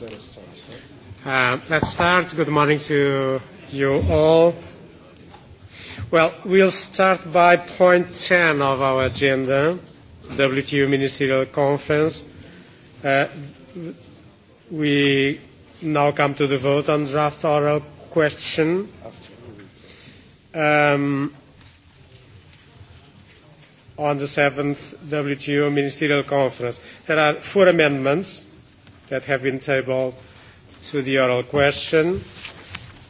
better start. Uh, let's start. Good morning to you all. Well, we'll start by point 10 of our agenda, WTO Ministerial Conference. Uh, we now come to the vote on draft oral question. Um, on the 7th WTO Ministerial Conference. There are four amendments that have been tabled to the oral question.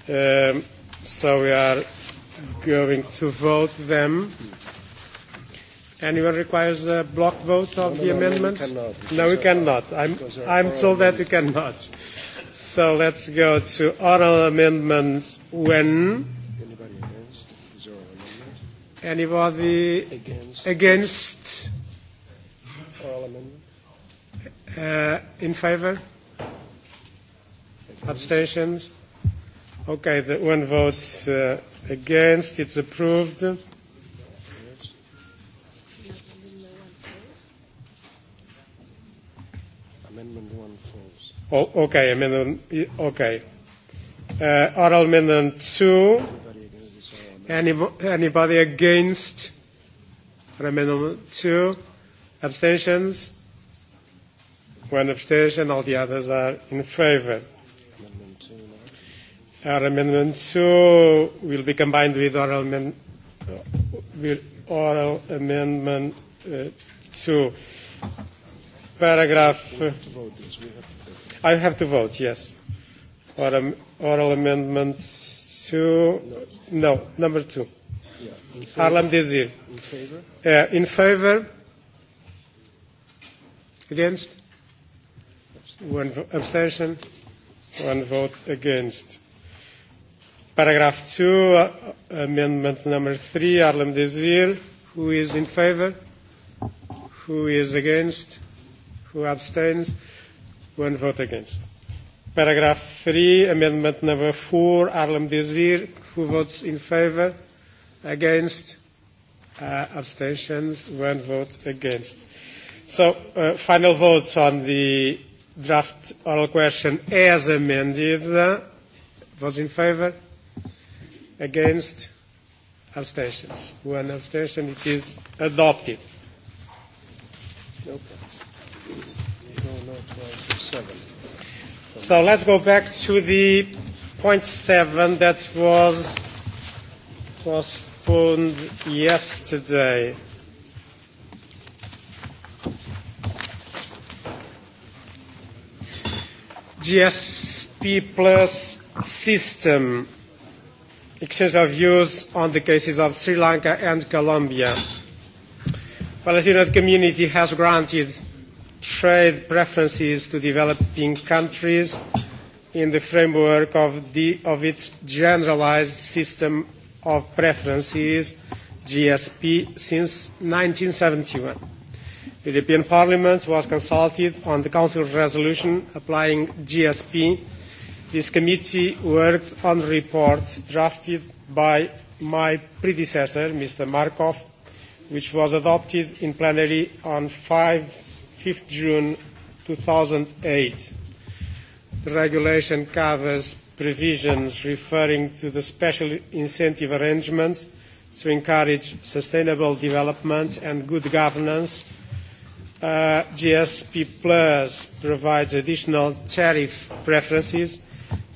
Um, so we are going to vote them. Anyone requires a block vote of the amendments? No, we cannot. I'm, I'm told that we cannot. So let's go to oral amendments when. Anybody against? Against? Oral amendment. Uh, in favor? Abstentions? Okay, the one votes uh, against. It's approved. Amendment one falls. Oh, okay, amendment. Okay. Uh, oral amendment two. Anybody, anybody against? Amendment two. Abstentions? one abstention, all the others are in favour. Our amendment two will be combined with oral, amend, with oral amendment uh, two. Paragraph. Uh, I have to vote, yes. Oral, oral amendment two. No, number two. Harlem Desir. In favor? Against? One abstention. One vote against. Paragraph 2, amendment number 3, Arlem Desir. Who is in favor? Who is against? Who abstains? One vote against. Paragraph 3, amendment number 4, Arlem Desir. Who votes in favor? Against? Uh, abstentions? One vote against. So, uh, final votes on the draft oral question as amended. Those in favor? Against? Abstentions. One abstention. It is adopted. So let's go back to the point seven that was postponed yesterday. GSP Plus system exchange of views on the cases of Sri Lanka and Colombia. Well, as you know, the community has granted trade preferences to developing countries in the framework of, the, of its generalized system of preferences, GSP, since 1971. The European Parliament was consulted on the Council resolution applying GSP. This committee worked on reports drafted by my predecessor, Mr. Markov, which was adopted in plenary on 5, 5th June 2008. The regulation covers provisions referring to the special incentive arrangements to encourage sustainable development and good governance GSP Plus provides additional tariff preferences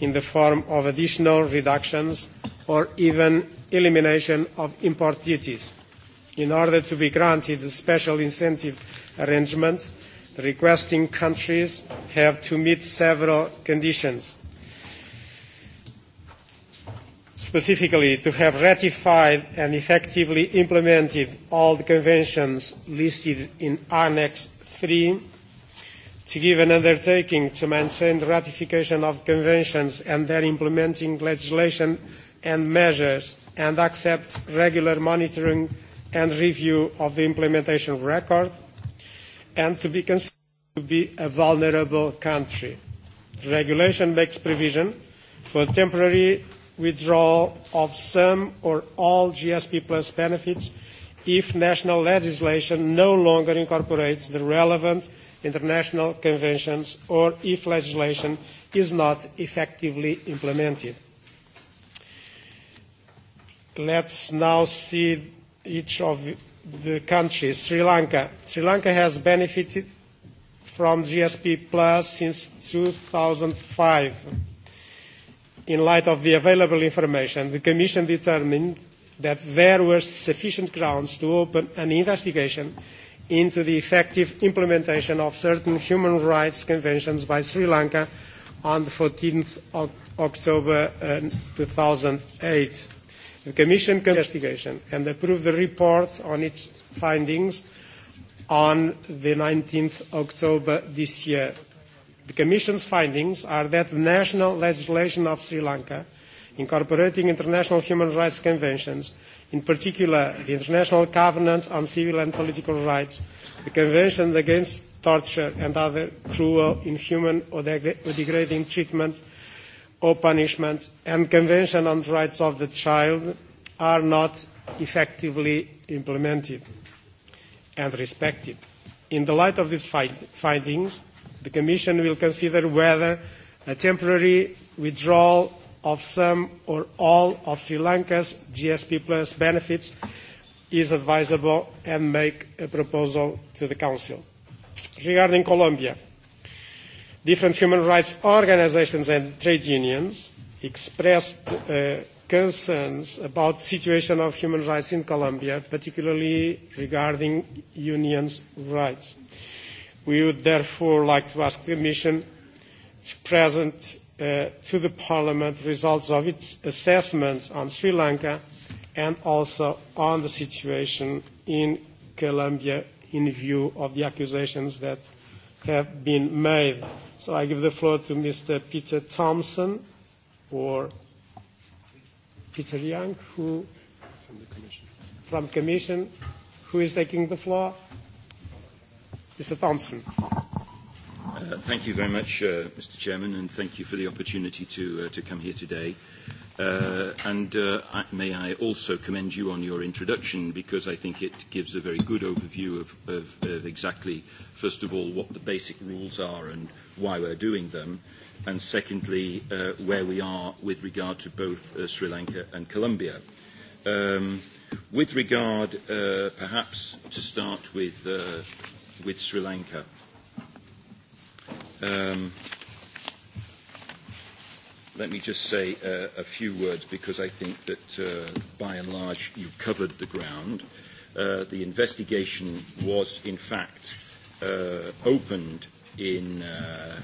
in the form of additional reductions or even elimination of import duties. In order to be granted a special incentive arrangement, the requesting countries have to meet several conditions specifically to have ratified and effectively implemented all the conventions listed in Annex 3, to give an undertaking to maintain the ratification of conventions and their implementing legislation and measures, and accept regular monitoring and review of the implementation record, and to be considered to be a vulnerable country. The regulation makes provision for temporary withdrawal of some or all GSP Plus benefits if national legislation no longer incorporates the relevant international conventions or if legislation is not effectively implemented. Let's now see each of the countries. Sri Lanka. Sri Lanka has benefited from GSP Plus since 2005 in light of the available information, the Commission determined that there were sufficient grounds to open an investigation into the effective implementation of certain human rights conventions by Sri Lanka on the 14th of October uh, 2008. The Commission investigation and approved the report on its findings on the 19th October this year. The Commission's findings are that the national legislation of Sri Lanka, incorporating international human rights conventions, in particular the International Covenant on Civil and Political Rights, the Convention Against Torture and Other Cruel, Inhuman or Degrading Treatment or Punishment, and Convention on the Rights of the Child are not effectively implemented and respected. In the light of these findings, The Commission will consider whether a temporary withdrawal of some or all of Sri Lanka's GSP Plus benefits is advisable and make a proposal to the Council. Regarding Colombia, different human rights organizations and trade unions expressed uh, concerns about the situation of human rights in Colombia, particularly regarding unions' rights. Uh, We would therefore like to ask the Commission to present to the Parliament results of its assessments on Sri Lanka and also on the situation in Colombia in view of the accusations that have been made. So I give the floor to Mr. Peter Thompson or Peter Young, who from the Commission, from the commission who is taking the floor. Mr. Thompson. Thank you very much, uh, Mr. Chairman, and thank you for the opportunity to uh, to come here today. Uh, And uh, I, may I also commend you on your introduction, because I think it gives a very good overview of of, of exactly, first of all, what the basic rules are and why we're doing them, and secondly, uh, where we are with regard to both uh, Sri Lanka and Colombia. Um, With regard, uh, perhaps to start with Uh, with Sri Lanka. Um, let me just say uh, a few words because I think that uh, by and large you covered the ground. Uh, the investigation was in fact uh, opened in uh,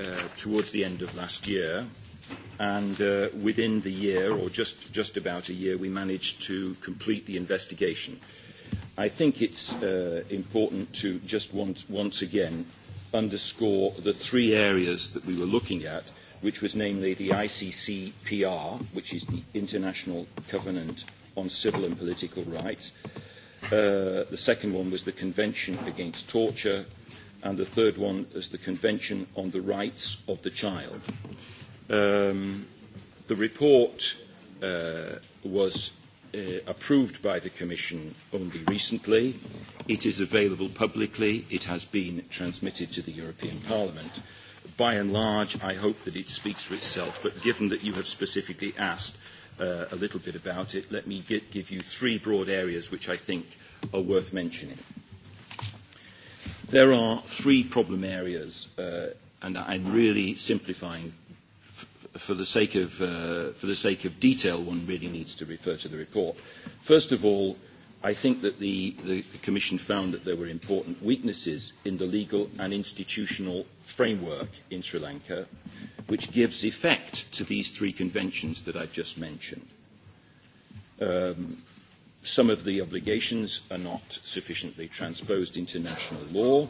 uh, towards the end of last year and uh, within the year or just, just about a year we managed to complete the investigation. Uh, I think it's uh, important to just once, once again underscore the three areas that we were looking at, which was namely the ICCPR, which is the International Covenant on Civil and Political Rights. Uh, the second one was the Convention Against Torture, and the third one is the Convention on the Rights of the Child. Um, the report uh, was approved by the Commission only recently. It is available publicly. It has been transmitted to the European Parliament. By and large, I hope that it speaks for itself, but given that you have specifically asked uh, a little bit about it, let me get, give you three broad areas which I think are worth mentioning. There are three problem areas, uh, and I'm really simplifying for the sake of, uh, for the sake of detail, one really needs to refer to the report. First of all, I think that the, the, the Commission found that there were important weaknesses in the legal and institutional framework in Sri Lanka, which gives effect to these three conventions that I've just mentioned. Um, some of the obligations are not sufficiently transposed into national law,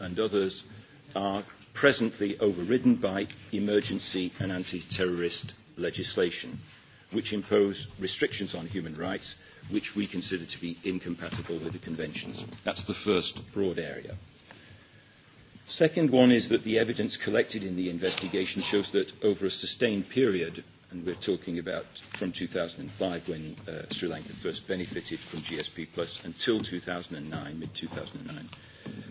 and others are presently overridden by emergency and anti-terrorist legislation, which impose restrictions on human rights which we consider to be incompatible with the conventions. That's the first broad area. Second one is that the evidence collected in the investigation shows that over a sustained period, and we're talking about from 2005 when uh, Sri Lanka first benefited from GSP Plus until 2009, mid-2009,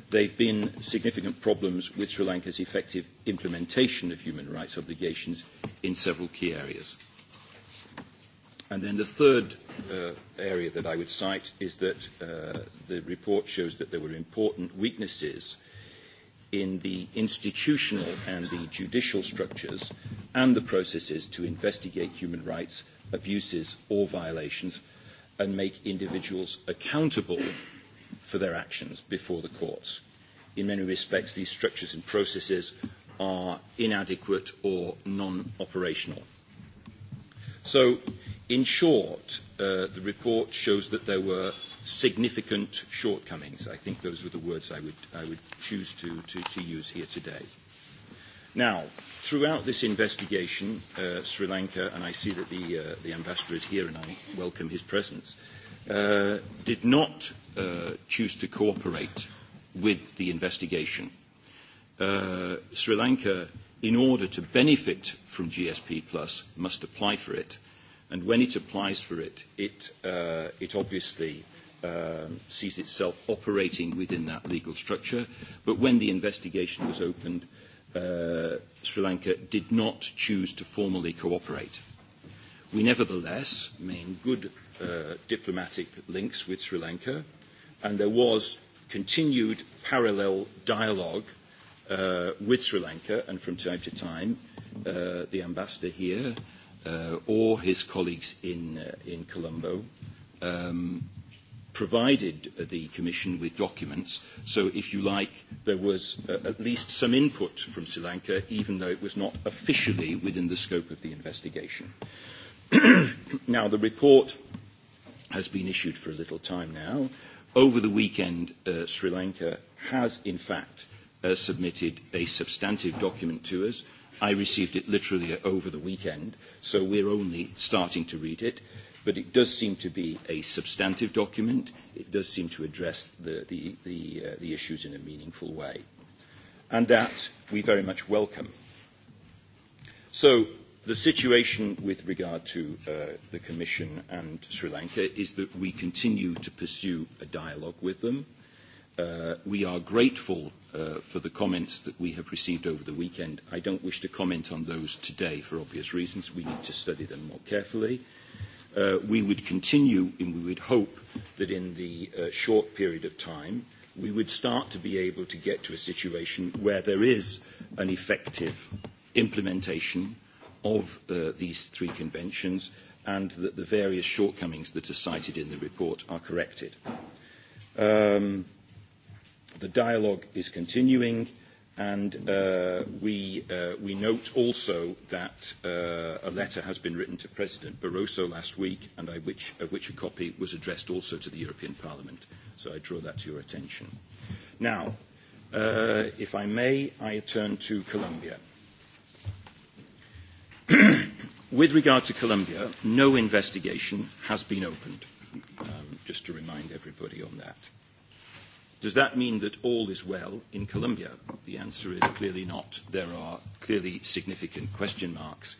there have been significant problems with Sri Lanka's effective implementation of human rights obligations in several key areas. And then the third uh, area that I would cite is that uh, the report shows that there were important weaknesses in the institutional and the judicial structures and the processes to investigate human rights abuses or violations and make individuals accountable for their actions before the courts. In many respects, these structures and processes are inadequate or non-operational. So, in short, uh, the report shows that there were significant shortcomings. I think those were the words I would, I would choose to, to, to use here today. Now, throughout this investigation, uh, Sri Lanka, and I see that the, uh, the ambassador is here and I welcome his presence, uh, uh, did not uh, choose to cooperate with the investigation. Uh, Sri Lanka, in order to benefit from GSP Plus, must apply for it. And when it applies for it, it, uh, it obviously uh sees itself operating within that legal structure. But when the investigation was opened, uh, Sri Lanka did not choose to formally cooperate. We nevertheless in good diplomatic links with Sri Lanka, and there was continued parallel dialogue with Sri Lanka, and from time to time, the ambassador here or his colleagues in Colombo provided the Commission with documents. So, if you like, there was at least some input from Sri Lanka, even though it was not officially within the scope of the investigation. now, the report has been issued for a little time now. Over the weekend, uh, Sri Lanka has, in fact, uh, submitted a substantive document to us. I received it literally over the weekend, so we're only starting to read it. But it does seem to be a substantive document. It does seem to address the, the, the, uh, the issues in a meaningful way. And that we very much welcome. So The situation with regard to uh, the Commission and Sri Lanka is that we continue to pursue a dialogue with them. Uh, we are grateful uh, for the comments that we have received over the weekend. I don't wish to comment on those today for obvious reasons. We need to study them more carefully. Uh, we would continue and we would hope that in the uh, short period of time we would start to be able to get to a situation where there is an effective implementation of uh, these three conventions and that the various shortcomings that are cited in the report are corrected. Um, the dialogue is continuing and uh, we, uh, we note also that uh, a letter has been written to President Barroso last week and I which, of which a copy was addressed also to the European Parliament. So I draw that to your attention. Now, uh, if I may, I turn to Colombia. With regard to Colombia, no investigation has been opened, um, just to remind everybody on that. Does that mean that all is well in Colombia? The answer is clearly not. There are clearly significant question marks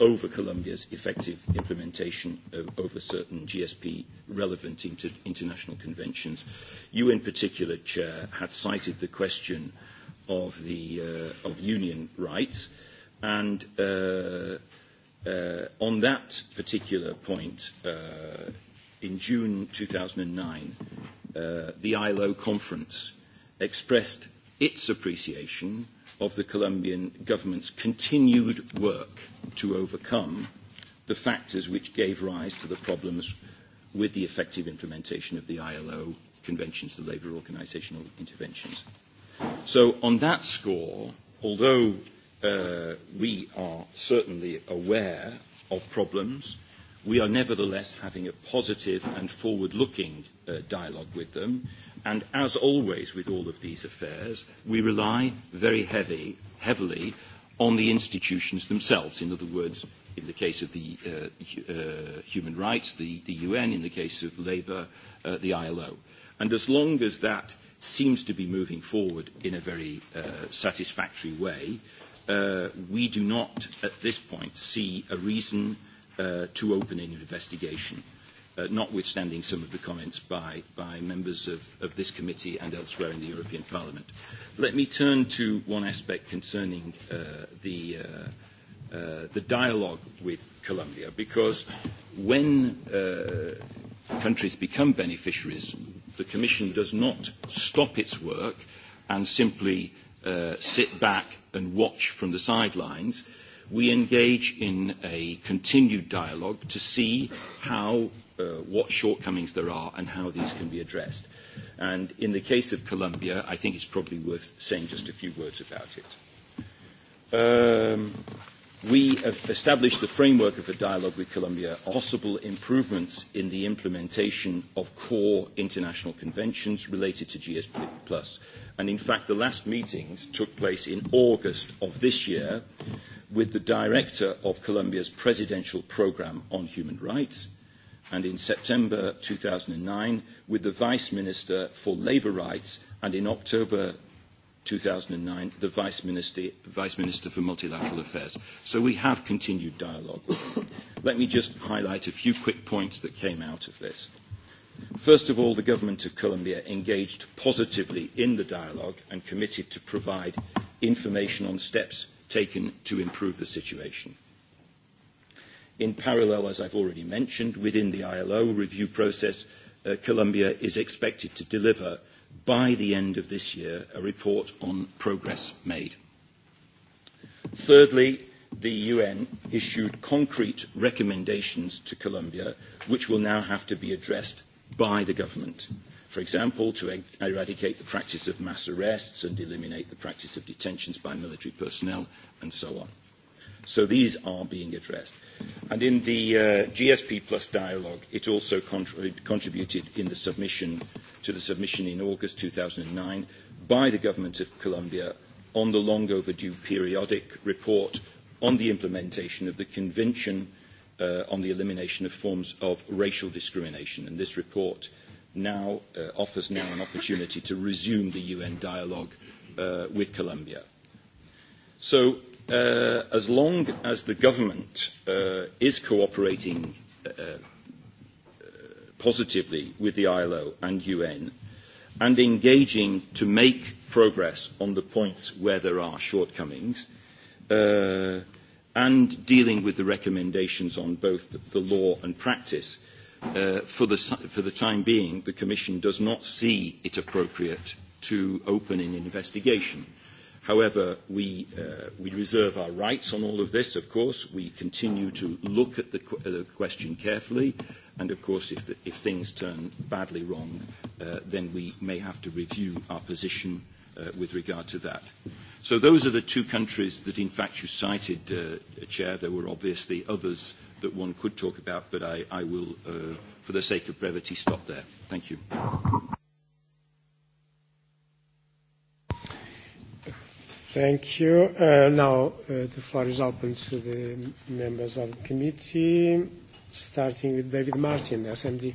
over Colombia's effective implementation of, over certain GSP relevant inter, international conventions. You, in particular, Chair, had cited the question of, the, uh, of union rights. And uh, uh, on that particular point, uh, in June 2009, uh, the ILO conference expressed its appreciation of the Colombian government's continued work to overcome the factors which gave rise to the problems with the effective implementation of the ILO conventions, the labour organisational interventions. So on that score, although we are certainly aware of problems. We are nevertheless having a positive and forward-looking dialogue with them. And as always with all of these affairs, we rely very heavily on the institutions themselves. In other words, in the case of the human rights, the, UN, in the case of labour, the ILO. And as long as that seems to be moving forward in a very satisfactory way, we do not, at this point, see a reason to open an investigation, notwithstanding some of the comments by, members of, this committee and elsewhere in the European Parliament. Let me turn to one aspect concerning the the dialogue with Colombia because when countries become beneficiaries, the Commission does not stop its work and simply uh, sit back and watch from the sidelines. We engage in a continued dialogue to see how, uh, what shortcomings there are and how these can be addressed. And in the case of Colombia, I think it's probably worth saying just a few words about it. Um, We have established the framework of a dialogue with Colombia on possible improvements in the implementation of core international conventions related to GSP. And in fact, the last meetings took place in August of this year with the director of Colombia's presidential programme on human rights, and in September two thousand nine with the Vice Minister for Labour Rights, and in October 2009, the Vice Minister, Vice Minister for Multilateral Affairs. So we have continued dialogue. Let me just highlight a few quick points that came out of this. First of all, the Government of Colombia engaged positively in the dialogue and committed to provide information on steps taken to improve the situation. In parallel, as I've already mentioned, within the ILO review process, Colombia is expected to deliver by the end of this year, a report on progress made. Thirdly, the UN issued concrete recommendations to Colombia, which will now have to be addressed by the government. For example, to eradicate the practice of mass arrests and eliminate the practice of detentions by military personnel, and so on. So these are being addressed. And in the uh, GSP Plus dialogue, it also contributed in the submission to the submission in August 2009 by the Government of Colombia on the long overdue periodic report on the implementation of the Convention uh, on the Elimination of Forms of Racial Discrimination. And this report now uh, offers now an opportunity to resume the UN dialogue uh, with Colombia. So uh, as long as the government uh, is cooperating uh, positively with the ILO and UN and engaging to make progress on the points where there are shortcomings uh, and dealing with the recommendations on both the law and practice. Uh, for, the, for the time being, the Commission does not see it appropriate to open an investigation. However, we, uh, we reserve our rights on all of this, of course. We continue to look at the, qu- the question carefully And of course, if, the, if things turn badly wrong, uh, then we may have to review our position uh, with regard to that. So those are the two countries that, in fact, you cited, uh, Chair. There were obviously others that one could talk about, but I, I will, uh, for the sake of brevity, stop there. Thank you. Thank you. Uh, now uh, the floor is open to the members of the committee starting with David Martin, SMD.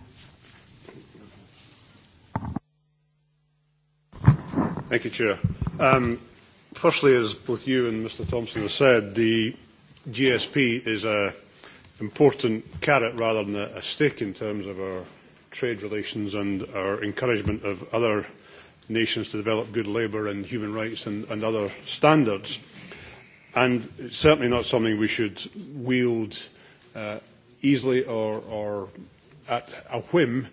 Thank you, Chair. Um, firstly, as both you and Mr Thompson have said, the GSP is an important carrot rather than a stick in terms of our trade relations and our encouragement of other nations to develop good labour and human rights and, and other standards. And it's certainly not something we should wield uh, easily or, or at a whim,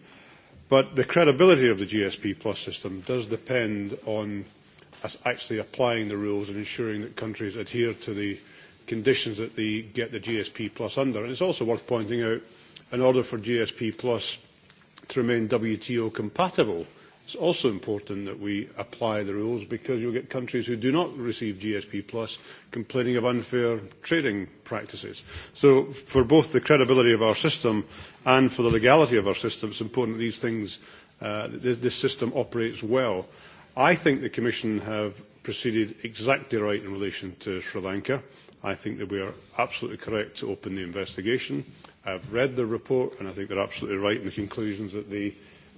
but the credibility of the GSP Plus system does depend on us actually applying the rules and ensuring that countries adhere to the conditions that they get the GSP Plus under. And it's also worth pointing out, in order for GSP Plus to remain WTO compatible, It's also important that we apply the rules because you'll get countries who do not receive GSP Plus complaining of unfair trading practices. So for both the credibility of our system and for the legality of our system, it's important that these things, uh, this, this system operates well. I think the Commission have proceeded exactly right in relation to Sri Lanka. I think that we are absolutely correct to open the investigation. I've read the report and I think they're absolutely right in the conclusions that they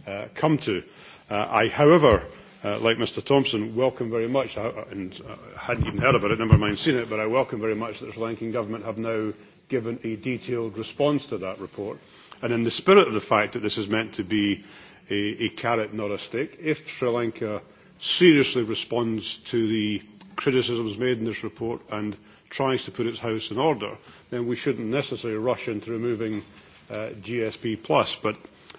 uh, come to. I, however, like Mr Thompson, welcome very much, and hadn't even heard of it, never mind seen it, but I welcome very much that the Sri Lankan government have now given a detailed response to that report. And in the spirit of the fact that this is meant to be a, a carrot, not a stick, if Sri Lanka seriously responds to the criticisms made in this report and tries to put its house in order, then we shouldn't necessarily rush into removing uh, GSP Plus. But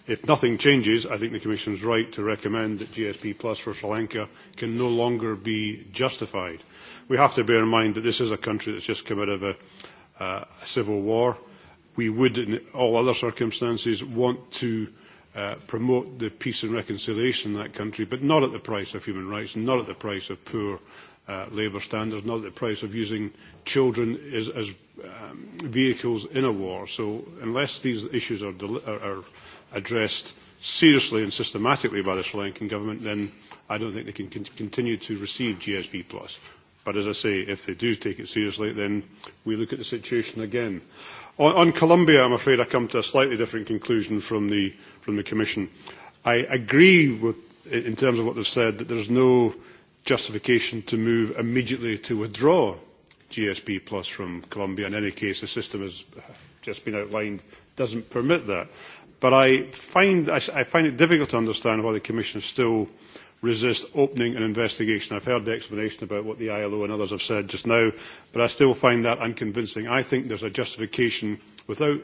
If nothing changes, I think the Commission is right to recommend that GSP Plus for Sri Lanka can no longer be justified. We have to bear in mind that this is a country that's just come out of a, uh, a civil war. We would, in all other circumstances, want to uh, promote the peace and reconciliation in that country, but not at the price of human rights, not at the price of poor uh, labour standards, not at the price of using children as, as um, vehicles in a war. So unless these issues are, are, are addressed seriously and systematically by the Sri Lankan government, then I don't think they can con- continue to receive GSP Plus. But as I say, if they do take it seriously, then we look at the situation again. On, on Colombia, I'm afraid I come to a slightly different conclusion from the, from the Commission. I agree with, in terms of what they've said, that there's no justification to move immediately to withdraw GSP Plus from Colombia. In any case, the system has just been outlined doesn't permit that. But I find, I, find it difficult to understand why the Commission still resists opening an investigation. I've heard the explanation about what the ILO and others have said just now, but I still find that unconvincing. I think there's a justification without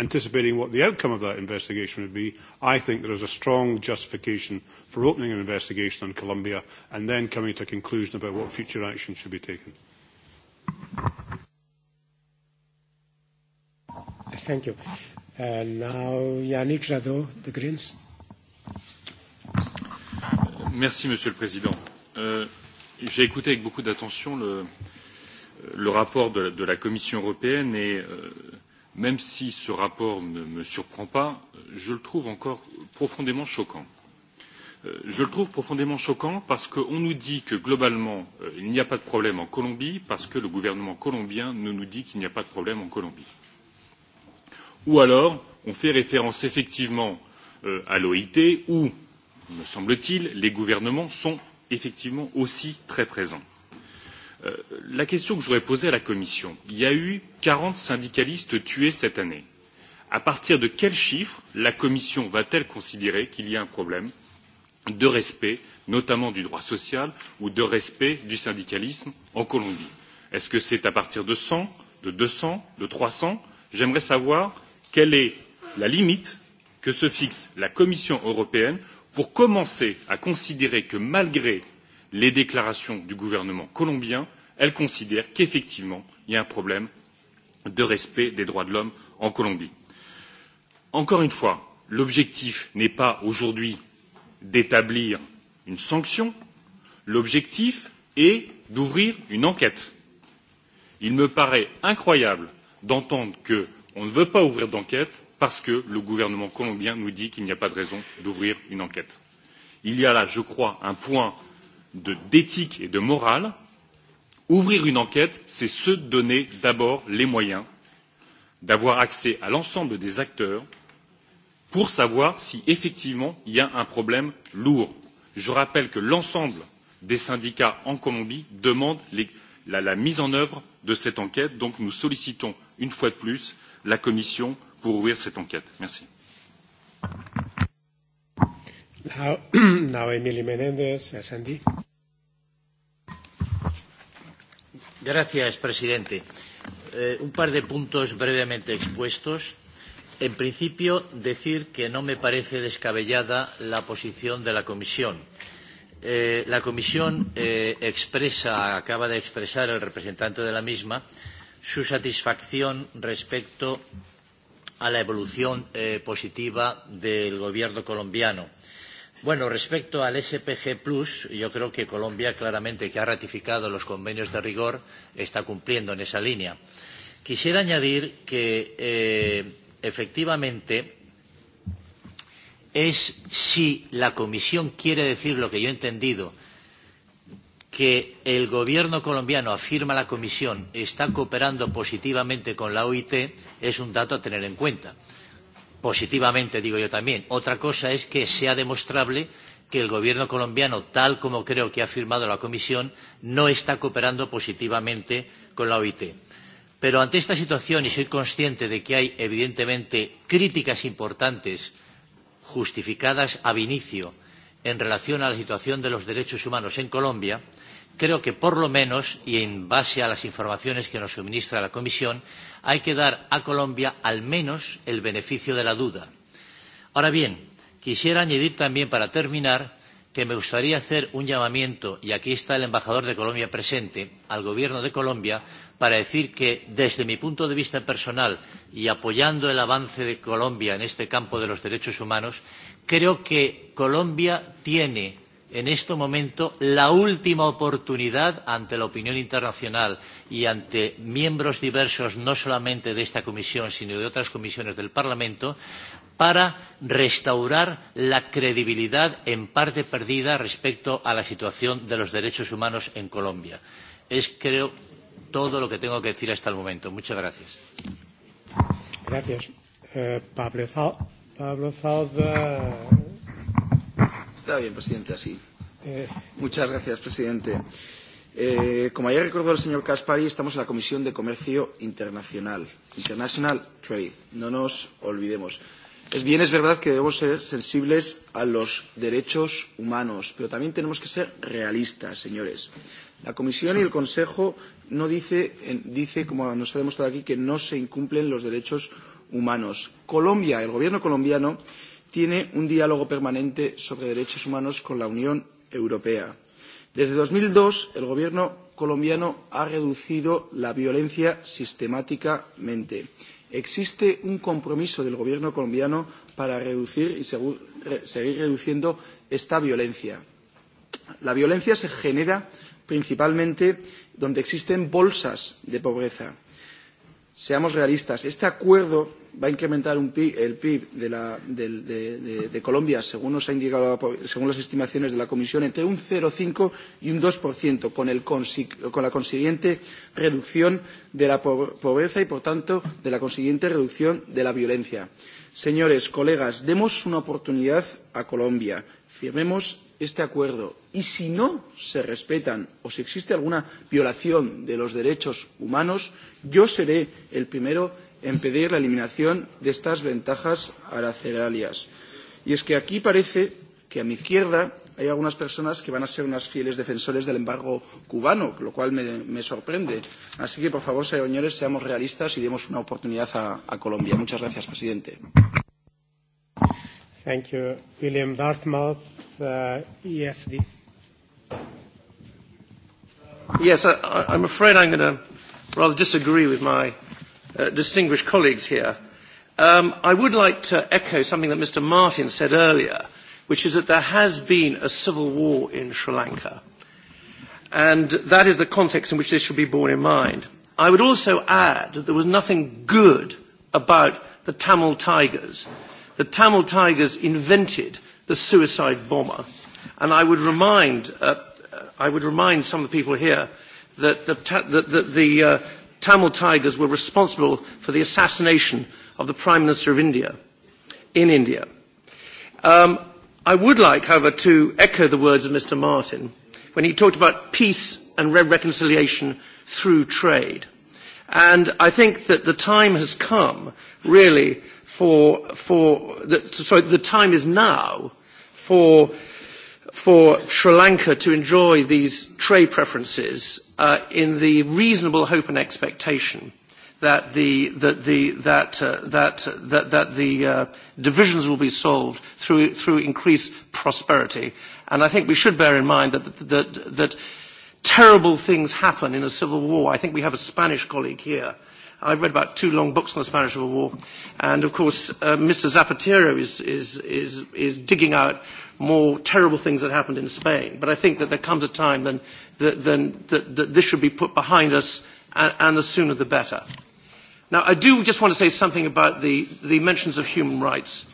anticipating what the outcome of that investigation would be, I think there is a strong justification for opening an investigation on Colombia and then coming to a conclusion about what future action should be taken. Thank you. Now, Yannick Jadot, The Greens. Merci, Monsieur le Président. J'ai écouté avec beaucoup d'attention le, rapport de la, Commission européenne et même si ce rapport ne me surprend pas, je le trouve encore profondément choquant. Je le trouve profondément choquant parce qu'on nous dit que globalement il n'y a pas de problème en Colombie parce que le gouvernement colombien nous dit qu'il n'y a pas de problème en Colombie ou alors on fait référence effectivement à l'OIT où, me semble-t-il, les gouvernements sont effectivement aussi très présents. La question que je voudrais poser à la Commission il y a eu quarante syndicalistes tués cette année. À partir de quel chiffre la Commission va-t-elle considérer qu'il y a un problème de respect, notamment du droit social ou de respect du syndicalisme en Colombie Est-ce que c'est à partir de cent, de deux cents, de trois cents J'aimerais savoir quelle est la limite que se fixe la Commission européenne pour commencer à considérer que, malgré les déclarations du gouvernement colombien, elle considère qu'effectivement il y a un problème de respect des droits de l'homme en Colombie. Encore une fois, l'objectif n'est pas aujourd'hui d'établir une sanction, l'objectif est d'ouvrir une enquête. Il me paraît incroyable d'entendre que, on ne veut pas ouvrir d'enquête parce que le gouvernement colombien nous dit qu'il n'y a pas de raison d'ouvrir une enquête. il y a là je crois un point d'éthique et de morale ouvrir une enquête c'est se donner d'abord les moyens d'avoir accès à l'ensemble des acteurs pour savoir si effectivement il y a un problème lourd. je rappelle que l'ensemble des syndicats en colombie demandent la mise en œuvre de cette enquête donc nous sollicitons une fois de plus la Commission pour ouvrir cette enquête Merci. presidente. un par de puntos brevemente expuestos. En principio, decir que no me parece descabellada la posición de la Comisión. Eh, la Comisión eh, expresa, acaba de expresar el representante de la misma, su satisfacción respecto a la evolución eh, positiva del gobierno colombiano. Bueno, respecto al SPG Plus, yo creo que Colombia claramente que ha ratificado los convenios de rigor está cumpliendo en esa línea. Quisiera añadir que eh, efectivamente es si la Comisión quiere decir lo que yo he entendido que el gobierno colombiano, afirma la Comisión, está cooperando positivamente con la OIT es un dato a tener en cuenta. Positivamente, digo yo también. Otra cosa es que sea demostrable que el gobierno colombiano, tal como creo que ha afirmado la Comisión, no está cooperando positivamente con la OIT. Pero ante esta situación, y soy consciente de que hay, evidentemente, críticas importantes justificadas ab inicio en relación a la situación de los derechos humanos en Colombia, creo que por lo menos, y en base a las informaciones que nos suministra la Comisión, hay que dar a Colombia al menos el beneficio de la duda. Ahora bien, quisiera añadir también, para terminar, que me gustaría hacer un llamamiento, y aquí está el embajador de Colombia presente, al gobierno de Colombia, para decir que, desde mi punto de vista personal y apoyando el avance de Colombia en este campo de los derechos humanos, creo que Colombia tiene en este momento la última oportunidad ante la opinión internacional y ante miembros diversos no solamente de esta comisión sino de otras comisiones del Parlamento para restaurar la credibilidad en parte perdida respecto a la situación de los derechos humanos en Colombia. Es, creo, todo lo que tengo que decir hasta el momento. Muchas gracias. Gracias. Pablo Pablo Está bien, presidente, así. Muchas gracias, presidente. Eh, como ya recordó el señor Caspari, estamos en la Comisión de Comercio Internacional, International Trade. No nos olvidemos. Es bien, es verdad que debemos ser sensibles a los derechos humanos, pero también tenemos que ser realistas, señores. La Comisión y el Consejo no dice, dice, como nos ha demostrado aquí, que no se incumplen los derechos humanos. Colombia, el gobierno colombiano tiene un diálogo permanente sobre derechos humanos con la Unión Europea. Desde dos mil dos, el gobierno colombiano ha reducido la violencia sistemáticamente. Existe un compromiso del gobierno colombiano para reducir y seguir reduciendo esta violencia. La violencia se genera principalmente donde existen bolsas de pobreza Seamos realistas, este acuerdo va a incrementar un PIB, el PIB de, la, de, de, de, de Colombia, según nos ha indicado, según las estimaciones de la Comisión, entre un 0,5 y un 2%, con, el, con la consiguiente reducción de la pobreza y, por tanto, de la consiguiente reducción de la violencia. Señores, colegas, demos una oportunidad a Colombia. Firmemos este acuerdo y si no se respetan o si existe alguna violación de los derechos humanos, yo seré el primero en pedir la eliminación de estas ventajas arancelarias. Y es que aquí parece que a mi izquierda hay algunas personas que van a ser unas fieles defensores del embargo cubano, lo cual me, me sorprende. Así que, por favor, señores, seamos realistas y demos una oportunidad a, a Colombia. Muchas gracias, presidente. Thank you. William Dartmouth, uh, EFD. Yes, I, I'm afraid I'm going to rather disagree with my uh, distinguished colleagues here. Um, I would like to echo something that Mr. Martin said earlier, which is that there has been a civil war in Sri Lanka. And that is the context in which this should be borne in mind. I would also add that there was nothing good about the Tamil Tigers the Tamil Tigers invented the suicide bomber. And I would remind, uh, I would remind some of the people here that the, that the uh, Tamil Tigers were responsible for the assassination of the Prime Minister of India in India. Um, I would like, however, to echo the words of Mr. Martin when he talked about peace and reconciliation through trade. And I think that the time has come, really, for, for the, sorry, the time is now for, for Sri Lanka to enjoy these trade preferences uh, in the reasonable hope and expectation that the, that the, that, uh, that, that, that the uh, divisions will be solved through, through increased prosperity. And I think we should bear in mind that, that, that terrible things happen in a civil war. I think we have a Spanish colleague here I've read about two long books on the Spanish Civil War, and of course, uh, Mr. Zapatero is, is, is, is digging out more terrible things that happened in Spain. But I think that there comes a time then, that, then, that, that this should be put behind us, and, and the sooner the better. Now, I do just want to say something about the, the mentions of human rights.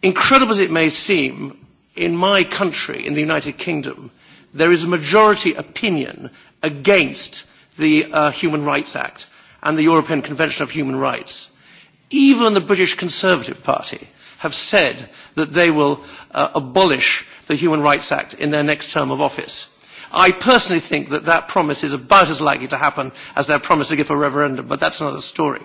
Incredible as it may seem, in my country, in the United Kingdom, there is a majority opinion against the uh, Human Rights Act and the European Convention of Human Rights. Even the British Conservative Party have said that they will uh, abolish the Human Rights Act in their next term of office. I personally think that that promise is about as likely to happen as their promise to give a referendum, but that's another story.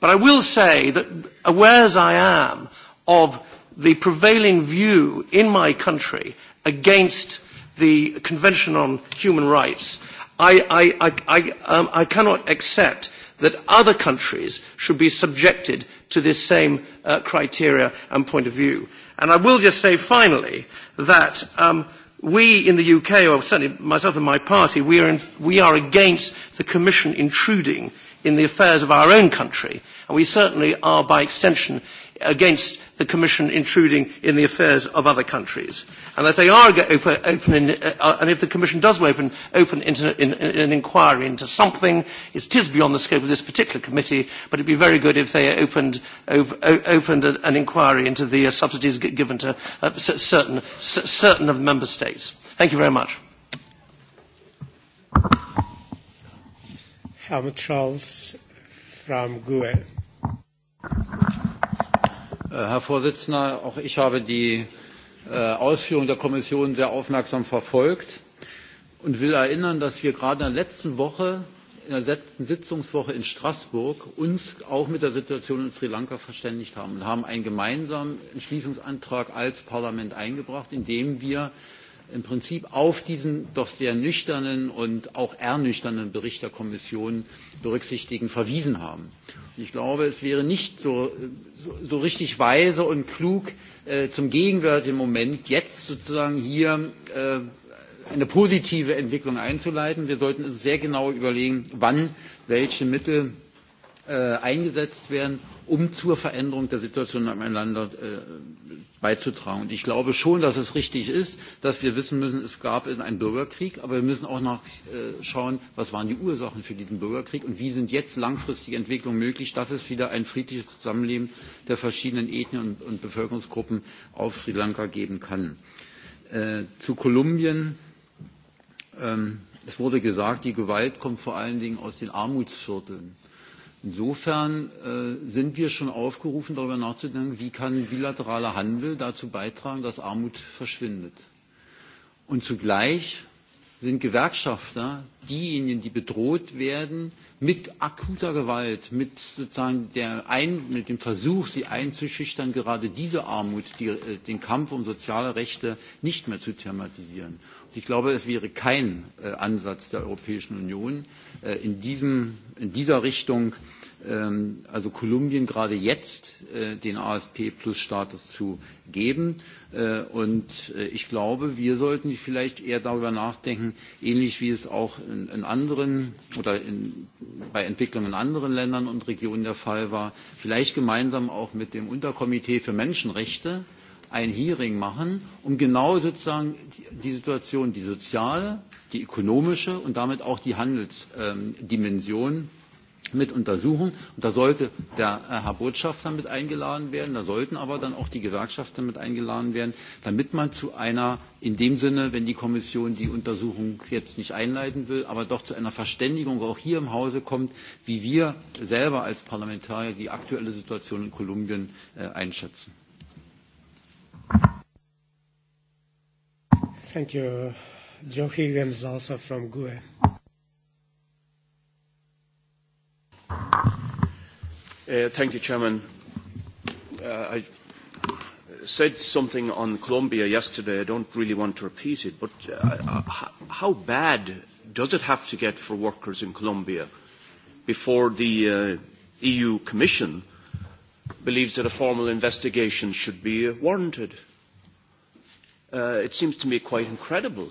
But I will say that aware as I am of the prevailing view in my country against the Convention on Human Rights, I, I, I, I, um, I cannot accept that other countries should be subjected to this same uh, criteria and point of view. And I will just say finally that um, we in the UK, or certainly myself and my party, we are, in, we are against the Commission intruding in the affairs of our own country. And we certainly are, by extension, against the Commission intruding in the affairs of other countries. And if they are open, in, uh, and if the Commission does open, open into, in, in, an inquiry into something, it is beyond the scope of this particular committee, but it would be very good if they opened, op, opened an inquiry into the uh, subsidies given to uh, certain, certain of the member states. Thank you very much. Helmut Charles from GUE. Herr Vorsitzender, auch ich habe die Ausführungen der Kommission sehr aufmerksam verfolgt und will erinnern, dass wir gerade in der letzten Woche, in der letzten Sitzungswoche in Straßburg uns auch mit der Situation in Sri Lanka verständigt haben und haben einen gemeinsamen Entschließungsantrag als Parlament eingebracht, in dem wir im Prinzip auf diesen doch sehr nüchternen und auch ernüchternden Bericht der Kommission berücksichtigen, verwiesen haben. ich glaube, es wäre nicht so, richtig weise und klug, zum gegenwärtigen Moment jetzt sozusagen hier eine positive Entwicklung einzuleiten. Wir sollten uns sehr genau überlegen, wann welche Mittel eingesetzt werden um zur Veränderung der Situation in meinem Land beizutragen. Und ich glaube schon, dass es richtig ist, dass wir wissen müssen, es gab einen Bürgerkrieg, aber wir müssen auch nachschauen, was waren die Ursachen für diesen Bürgerkrieg und wie sind jetzt langfristige Entwicklungen möglich, dass es wieder ein friedliches Zusammenleben der verschiedenen Ethnien und Bevölkerungsgruppen auf Sri Lanka geben kann. Zu Kolumbien. Es wurde gesagt, die Gewalt kommt vor allen Dingen aus den Armutsvierteln Insofern sind wir schon aufgerufen, darüber nachzudenken, wie kann bilateraler Handel dazu beitragen, dass Armut verschwindet. Und zugleich sind Gewerkschafter diejenigen, die bedroht werden mit akuter Gewalt, mit sozusagen der Ein mit dem Versuch, sie einzuschüchtern, gerade diese Armut, die, den Kampf um soziale Rechte nicht mehr zu thematisieren. Ich glaube, es wäre kein Ansatz der Europäischen Union, in, dieser Richtung, also Kolumbien gerade jetzt, den ASP-Plus-Status zu geben. Und ich glaube, wir sollten vielleicht eher darüber nachdenken, ähnlich wie es auch in, anderen oder bei Entwicklungen in anderen Ländern und Regionen der Fall war, vielleicht gemeinsam auch mit dem Unterkomitee für Menschenrechte, ein Hearing machen, um genau sozusagen die Situation, die soziale, die ökonomische und damit auch die Handelsdimension mit untersuchen. Und da sollte der Herr Botschafter mit eingeladen werden, da sollten aber dann auch die Gewerkschaften mit eingeladen werden, damit man zu einer, in dem Sinne, wenn die Kommission die Untersuchung jetzt nicht einleiten will, aber doch zu einer Verständigung auch hier im Hause kommt, wie wir selber als Parlamentarier die aktuelle Situation in Kolumbien einschätzen. Thank you. Joe Higgins, also from GUE. Thank you, Chairman. I said something on Colombia yesterday. I don't really want to repeat it, but uh how bad does it have to get for workers in Colombia before the EU Commission believes that a formal investigation should be warranted? it seems to me quite incredible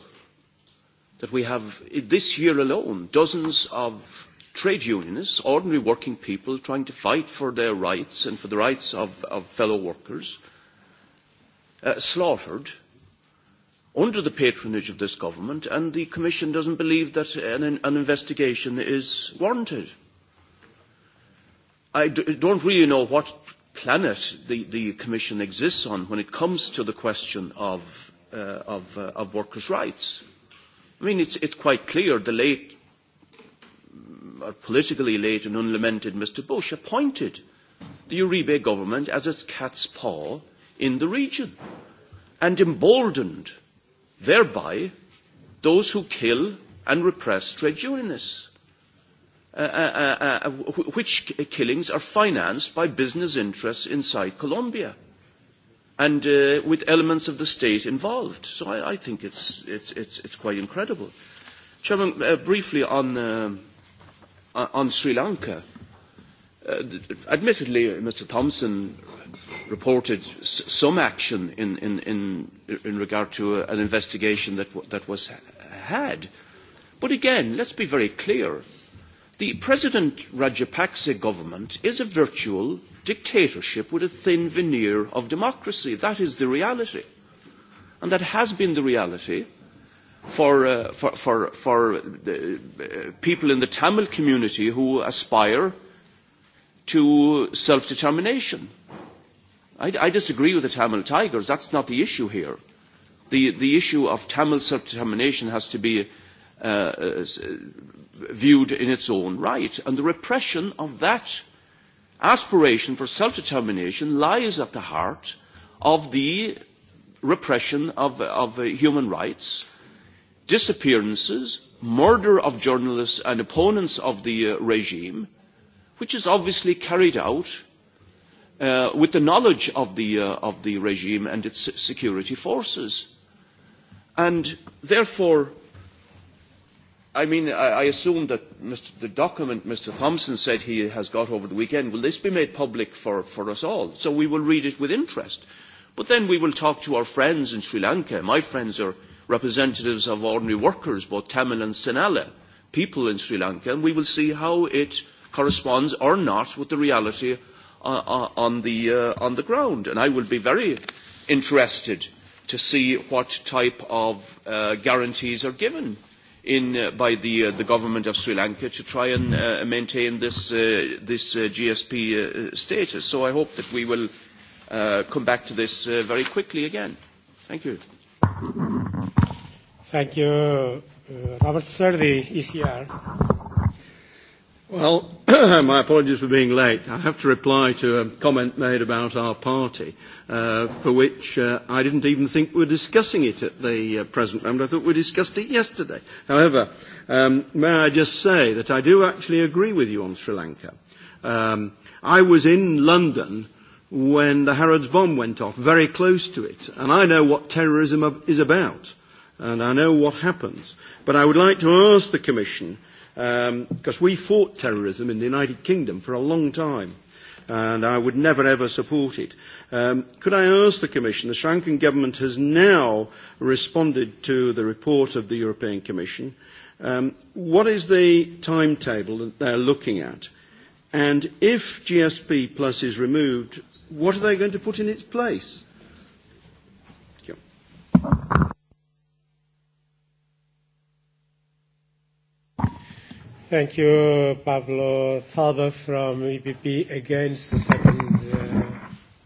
that we have, this year alone, dozens of trade unionists, ordinary working people trying to fight for their rights and for the rights of, of fellow workers, slaughtered under the patronage of this government, and the Commission doesn't believe that an, an investigation is warranted. I d- don't really know what planet the, the Commission exists on when it comes to the question of of, uh, of workers' rights. I mean, it's, it's quite clear the late, or politically late and unlamented Mr Bush appointed the Uribe government as its cat's paw in the region and emboldened thereby those who kill and repress trade unionists, which killings are financed by business interests inside Colombia and uh, with elements of the state involved. So I, I think it's, it's, it's, it's quite incredible. Chairman, uh, briefly on, uh, on Sri Lanka. Uh, admittedly, Mr. Thompson reported s- some action in, in, in, in regard to an investigation that, w- that was had. But again, let's be very clear The President Rajapaksa government is a virtual dictatorship with a thin veneer of democracy. That is the reality. And that has been the reality for, uh, for, for, for the, uh, people in the Tamil community who aspire to self-determination. I, I disagree with the Tamil Tigers. That's not the issue here. The, the issue of Tamil self-determination has to be viewed in its own right. And the repression of that aspiration for self-determination lies at the heart of the repression of, human rights, disappearances, murder of journalists and opponents of the regime, which is obviously carried out with the knowledge of the regime and its security forces. And therefore, I mean, I, I assume that Mr, the document Mr. Thompson said he has got over the weekend, will this be made public for, for us all? So we will read it with interest. But then we will talk to our friends in Sri Lanka. My friends are representatives of ordinary workers, both Tamil and Sinhala, people in Sri Lanka, and we will see how it corresponds or not with the reality uh, on, the, uh, on the ground. And I will be very interested to see what type of uh, guarantees are given in by the the government of Sri Lanka to try and maintain this this GSP status. So I hope that we will come back to this very quickly again. Thank you. Thank you, Robert Serdi, ECR. Well, my apologies for being late. I have to reply to a comment made about our party, uh, for which uh, I didn't even think we were discussing it at the uh, present moment. I thought we discussed it yesterday. However, um, may I just say that I do actually agree with you on Sri Lanka. Um, I was in London when the Harrods bomb went off, very close to it, and I know what terrorism is about, and I know what happens. But I would like to ask the Commission – Because we fought terrorism in the United Kingdom for a long time and I would never ever support it. Um, could I ask the Commission, the Sri Lankan government has now responded to the report of the European Commission. Um, what is the timetable that they're looking at? And if GSP Plus is removed, what are they going to put in its place? Thank you. Thank you, Pablo Zalba from EPP against the second.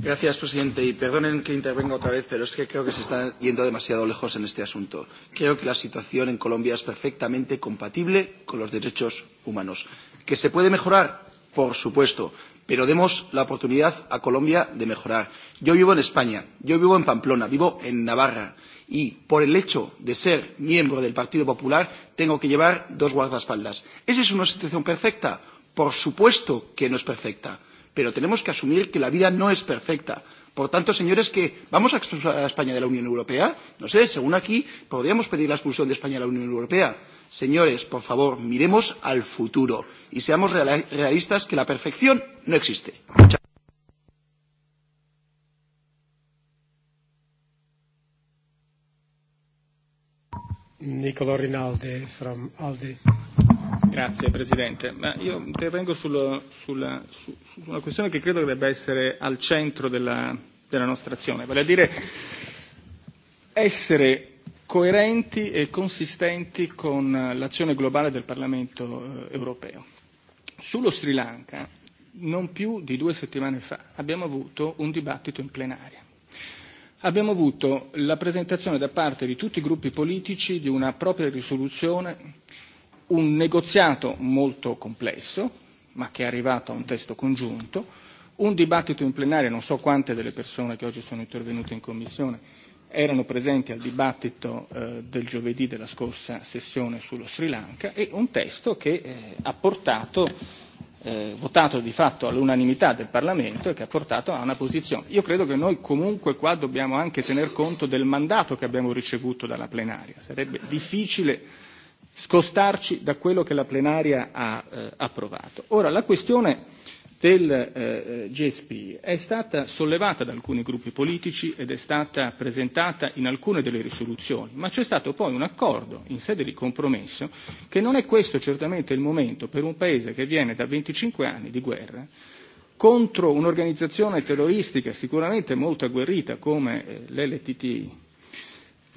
Gracias, presidente. Y perdonen que intervenga otra vez, pero es que creo que se está yendo demasiado lejos en este asunto. Creo que la situación en Colombia es perfectamente compatible con los derechos humanos. ¿Que se puede mejorar? Por supuesto pero demos la oportunidad a Colombia de mejorar. Yo vivo en España, yo vivo en Pamplona, vivo en Navarra y por el hecho de ser miembro del Partido Popular tengo que llevar dos guardaespaldas. ¿Esa es una situación perfecta? Por supuesto que no es perfecta, pero tenemos que asumir que la vida no es perfecta. Por tanto, señores, que vamos a expulsar a España de la Unión Europea, no sé, según aquí, podríamos pedir la expulsión de España de la Unión Europea Señores, por favor, miremos al futuro y seamos realistas que la perfección no existe. Muchas Nicolo Rinaldi from Aldi. Grazie Presidente. Ma io intervengo sulla, su, su una questione che credo debba essere al centro della, della nostra azione, vale a dire essere coerenti e consistenti con l'azione globale del Parlamento europeo. Sullo Sri Lanka, non più di due settimane fa, abbiamo avuto un dibattito in plenaria. Abbiamo avuto la presentazione da parte di tutti i gruppi politici di una propria risoluzione, un negoziato molto complesso, ma che è arrivato a un testo congiunto, un dibattito in plenaria, non so quante delle persone che oggi sono intervenute in Commissione erano presenti al dibattito eh, del giovedì della scorsa sessione sullo Sri Lanka e un testo che eh, ha portato, eh, votato di fatto all'unanimità del Parlamento e che ha portato a una posizione. Io credo che noi comunque qua dobbiamo anche tener conto del mandato che abbiamo ricevuto dalla plenaria. Sarebbe difficile scostarci da quello che la plenaria ha eh, approvato. Ora, la questione del GSP è stata sollevata da alcuni gruppi politici ed è stata presentata in alcune delle risoluzioni, ma c'è stato poi un accordo in sede di compromesso che non è questo certamente il momento per un paese che viene da 25 anni di guerra contro un'organizzazione terroristica sicuramente molto agguerrita come l'LTT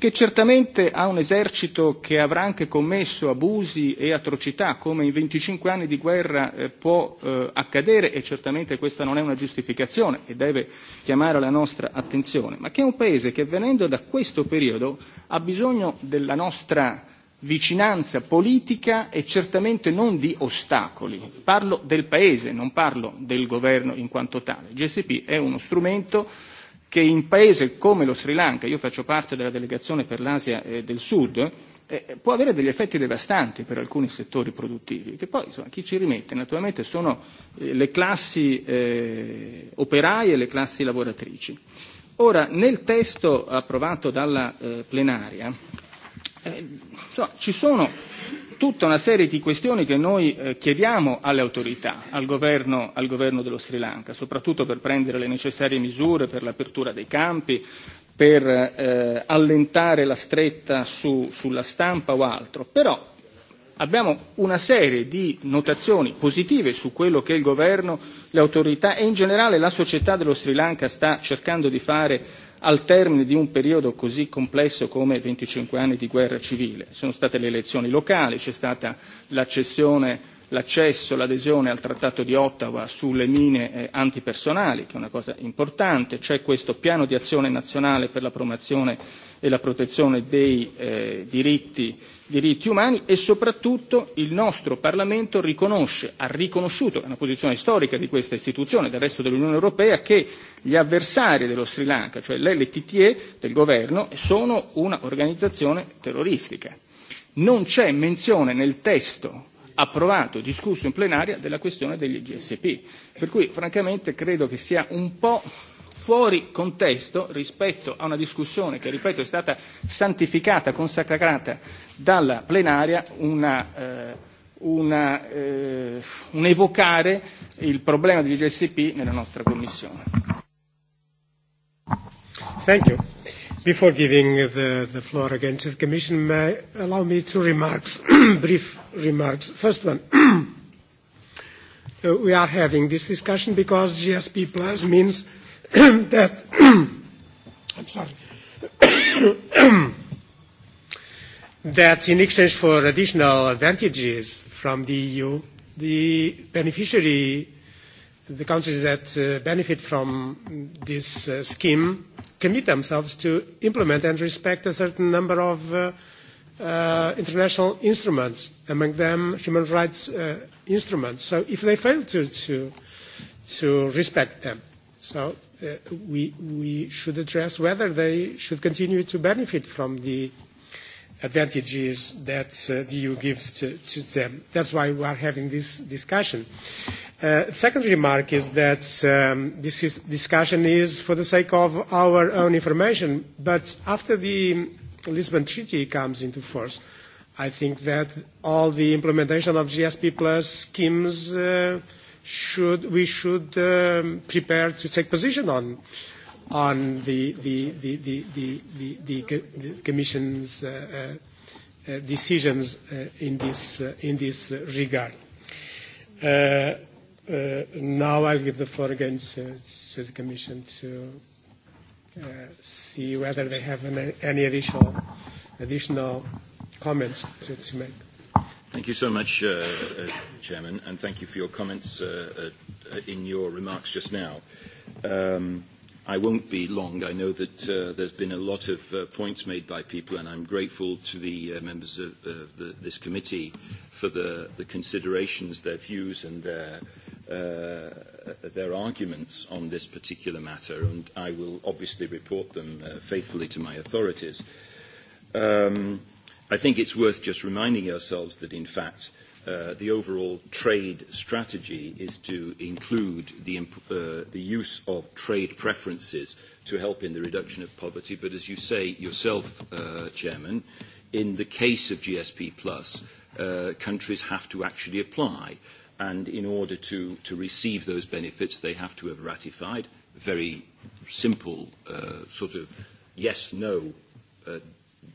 che certamente ha un esercito che avrà anche commesso abusi e atrocità, come in 25 anni di guerra eh, può eh, accadere, e certamente questa non è una giustificazione e deve chiamare la nostra attenzione, ma che è un paese che venendo da questo periodo ha bisogno della nostra vicinanza politica e certamente non di ostacoli. Parlo del paese, non parlo del governo in quanto tale. Il GSP è uno strumento che in paese come lo Sri Lanka, io faccio parte della delegazione per l'Asia del Sud, può avere degli effetti devastanti per alcuni settori produttivi, che poi insomma, chi ci rimette naturalmente sono le classi eh, operaie e le classi lavoratrici. Ora, nel testo approvato dalla eh, plenaria eh, insomma, ci sono tutta una serie di questioni che noi eh, chiediamo alle autorità, al governo, al governo dello Sri Lanka, soprattutto per prendere le necessarie misure per l'apertura dei campi, per eh, allentare la stretta su, sulla stampa o altro. Però abbiamo una serie di notazioni positive su quello che il governo, le autorità e in generale la società dello Sri Lanka sta cercando di fare al termine di un periodo così complesso come 25 anni di guerra civile. Sono state le elezioni locali, c'è stata l'accessione l'accesso, l'adesione al Trattato di Ottawa sulle mine eh, antipersonali, che è una cosa importante, c'è questo piano di azione nazionale per la promozione e la protezione dei eh, diritti diritti umani e soprattutto il nostro Parlamento riconosce, ha riconosciuto, è una posizione storica di questa istituzione, del resto dell'Unione Europea, che gli avversari dello Sri Lanka, cioè l'LTTE del governo, sono un'organizzazione terroristica. Non c'è menzione nel testo approvato, discusso in plenaria, della questione degli GSP. Per cui francamente credo che sia un po' fuori contesto rispetto a una discussione che, ripeto, è stata santificata, consacrata dalla plenaria, una, eh, una, eh, un evocare il problema di GSP nella nostra Commissione. Thank you. Before giving the, the floor again to the Commission, may allow me two remarks, brief remarks. First one, we are having this discussion because GSP Plus means – that I'm sorry that in exchange for additional advantages from the EU, the beneficiary, the countries that uh, benefit from this uh, scheme, commit themselves to implement and respect a certain number of uh, uh, international instruments, among them human rights uh, instruments. So if they fail to, to, to respect them, so we, we should address whether they should continue to benefit from the advantages that uh the EU gives to, to them. That's why we are having this discussion. Uh, second remark is that um, this is, discussion is for the sake of our own information, but after the Lisbon Treaty comes into force, I think that all the implementation of GSP plus schemes uh, should we should um, prepare to take position on on the the the the the, the, the the commission's uh, uh, decisions uh, in this uh, in this regard. Uh, uh, now I'll give the floor again to, to the commission to uh, see whether they have any, any additional additional comments to, to make. Thank you so much, uh, uh, Chairman, and thank you for your comments uh, uh, in your remarks just now. Um, I won't be long. I know that uh, there's been a lot of uh, points made by people, and I'm grateful to the uh, members of uh, the, this committee for the, the considerations, their views, and their, uh, their arguments on this particular matter. And I will obviously report them uh, faithfully to my authorities. Um, I think it's worth just reminding ourselves that, in fact, uh, the overall trade strategy is to include the, uh, the use of trade preferences to help in the reduction of poverty. But as you say yourself, uh, Chairman, in the case of GSP Plus, uh, countries have to actually apply. And in order to, to receive those benefits, they have to have ratified. Very simple uh, sort of yes-no uh,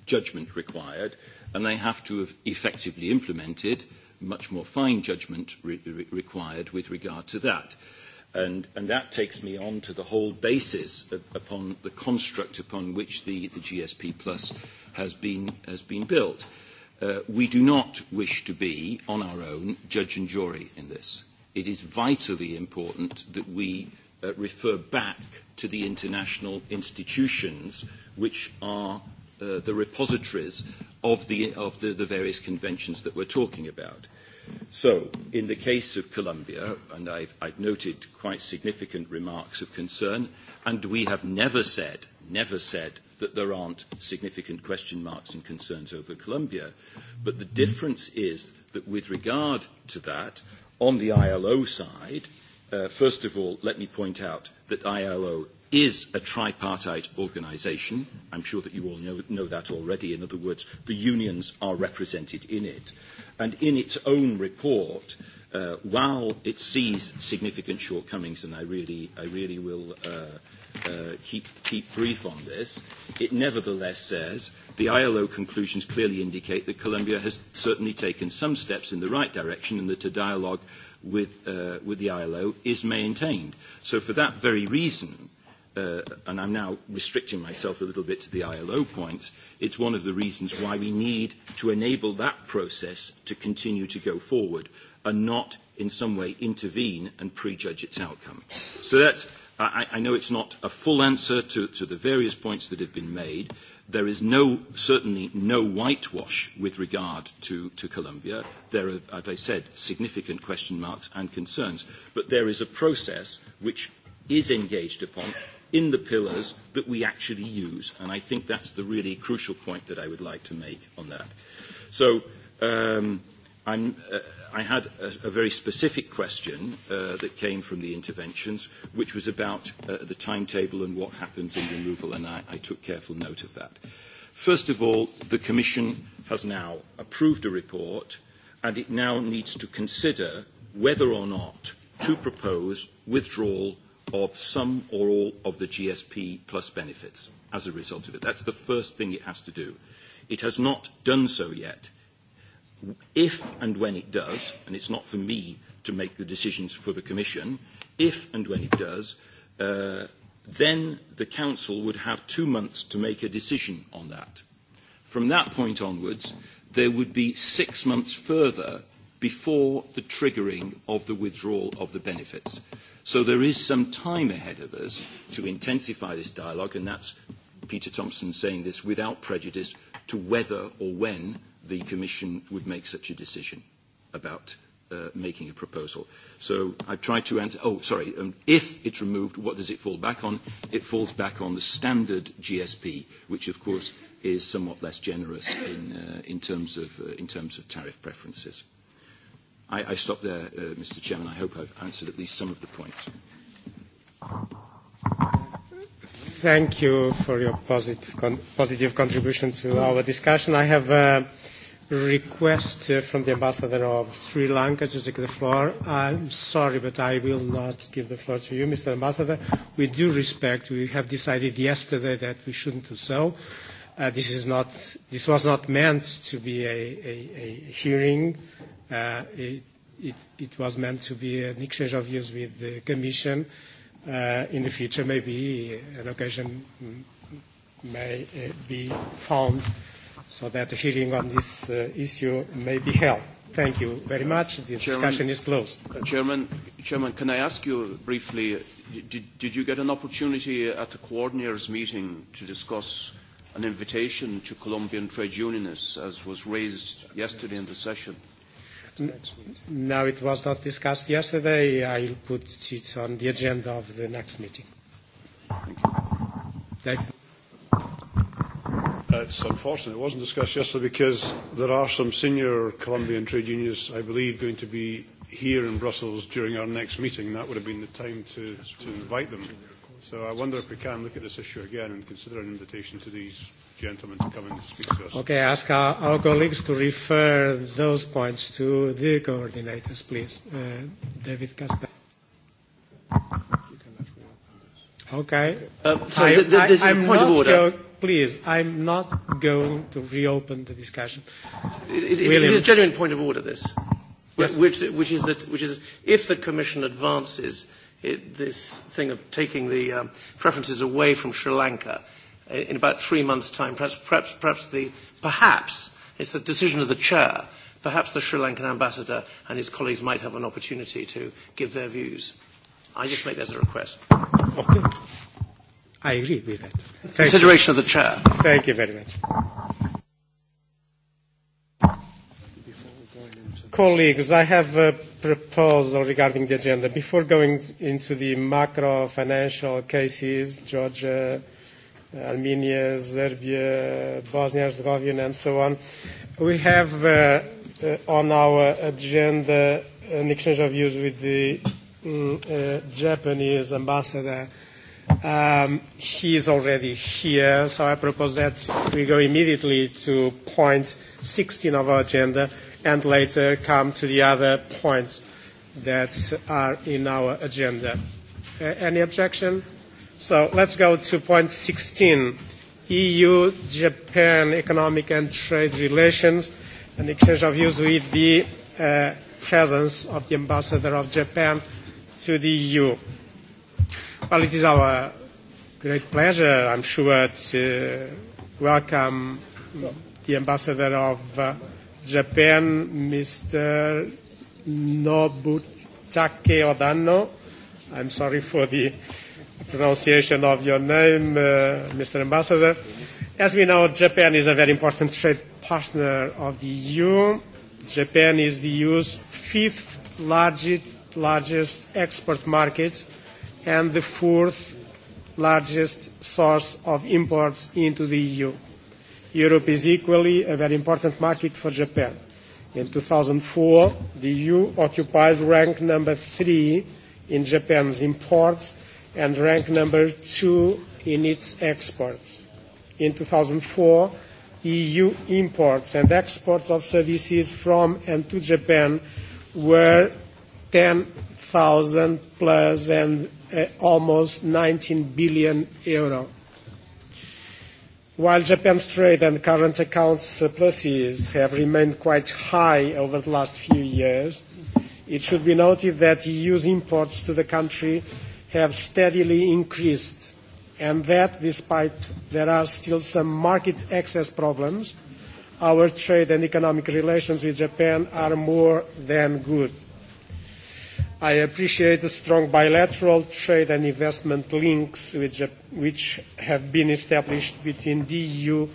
judgment required, and they have to have effectively implemented much more fine judgment re- re- required with regard to that. And, and that takes me on to the whole basis of, upon the construct upon which the, the GSP Plus has been, has been built. Uh, we do not wish to be, on our own, judge and jury in this. It is vitally important that we uh, refer back to the international institutions which are the repositories of, the, of the, the various conventions that we're talking about. So, in the case of Colombia, and I've, I've noted quite significant remarks of concern, and we have never said, never said that there aren't significant question marks and concerns over Colombia, but the difference is that with regard to that, on the ILO side, uh, first of all, let me point out that ILO is a tripartite organisation. I'm sure that you all know, know that already. In other words, the unions are represented in it. And in its own report, uh, while it sees significant shortcomings, and I really, I really will uh, uh, keep, keep brief on this, it nevertheless says the ILO conclusions clearly indicate that Colombia has certainly taken some steps in the right direction and that a dialogue with, uh, with the ILO is maintained. So for that very reason, uh, and I'm now restricting myself a little bit to the ILO point, it's one of the reasons why we need to enable that process to continue to go forward and not in some way intervene and prejudge its outcome. So that's, I, I know it's not a full answer to, to the various points that have been made. There is no, certainly no whitewash with regard to, to Colombia. There are, as I said, significant question marks and concerns. But there is a process which is engaged upon in the pillars that we actually use. And I think that's the really crucial point that I would like to make on that. So um, I'm, uh, I had a, a very specific question uh, that came from the interventions, which was about uh, the timetable and what happens in removal, and I, I took careful note of that. First of all, the Commission has now approved a report, and it now needs to consider whether or not to propose withdrawal of some or all of the GSP plus benefits as a result of it. That's the first thing it has to do. It has not done so yet. If and when it does, and it's not for me to make the decisions for the Commission, if and when it does, then the Council would have two months to make a decision on that. From that point onwards, there would be six months further before the triggering of the withdrawal of the benefits. So there is some time ahead of us to intensify this dialogue, and that's Peter Thompson saying this without prejudice to whether or when the Commission would make such a decision about making a proposal. So I've tried to answer, oh, sorry, um, if it's removed, what does it fall back on? It falls back on the standard GSP, which of course is somewhat less generous in, uh, in, terms, of, uh, in terms of tariff preferences. I, I stop there, uh, Mr. Chairman. I hope I've answered at least some of the points. Thank you for your positive, con- positive contribution to our discussion. I have a request from the ambassador of Sri Lanka to take the floor. I'm sorry, but I will not give the floor to you, Mr. Ambassador. With due respect, we have decided yesterday that we shouldn't do so. Uh, this is not. This was not meant to be a, a, a hearing It it was meant to be an exchange of views with the Commission. In the future, maybe an occasion may be found so that a hearing on this issue may be held. Thank you very much. The discussion is closed. Chairman, Chairman, can I ask you briefly, did, did you get an opportunity at the coordinators' meeting to discuss an invitation to Colombian trade unionists, as was raised yesterday in the session? No, it was not discussed yesterday. I'll put it on the agenda of the next meeting. Thank you. It's unfortunate it wasn't discussed yesterday because there are some senior Colombian trade unions, I believe, going to be here in Brussels during our next meeting. That would have been the time to, to invite them. So I wonder if we can look at this issue again and consider an invitation to these gentleman to come and speak to us. Okay, ask our, our colleagues to refer those points to the coordinators, please. Uh, David Kasper. Okay. Um, sorry, I, th- th- this I, is a point of order. Go- please, I'm not going to reopen the discussion. It, it, it is a genuine point of order, this. Yes. Which, which, is that, which is if the Commission advances it, this thing of taking the um, preferences away from Sri Lanka, in about three months' time. Perhaps, perhaps, perhaps the perhaps it's the decision of the chair. Perhaps the Sri Lankan ambassador and his colleagues might have an opportunity to give their views. I just make that as a request. Okay. I agree with that. Thank Consideration you. of the chair. Thank you very much. Colleagues, I have a proposal regarding the agenda. Before going into the macro financial cases, Georgia Armenia, Serbia, Bosnia and Herzegovina, and so on. We have uh, uh, on our agenda an exchange of views with the um, uh, Japanese ambassador. Um, he is already here, so I propose that we go immediately to point 16 of our agenda and later come to the other points that are in our agenda. Uh, any objection? So let's go to point 16, EU-Japan economic and trade relations, an exchange of views with the uh, presence of the ambassador of Japan to the EU. Well, it is our great pleasure, I'm sure, to welcome the ambassador of uh, Japan, Mr. Nobutake Odano. I'm sorry for the pronunciation of your name, uh, Mr. Ambassador. As we know, Japan is a very important trade partner of the EU. Japan is the EU's fifth largest, largest export market and the fourth largest source of imports into the EU. Europe is equally a very important market for Japan. In 2004, the EU occupied rank number three in Japan's imports and ranked number two in its exports. In 2004, EU imports and exports of services from and to Japan were 10,000 plus and uh, almost 19 billion euro. While Japan's trade and current account surpluses have remained quite high over the last few years, it should be noted that EU's imports to the country have steadily increased, and that despite there are still some market access problems, our trade and economic relations with Japan are more than good. I appreciate the strong bilateral trade and investment links which have been established between the EU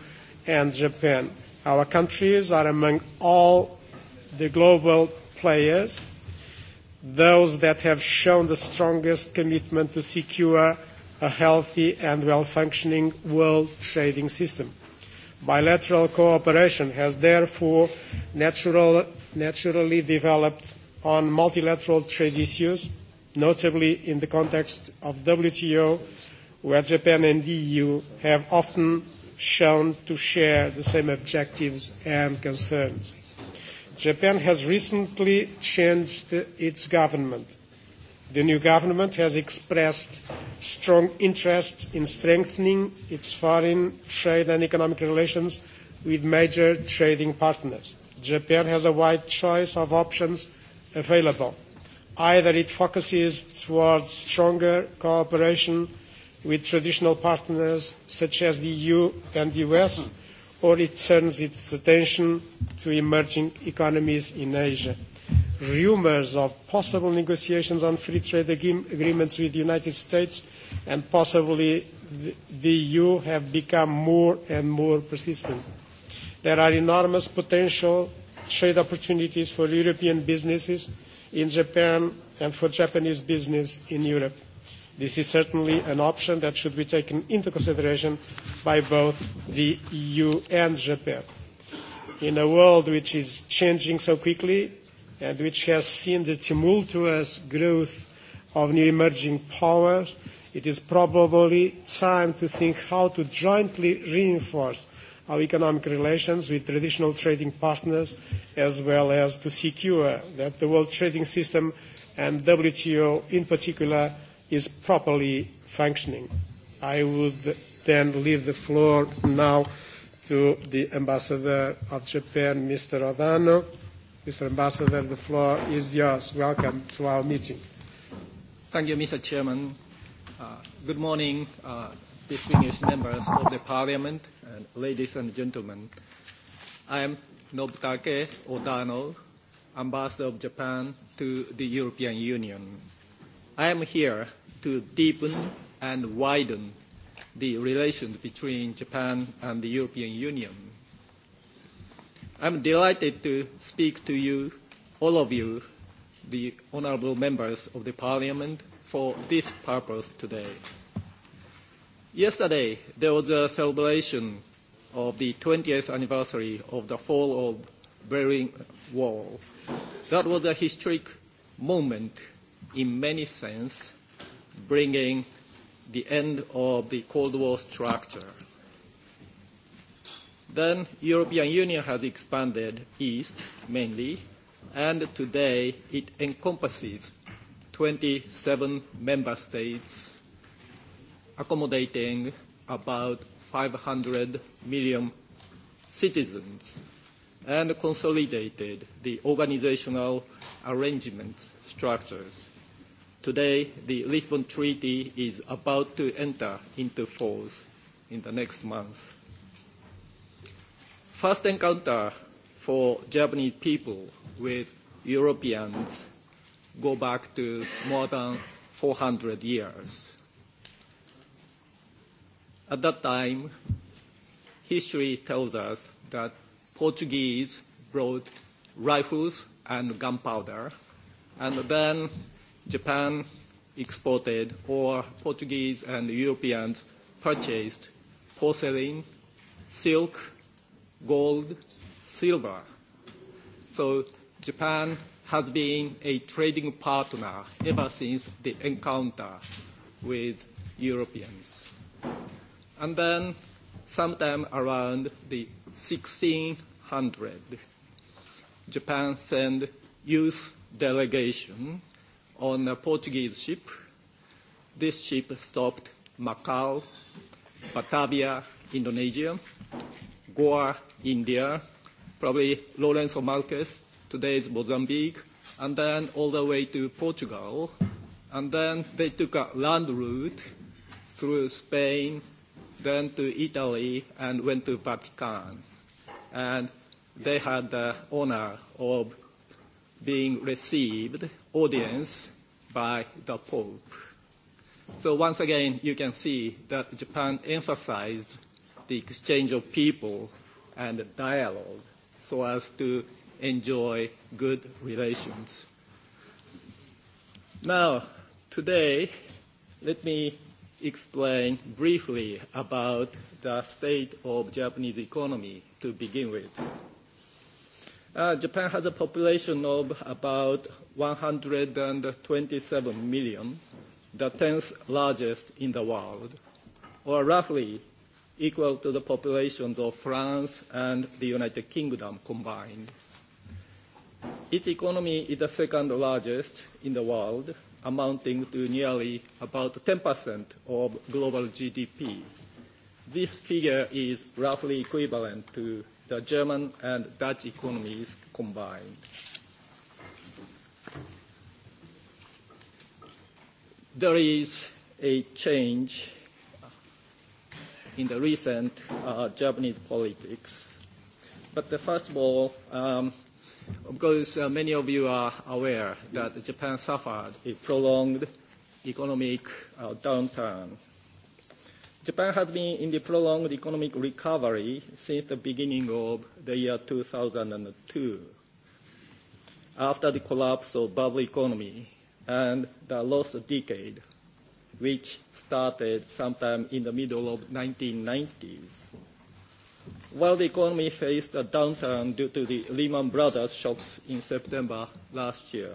and Japan. Our countries are among all the global players those that have shown the strongest commitment to secure a healthy and well-functioning world trading system. Bilateral cooperation has therefore natural, naturally developed on multilateral trade issues, notably in the context of WTO, where Japan and the EU have often shown to share the same objectives and concerns. Japan has recently changed its government. The new government has expressed strong interest in strengthening its foreign trade and economic relations with major trading partners. Japan has a wide choice of options available. Either it focuses towards stronger cooperation with traditional partners such as the EU and the US, or it turns its attention to emerging economies in Asia. Rumours of possible negotiations on free trade agreements with the United States and possibly the EU have become more and more persistent. There are enormous potential trade opportunities for European businesses in Japan and for Japanese business in Europe This is certainly an option that should be taken into consideration by both the EU and Japan. In a world which is changing so quickly and which has seen the tumultuous growth of new emerging powers, it is probably time to think how to jointly reinforce our economic relations with traditional trading partners, as well as to secure that the world trading system and WTO in particular is properly functioning. I would then leave the floor now to the Ambassador of Japan, Mr. Odano. Mr. Ambassador, the floor is yours. Welcome to our meeting. Thank you, Mr. Chairman. Uh, good morning, uh, distinguished members of the Parliament, and ladies and gentlemen. I am Nobutake Odano, Ambassador of Japan to the European Union. I am here to deepen and widen the relations between Japan and the European Union. I'm delighted to speak to you, all of you, the honourable members of the Parliament, for this purpose today. Yesterday, there was a celebration of the 20th anniversary of the fall of Berlin Wall. That was a historic moment in many sense bringing the end of the Cold War structure. Then European Union has expanded east mainly, and today it encompasses 27 member states, accommodating about 500 million citizens, and consolidated the organizational arrangement structures. Today, the Lisbon Treaty is about to enter into force in the next month. First encounter for Japanese people with Europeans go back to more than 400 years. At that time, history tells us that Portuguese brought rifles and gunpowder, and then Japan exported or Portuguese and Europeans purchased porcelain, silk, gold, silver. So Japan has been a trading partner ever since the encounter with Europeans. And then sometime around the 1600, Japan sent youth delegation on a Portuguese ship. This ship stopped Macau, Batavia, Indonesia, Goa, India, probably Lorenzo Marques, today's Mozambique, and then all the way to Portugal. And then they took a land route through Spain, then to Italy, and went to Vatican. And they had the honor of being received audience by the Pope. So once again, you can see that Japan emphasized the exchange of people and dialogue so as to enjoy good relations. Now, today, let me explain briefly about the state of Japanese economy to begin with. Uh, Japan has a population of about 127 million, the 10th largest in the world, or roughly equal to the populations of France and the United Kingdom combined. Its economy is the second largest in the world, amounting to nearly about 10% of global GDP. This figure is roughly equivalent to the German and Dutch economies combined. There is a change in the recent uh, Japanese politics. But the, first of all, um, of course, uh, many of you are aware that Japan suffered a prolonged economic uh, downturn Japan has been in the prolonged economic recovery since the beginning of the year 2002, after the collapse of bubble economy and the lost decade, which started sometime in the middle of 1990s. While the economy faced a downturn due to the Lehman Brothers shocks in September last year,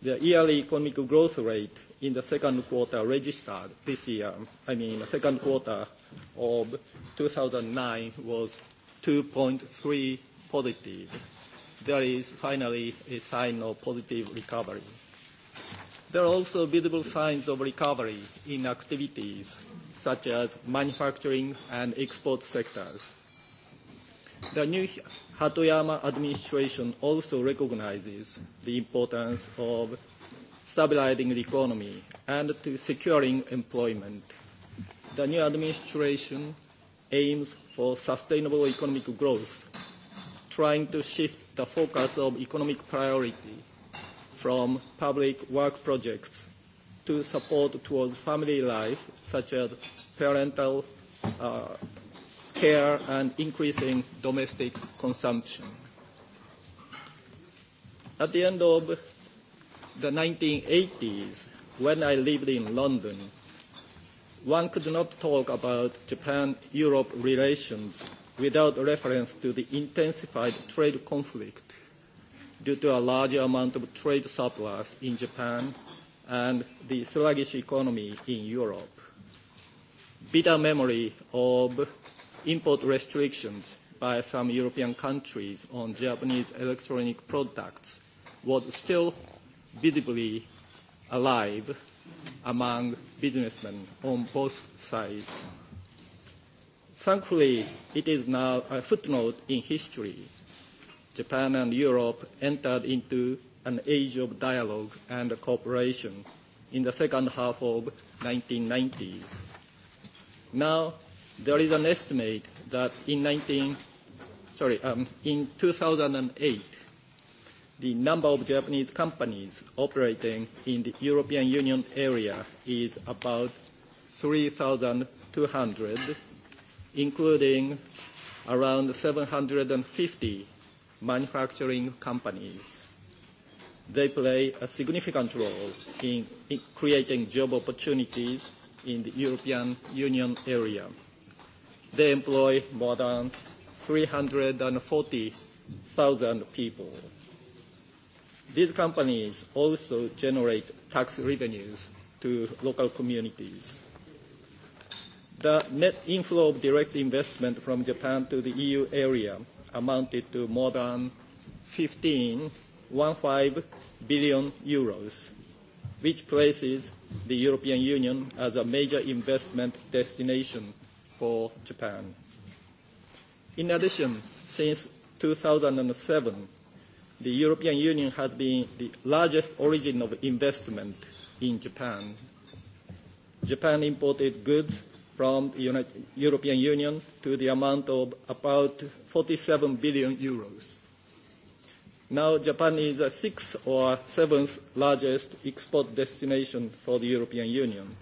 the yearly economic growth rate in the second quarter registered this year, I mean, the second quarter of 2009 was 2.3 positive. There is finally a sign of positive recovery. There are also visible signs of recovery in activities such as manufacturing and export sectors. The new Hatoyama administration also recognizes the importance of stabilizing the economy, and to securing employment. The new administration aims for sustainable economic growth, trying to shift the focus of economic priority from public work projects to support towards family life, such as parental uh, care and increasing domestic consumption. At the end of the 1980s, when I lived in London, one could not talk about Japan-Europe relations without reference to the intensified trade conflict due to a large amount of trade surplus in Japan and the sluggish economy in Europe. Bitter memory of import restrictions by some European countries on Japanese electronic products was still visibly alive among businessmen on both sides. Thankfully, it is now a footnote in history. Japan and Europe entered into an age of dialogue and cooperation in the second half of 1990s. Now, there is an estimate that in, 19, sorry, um, in 2008, the number of Japanese companies operating in the European Union area is about 3,200, including around 750 manufacturing companies. They play a significant role in creating job opportunities in the European Union area. They employ more than 340,000 people. These companies also generate tax revenues to local communities. The net inflow of direct investment from Japan to the EU area amounted to more than 15 billion euros, which places the European Union as a major investment destination for Japan. In addition, since 2007, the European Union has been the largest origin of investment in Japan. Japan imported goods from the European Union to the amount of about 47 billion euros. Now Japan is the sixth or seventh largest export destination for the European Union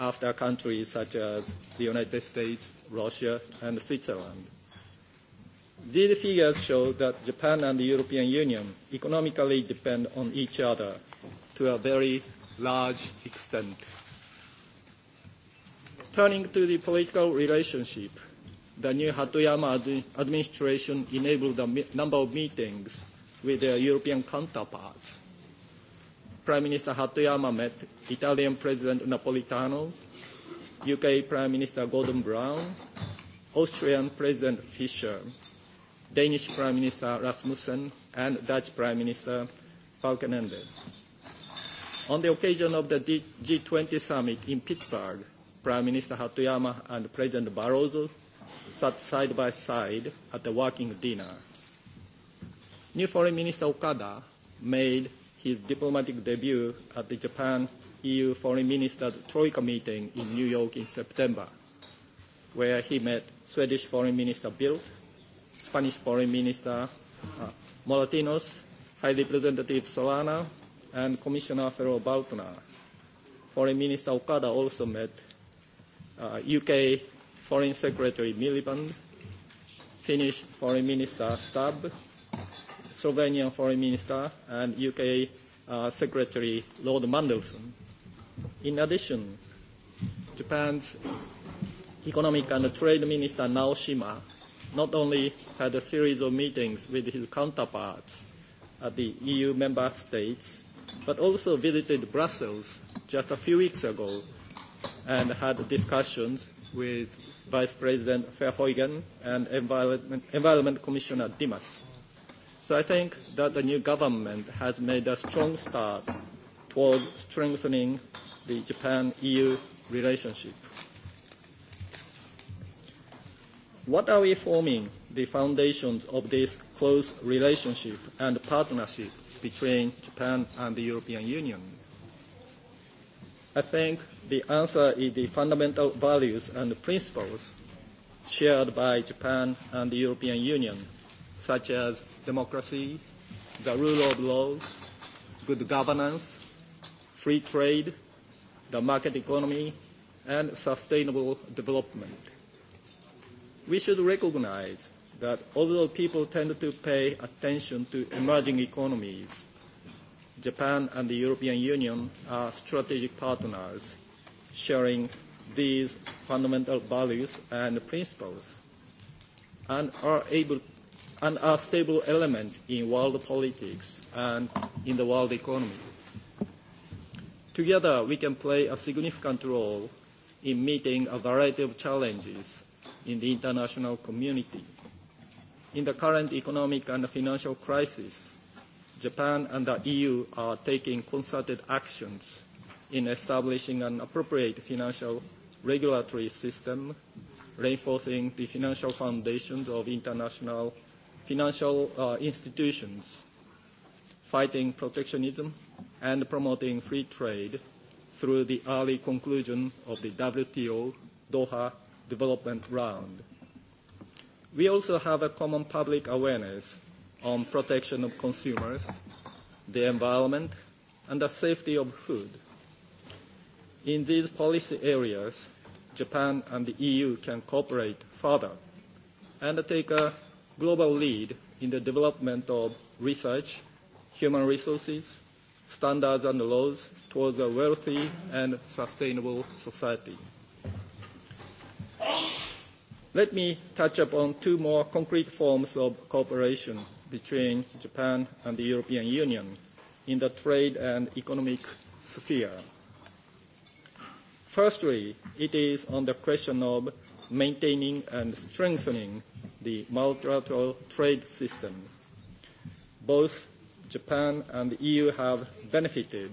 after countries such as the United States, Russia, and Switzerland These figures show that Japan and the European Union economically depend on each other to a very large extent. Turning to the political relationship, the new Hatoyama administration enabled a number of meetings with their European counterparts. Prime Minister Hatoyama met Italian President Napolitano, UK Prime Minister Gordon Brown, Austrian President Fischer, Danish Prime Minister Rasmussen and Dutch Prime Minister Falkenende. On the occasion of the G20 summit in Pittsburgh, Prime Minister Hatoyama and President Barroso sat side by side at the working dinner. New Foreign Minister Okada made his diplomatic debut at the Japan EU Foreign Ministers Troika meeting in New York in September, where he met Swedish Foreign Minister Bildt Spanish Foreign Minister uh, Moratinos, High Representative Solana, and Commissioner Ferro Baltner. Foreign Minister Okada also met uh, UK Foreign Secretary Miliband, Finnish Foreign Minister Stab, Slovenian Foreign Minister, and UK uh, Secretary Lord Mandelson. In addition, Japan's Economic and Trade Minister Naoshima not only had a series of meetings with his counterparts at the EU member states, but also visited Brussels just a few weeks ago and had discussions with Vice President Verheugen and Environment, Environment Commissioner Dimas. So I think that the new government has made a strong start towards strengthening the Japan-EU relationship. What are we forming the foundations of this close relationship and partnership between Japan and the European Union? I think the answer is the fundamental values and principles shared by Japan and the European Union, such as democracy, the rule of law, good governance, free trade, the market economy, and sustainable development we should recognize that although people tend to pay attention to emerging economies, Japan and the European Union are strategic partners sharing these fundamental values and principles and are able and are stable element in world politics and in the world economy. Together we can play a significant role in meeting a variety of challenges in the international community. In the current economic and financial crisis, Japan and the EU are taking concerted actions in establishing an appropriate financial regulatory system, reinforcing the financial foundations of international financial uh, institutions, fighting protectionism, and promoting free trade through the early conclusion of the WTO Doha development round. We also have a common public awareness on protection of consumers, the environment, and the safety of food. In these policy areas, Japan and the EU can cooperate further and take a global lead in the development of research, human resources, standards and laws towards a wealthy and sustainable society. Let me touch upon two more concrete forms of cooperation between Japan and the European Union in the trade and economic sphere. Firstly, it is on the question of maintaining and strengthening the multilateral trade system. Both Japan and the EU have benefited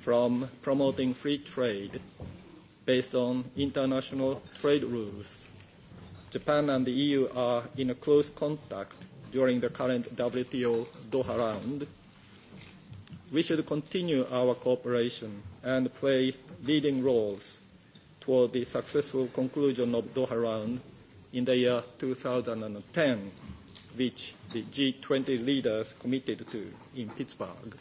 from promoting free trade based on international trade rules Japan and the EU are in a close contact during the current WTO Doha round. We should continue our cooperation and play leading roles toward the successful conclusion of Doha round in the year 2010, which the G20 leaders committed to in Pittsburgh.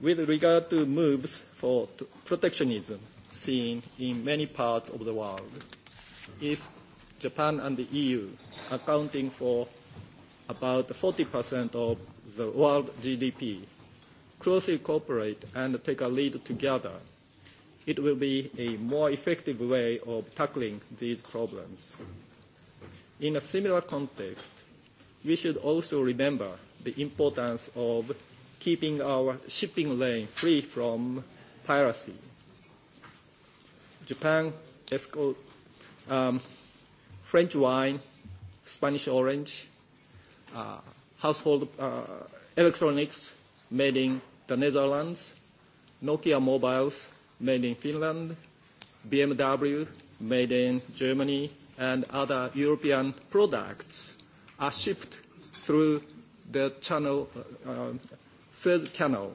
With regard to moves for protectionism seen in many parts of the world, if Japan and the EU, accounting for about 40% of the world GDP, closely cooperate and take a lead together, it will be a more effective way of tackling these problems. In a similar context, we should also remember the importance of keeping our shipping lane free from piracy. Japan escorts um, French wine, Spanish orange, uh, household uh, electronics made in the Netherlands, Nokia mobiles made in Finland, BMW made in Germany, and other European products are shipped through the channel, uh, third channel.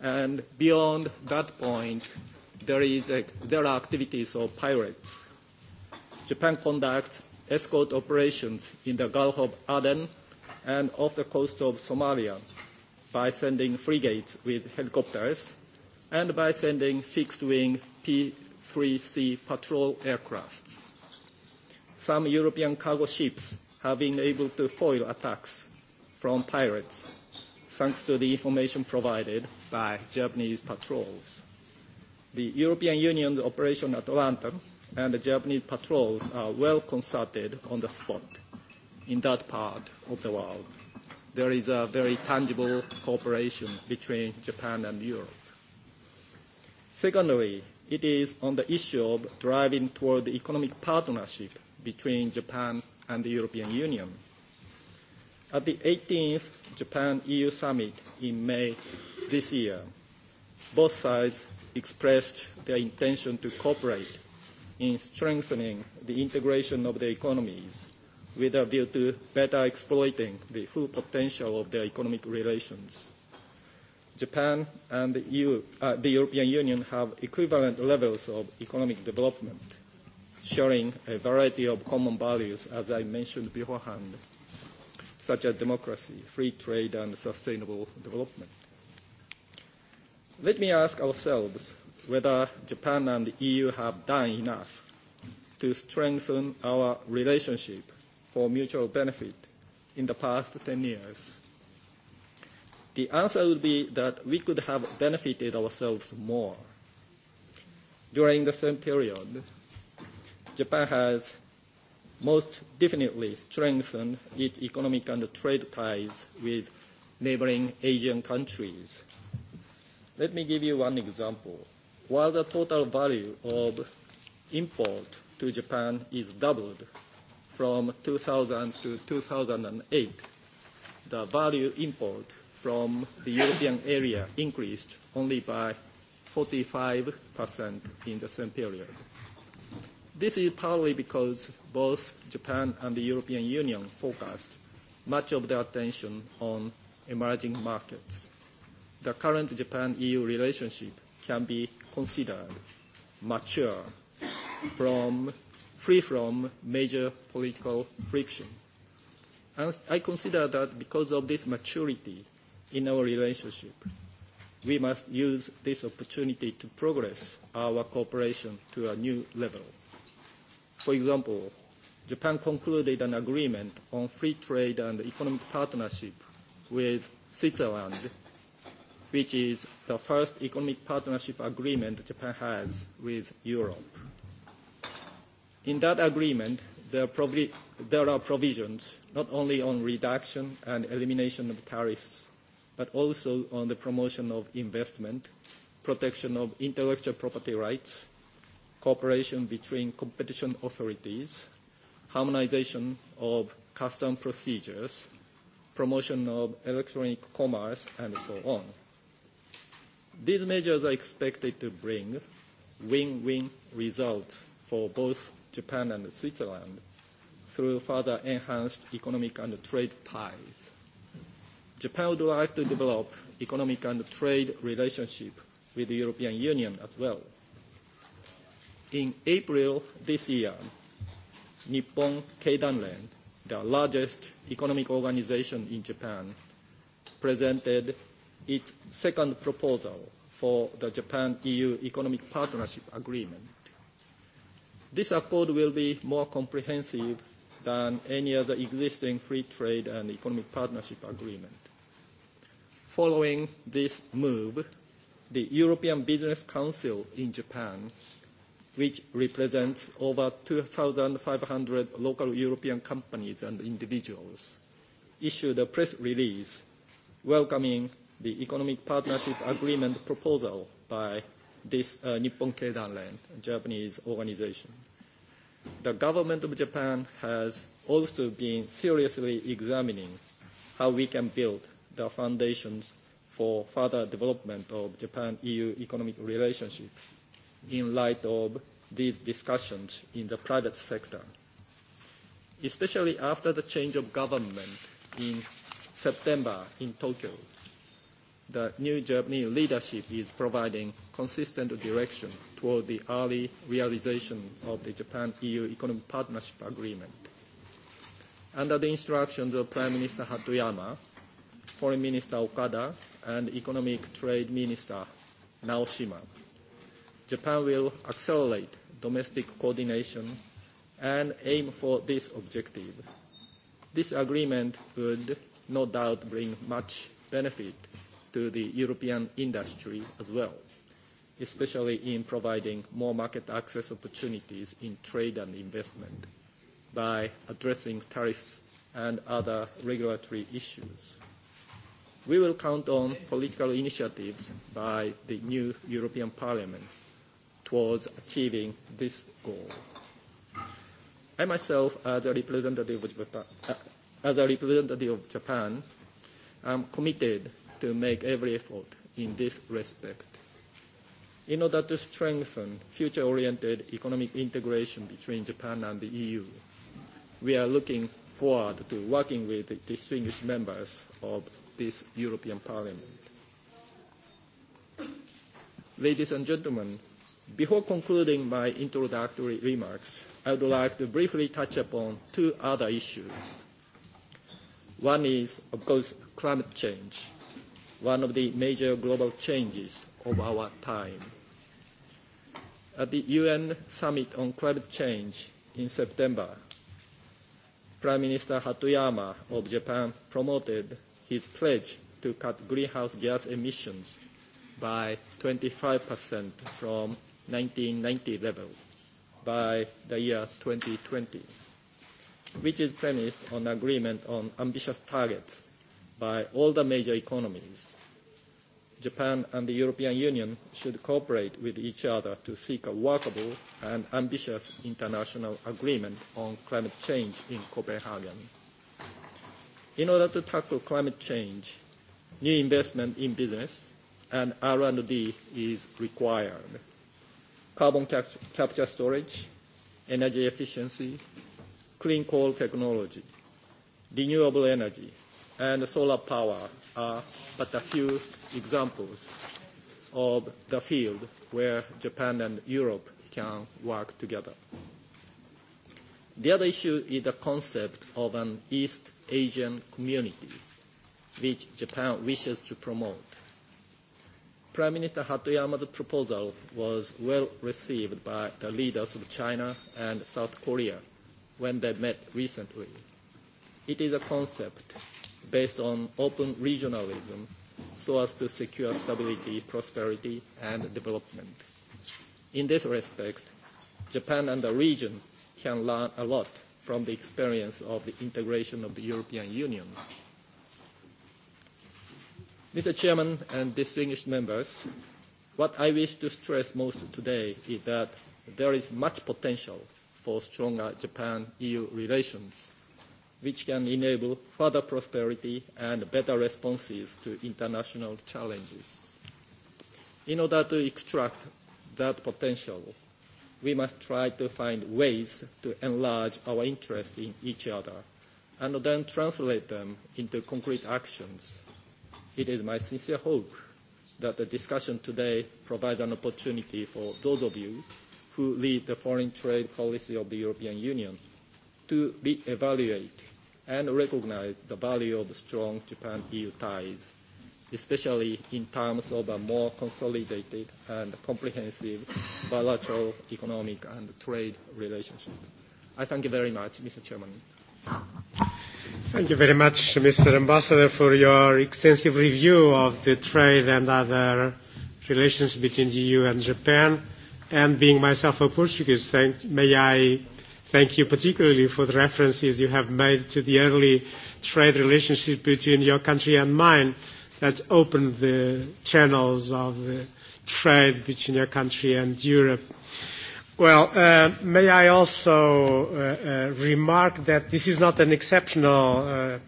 And beyond that point, there, is a, there are activities of pirates Japan conducts escort operations in the Gulf of Aden and off the coast of Somalia by sending frigates with helicopters and by sending fixed-wing P-3C patrol aircrafts. Some European cargo ships have been able to foil attacks from pirates thanks to the information provided by Japanese patrols. The European Union's Operation Atalanta and the Japanese patrols are well consulted on the spot in that part of the world. There is a very tangible cooperation between Japan and Europe. Secondly, it is on the issue of driving toward the economic partnership between Japan and the European Union. At the 18th Japan-EU summit in May this year, both sides expressed their intention to cooperate in strengthening the integration of the economies with a view to better exploiting the full potential of their economic relations. Japan and the, EU, uh, the European Union have equivalent levels of economic development, sharing a variety of common values, as I mentioned beforehand, such as democracy, free trade, and sustainable development. Let me ask ourselves whether Japan and the EU have done enough to strengthen our relationship for mutual benefit in the past 10 years. The answer would be that we could have benefited ourselves more. During the same period, Japan has most definitely strengthened its economic and trade ties with neighboring Asian countries. Let me give you one example while the total value of import to Japan is doubled from 2000 to 2008, the value import from the European area increased only by 45% in the same period. This is partly because both Japan and the European Union focused much of their attention on emerging markets. The current Japan-EU relationship can be considered mature from free from major political friction. And I consider that because of this maturity in our relationship, we must use this opportunity to progress our cooperation to a new level. For example, Japan concluded an agreement on free trade and economic partnership with Switzerland which is the first economic partnership agreement Japan has with Europe. In that agreement, there are provisions not only on reduction and elimination of tariffs, but also on the promotion of investment, protection of intellectual property rights, cooperation between competition authorities, harmonization of custom procedures, promotion of electronic commerce, and so on. These measures are expected to bring win-win results for both Japan and Switzerland through further enhanced economic and trade ties. Japan would like to develop economic and trade relationship with the European Union as well. In April this year, Nippon Keidanren, the largest economic organization in Japan, presented its second proposal for the Japan-EU Economic Partnership Agreement. This accord will be more comprehensive than any other existing free trade and economic partnership agreement. Following this move, the European Business Council in Japan, which represents over 2,500 local European companies and individuals, issued a press release welcoming the economic partnership agreement proposal by this uh, Nippon Keidanren, a Japanese organization. The government of Japan has also been seriously examining how we can build the foundations for further development of Japan-EU economic relationship in light of these discussions in the private sector. Especially after the change of government in September in Tokyo, the new Japanese leadership is providing consistent direction toward the early realization of the Japan-EU Economic Partnership Agreement. Under the instructions of Prime Minister Hatoyama, Foreign Minister Okada, and Economic Trade Minister Naoshima, Japan will accelerate domestic coordination and aim for this objective. This agreement would no doubt bring much benefit to the European industry as well, especially in providing more market access opportunities in trade and investment by addressing tariffs and other regulatory issues. We will count on political initiatives by the new European Parliament towards achieving this goal. I myself, as a representative of Japan, a representative of Japan am committed to make every effort in this respect. In order to strengthen future-oriented economic integration between Japan and the EU, we are looking forward to working with the distinguished members of this European Parliament. Ladies and gentlemen, before concluding my introductory remarks, I would like to briefly touch upon two other issues. One is, of course, climate change one of the major global changes of our time. At the UN Summit on Climate Change in September, Prime Minister Hatoyama of Japan promoted his pledge to cut greenhouse gas emissions by 25% from 1990 level by the year 2020, which is premised on agreement on ambitious targets by all the major economies. Japan and the European Union should cooperate with each other to seek a workable and ambitious international agreement on climate change in Copenhagen. In order to tackle climate change, new investment in business and R&D is required. Carbon capture storage, energy efficiency, clean coal technology, renewable energy, and solar power are but a few examples of the field where Japan and Europe can work together. The other issue is the concept of an East Asian community, which Japan wishes to promote. Prime Minister Hatoyama's proposal was well received by the leaders of China and South Korea when they met recently. It is a concept based on open regionalism so as to secure stability, prosperity, and development. In this respect, Japan and the region can learn a lot from the experience of the integration of the European Union. Mr. Chairman and distinguished members, what I wish to stress most today is that there is much potential for stronger Japan-EU relations which can enable further prosperity and better responses to international challenges. In order to extract that potential, we must try to find ways to enlarge our interest in each other and then translate them into concrete actions. It is my sincere hope that the discussion today provides an opportunity for those of you who lead the foreign trade policy of the European Union to re-evaluate and recognize the value of strong Japan-EU ties, especially in terms of a more consolidated and comprehensive bilateral economic and trade relationship. I thank you very much, Mr. Chairman. Thank you very much, Mr. Ambassador, for your extensive review of the trade and other relations between the EU and Japan. And being myself a Portuguese, thank, may I Thank you particularly for the references you have made to the early trade relationship between your country and mine that opened the channels of the trade between your country and Europe. Well, uh, may I also uh, uh, remark that this is not an exceptional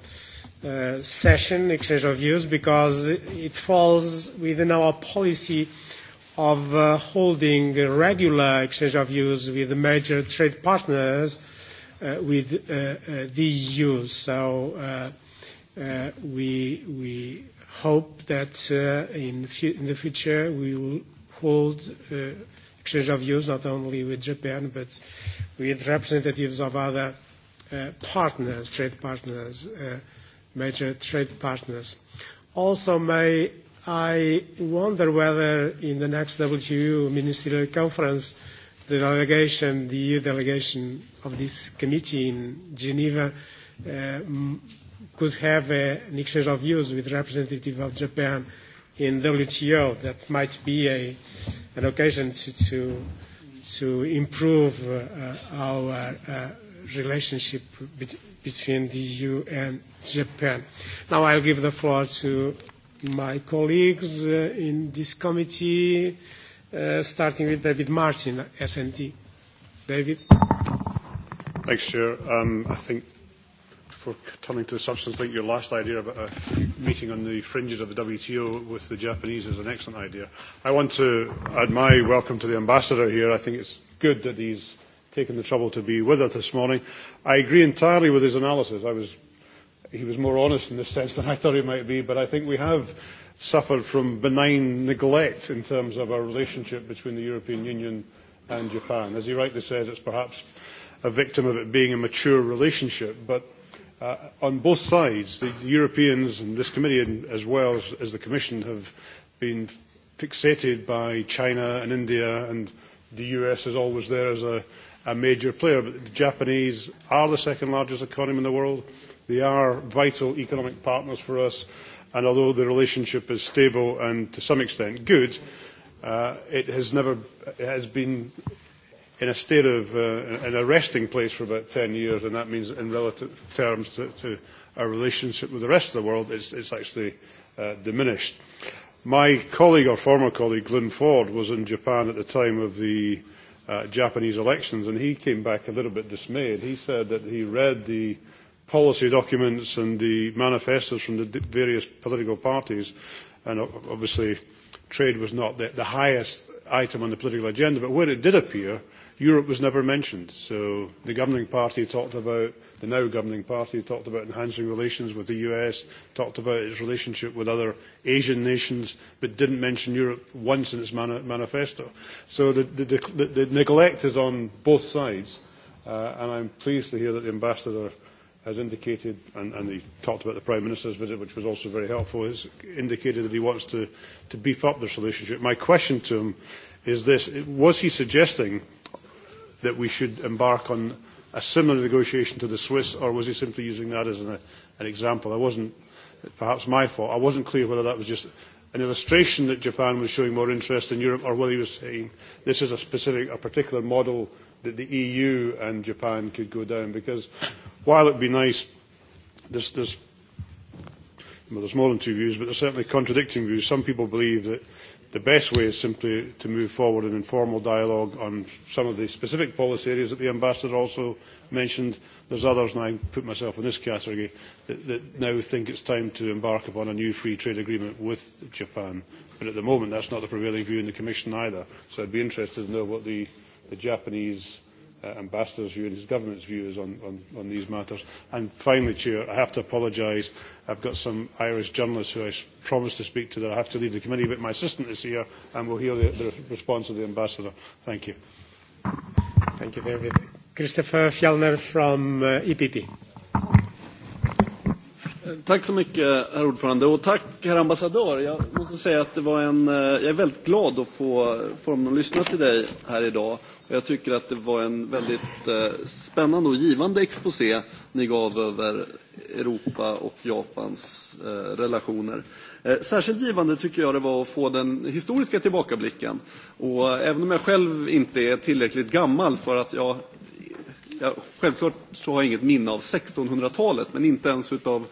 uh, uh, session, exchange of views, because it falls within our policy of holding a regular exchange of views with the major trade partners with the EU. So we, we hope that in, the future we will hold exchange of views not only with Japan but with representatives of other partners, trade partners, major trade partners. Also, may I wonder whether in the next WTO ministerial conference, the delegation, the EU delegation of this committee in Geneva, uh, could have a, an exchange of views with representative of Japan in WTO. That might be a, an occasion to, to, to improve uh, our uh, relationship between the EU and Japan. Now I'll give the floor to my colleagues in this committee, starting with David Martin, SNT. David? Thanks, Chair. I think for turning to the substance, I think your last idea about a meeting on the fringes of the WTO with the Japanese is an excellent idea. I want to add my welcome to the ambassador here. I think it's good that he's taken the trouble to be with us this morning. I agree entirely with his analysis. I was he was more honest in this sense than I thought he might be, but I think we have suffered from benign neglect in terms of our relationship between the European Union and Japan. As he rightly says, it's perhaps a victim of it being a mature relationship, but uh, on both sides, the Europeans and this committee as well as, as the Commission have been fixated by China and India and the US is always there as a, a major player, but the Japanese are the second largest economy in the world They are vital economic partners for us, and although the relationship is stable and to some extent good, it has never it has been in a state of uh, in a resting place for about 10 years, and that means in relative terms to, to our relationship with the rest of the world, it's, it's actually uh, diminished. My colleague or former colleague, Glyn Ford, was in Japan at the time of the uh, Japanese elections, and he came back a little bit dismayed. He said that he read the uh, policy documents and the manifestos from the various political parties, and obviously trade was not the, the highest item on the political agenda, but where it did appear, Europe was never mentioned. So the governing party talked about, the now governing party talked about enhancing relations with the US, talked about its relationship with other Asian nations, but didn't mention Europe once in its manifesto. So the, the, the, the neglect is on both sides, uh, and I'm pleased to hear that the ambassador has indicated, and, and he talked about the Prime Minister's visit, which was also very helpful, has indicated that he wants to, to beef up this relationship. My question to him is this. Was he suggesting that we should embark on a similar negotiation to the Swiss, or was he simply using that as an, an example? I wasn't, perhaps my fault, I wasn't clear whether that was just an illustration that Japan was showing more interest in Europe, or whether he was saying this is a specific, a particular model that the EU and Japan could go down because while it would be nice, there's, there's, well, there's more than two views, but there's certainly contradicting views. Some people believe that the best way is simply to move forward in informal dialogue on some of the specific policy areas that the ambassador also mentioned. There's others, and I put myself in this category, that, that now think it's time to embark upon a new free trade agreement with Japan. But at the moment, that's not the prevailing view in the Commission either. So I'd be interested to know what the the Japanese uh, ambassador's view and his government's views on, on, on these matters. And finally, Chair, I have to apologise. I've got some Irish journalists who I promised to speak to that I have to leave the committee, but my assistant is here and we'll hear the, the response of the ambassador. Thank you. Thank you David. Christopher Fjellner from uh, EPP. Tack så mycket, herr ordförande. Och tack, herr ambassadör. Jag måste säga att det var en, jag är väldigt glad att få, få dem att lyssna till dig här idag. Jag tycker att det var en väldigt spännande och givande exposé ni gav över Europa och Japans relationer. Särskilt givande tycker jag det var att få den historiska tillbakablicken. Och även om jag själv inte är tillräckligt gammal för att jag jag, självklart så har jag inget minne av 1600-talet, men inte ens av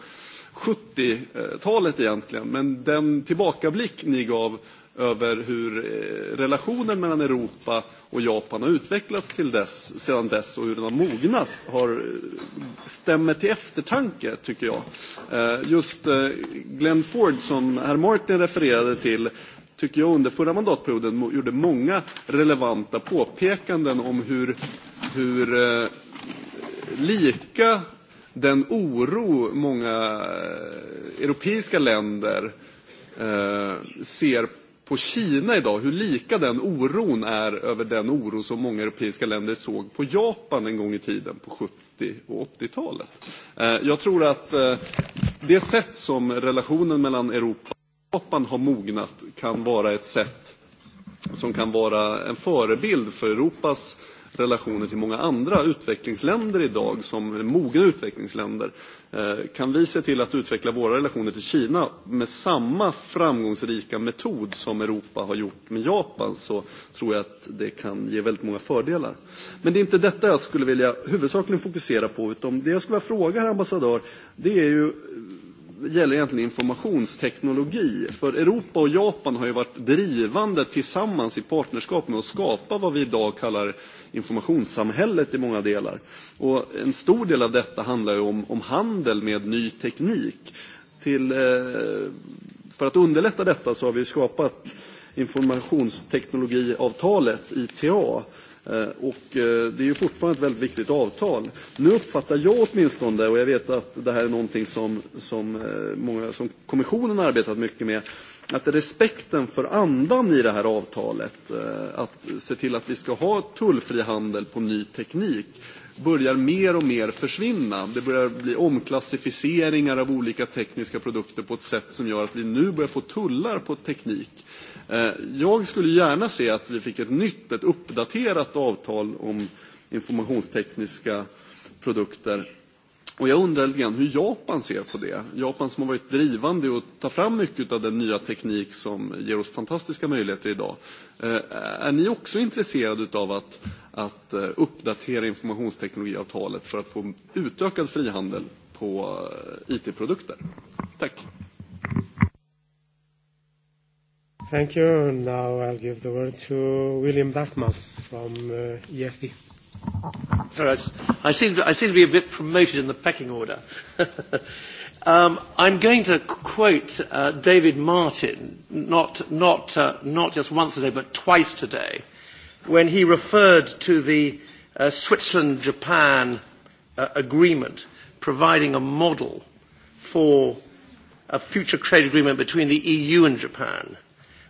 70-talet egentligen. Men den tillbakablick ni gav över hur relationen mellan Europa och Japan har utvecklats till dess, sedan dess och hur den har mognat har, stämmer till eftertanke, tycker jag. Just Glenn Ford, som herr Martin refererade till, tycker jag under förra mandatperioden gjorde många relevanta påpekanden om hur, hur lika den oro många europeiska länder ser på Kina idag, hur lika den oron är över den oro som många europeiska länder såg på Japan en gång i tiden på 70 och 80-talet. Jag tror att det sätt som relationen mellan Europa och Japan har mognat kan vara ett sätt som kan vara en förebild för Europas relationer till många andra utvecklingsländer idag som mogna utvecklingsländer. Kan vi se till att utveckla våra relationer till Kina med samma framgångsrika metod som Europa har gjort med Japan så tror jag att det kan ge väldigt många fördelar. Men det är inte detta jag skulle vilja huvudsakligen fokusera på. Det jag skulle vilja fråga herr ambassadör är ju gäller egentligen informationsteknologi. För Europa och Japan har ju varit drivande tillsammans i partnerskap med att skapa vad vi idag kallar informationssamhället i många delar. Och en stor del av detta handlar ju om, om handel med ny teknik. Till, för att underlätta detta så har vi skapat informationsteknologiavtalet, ITA. Och det är fortfarande ett väldigt viktigt avtal. Nu uppfattar jag åtminstone, och jag vet att det här är någonting som, som, många, som kommissionen arbetat mycket med, att respekten för andan i det här avtalet, att se till att vi ska ha tullfri handel på ny teknik, börjar mer och mer försvinna. Det börjar bli omklassificeringar av olika tekniska produkter på ett sätt som gör att vi nu börjar få tullar på teknik Jag skulle gärna se att vi fick ett nytt, ett uppdaterat avtal om informationstekniska produkter. Och jag undrar lite grann hur Japan ser på det. Japan som har varit drivande i att ta fram mycket av den nya teknik som ger oss fantastiska möjligheter idag. Är ni också intresserade av att, att uppdatera informationsteknologiavtalet för att få utökad frihandel på IT-produkter? Tack! Thank you. Now I'll give the word to William Dartmouth from uh, EFD. I seem, to, I seem to be a bit promoted in the pecking order. um, I'm going to quote uh, David Martin, not, not, uh, not just once today, but twice today, when he referred to the uh, Switzerland-Japan uh, agreement providing a model for a future trade agreement between the EU and Japan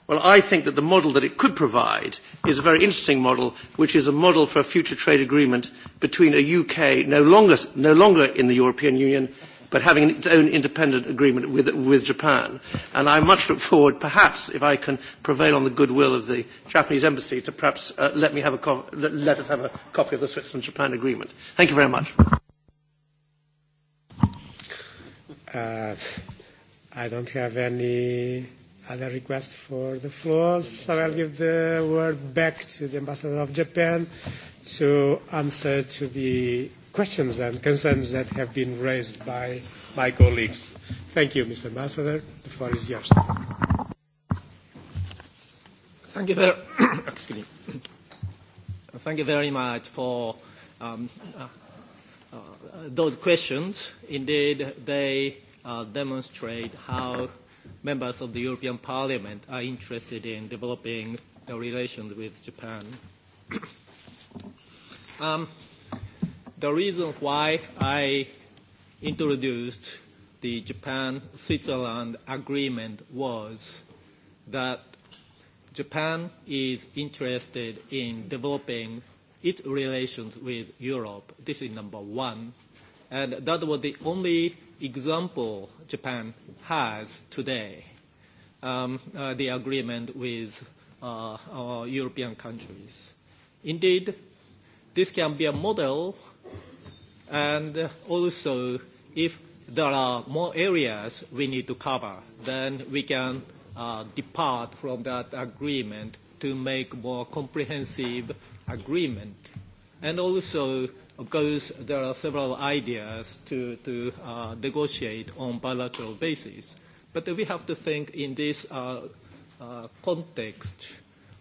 Well, I think that the model that it could provide is a very interesting model, which is a model for a future trade agreement between a UK no longer, no longer in the European Union, but having its own independent agreement with, with Japan. And I much look forward, perhaps, if I can prevail on the goodwill of the Japanese embassy, to perhaps uh, let, me have a co- let us have a copy of the Switzerland-Japan agreement. Thank you very much. Uh, I don't have any other requests for the floor, so I'll give the word back to the Ambassador of Japan to answer to the questions and concerns that have been raised by my colleagues. Thank you, Mr. Ambassador. The floor is yours. Thank you very, excuse me. Thank you very much for um, uh, uh, those questions. Indeed, they uh, demonstrate how members of the European Parliament are interested in developing the relations with Japan. um, the reason why I introduced the Japan-Switzerland agreement was that Japan is interested in developing its relations with Europe. This is number one. And that was the only example Japan has today, um, uh, the agreement with uh, our European countries. Indeed, this can be a model, and also if there are more areas we need to cover, then we can uh, depart from that agreement to make more comprehensive agreement. And also, Of course, there are several ideas to, to uh, negotiate on bilateral basis, but we have to think in this uh, uh, context.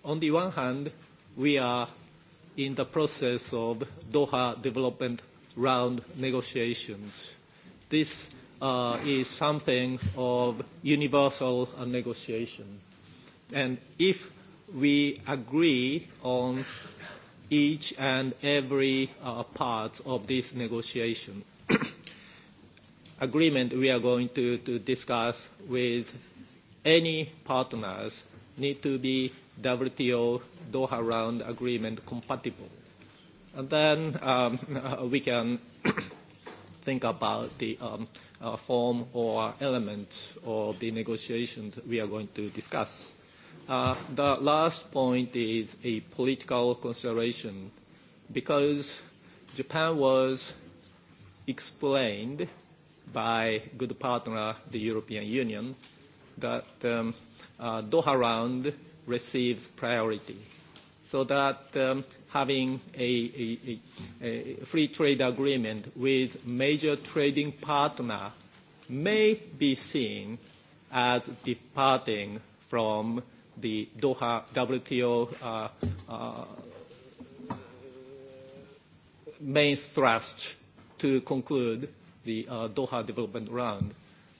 On the one hand, we are in the process of Doha development round negotiations. This uh, is something of universal uh, negotiation. And if we agree on each and every uh, part of this negotiation agreement we are going to, to discuss with any partners need to be WTO Doha round agreement compatible. And then um, uh, we can think about the um, uh, form or elements of the negotiations we are going to discuss. Uh, the last point is a political consideration because Japan was explained by good partner, the European Union, that um, uh, Doha round receives priority. So that um, having a, a, a free trade agreement with major trading partner may be seen as departing from the Doha WTO uh, uh, main thrust to conclude the uh, Doha development round.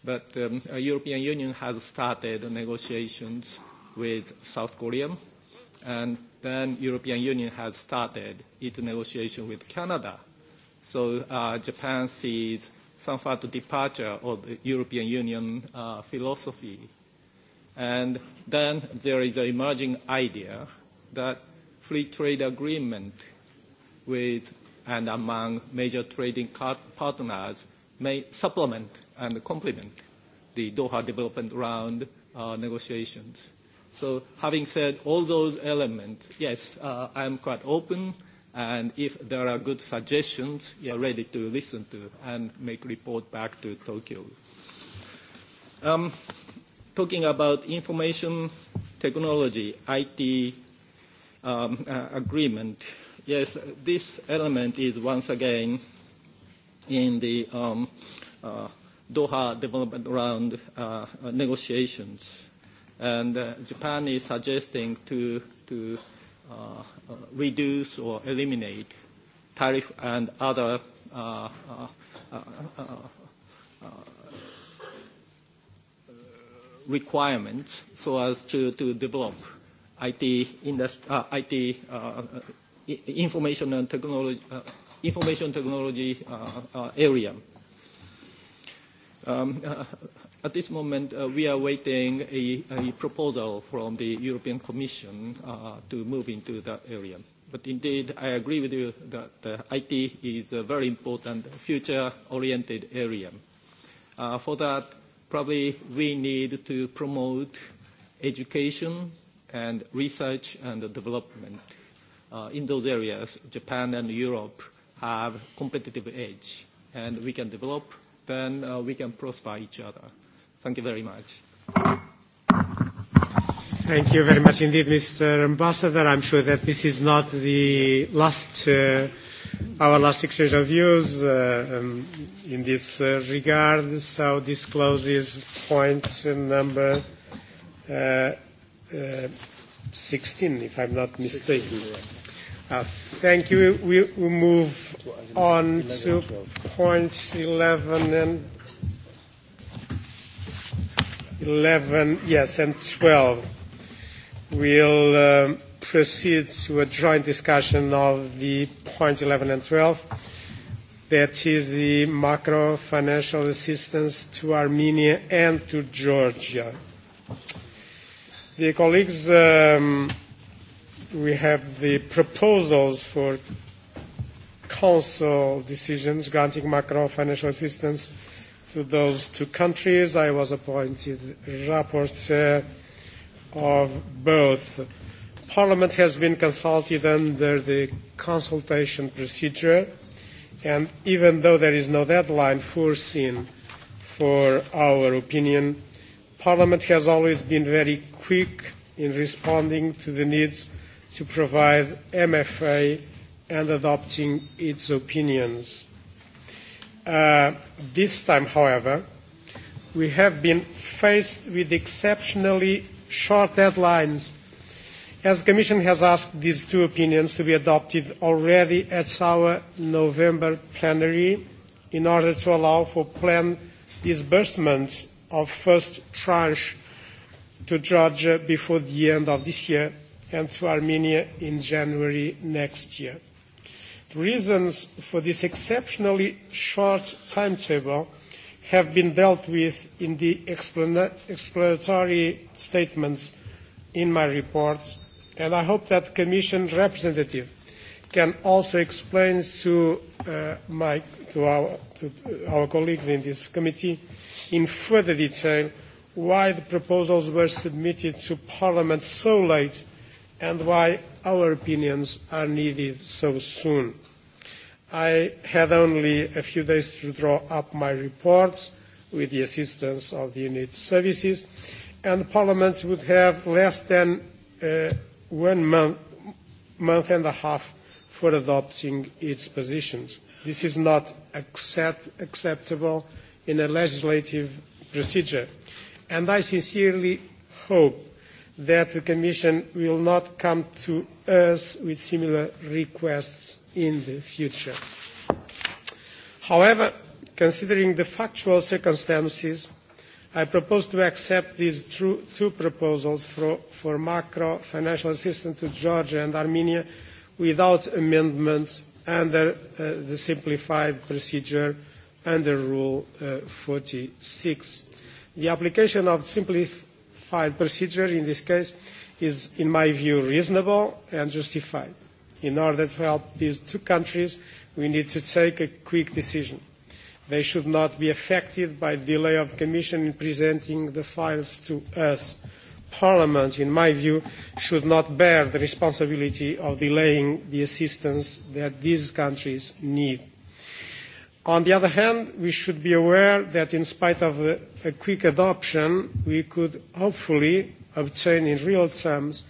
But the um, European Union has started negotiations with South Korea, and then European Union has started its negotiation with Canada. So uh, Japan sees some sort of departure of the European Union uh, philosophy And then there is an emerging idea that free trade agreement with and among major trading partners may supplement and complement the Doha Development Round uh, negotiations. So having said all those elements, yes, uh, I'm quite open, and if there are good suggestions, we are ready to listen to and make report back to Tokyo. Um, talking about information technology, IT um, uh, agreement, yes, this element is once again in the um, uh, Doha development round uh, negotiations. And uh, Japan is suggesting to, to uh, uh reduce or eliminate tariff and other uh uh, uh, uh, uh, requirements so as to, to develop IT, industri uh, IT uh, information and technology, uh, information technology uh, uh, area. Um, uh, at this moment, uh, we are waiting a, a proposal from the European Commission uh, to move into that area. But indeed, I agree with you that uh, IT is a very important future-oriented area. Uh, for that, probably we need to promote education and research and development. Uh, in those areas, Japan and Europe have competitive edge, and we can develop, then uh, we can prosper each other. Thank you very much. Thank you very much indeed, Mr. Ambassador. I'm sure that this is not the last uh, Our last exchange of views in this regard, so this closes point number 16, if I'm not mistaken. Thank you. We move on to points 11 and 11, yes, and 12. We'll proceed to a joint discussion of the points 11 and 12. That is the macro financial assistance to Armenia and to Georgia. Dear colleagues, um, we have the proposals for council decisions granting macro financial assistance to those two countries. I was appointed rapporteur of both Parliament has been consulted under the consultation procedure, and even though there is no deadline foreseen for our opinion, Parliament has always been very quick in responding to the needs to provide MFA and adopting its opinions. This time, however, we have been faced with exceptionally short deadlines As the Commission has asked these two opinions to be adopted already at our November plenary in order to allow for planned disbursements of first tranche to Georgia before the end of this year and to Armenia in January next year. The reasons for this exceptionally short timetable have been dealt with in the explanatory statements in my report And I hope that the Commission representative can also explain to, uh, my, to, our, to our colleagues in this committee in further detail why the proposals were submitted to Parliament so late and why our opinions are needed so soon. I had only a few days to draw up my reports with the assistance of the unit services, and Parliament would have less than one month, month and a half for adopting its positions. This is not accept, acceptable in a legislative procedure. And I sincerely hope that the Commission will not come to us with similar requests in the future. However, considering the factual circumstances I propose to accept these two proposals for macro financial assistance to Georgia and Armenia without amendments under the simplified procedure under Rule forty six. The application of the simplified procedure in this case is, in my view, reasonable and justified. In order to help these two countries, we need to take a quick decision They should not be affected by the delay of the Commission in presenting the files to us. Parliament, in my view, should not bear the responsibility of delaying the assistance that these countries need. On the other hand, we should be aware that in spite of a, a quick adoption, we could hopefully obtain in real terms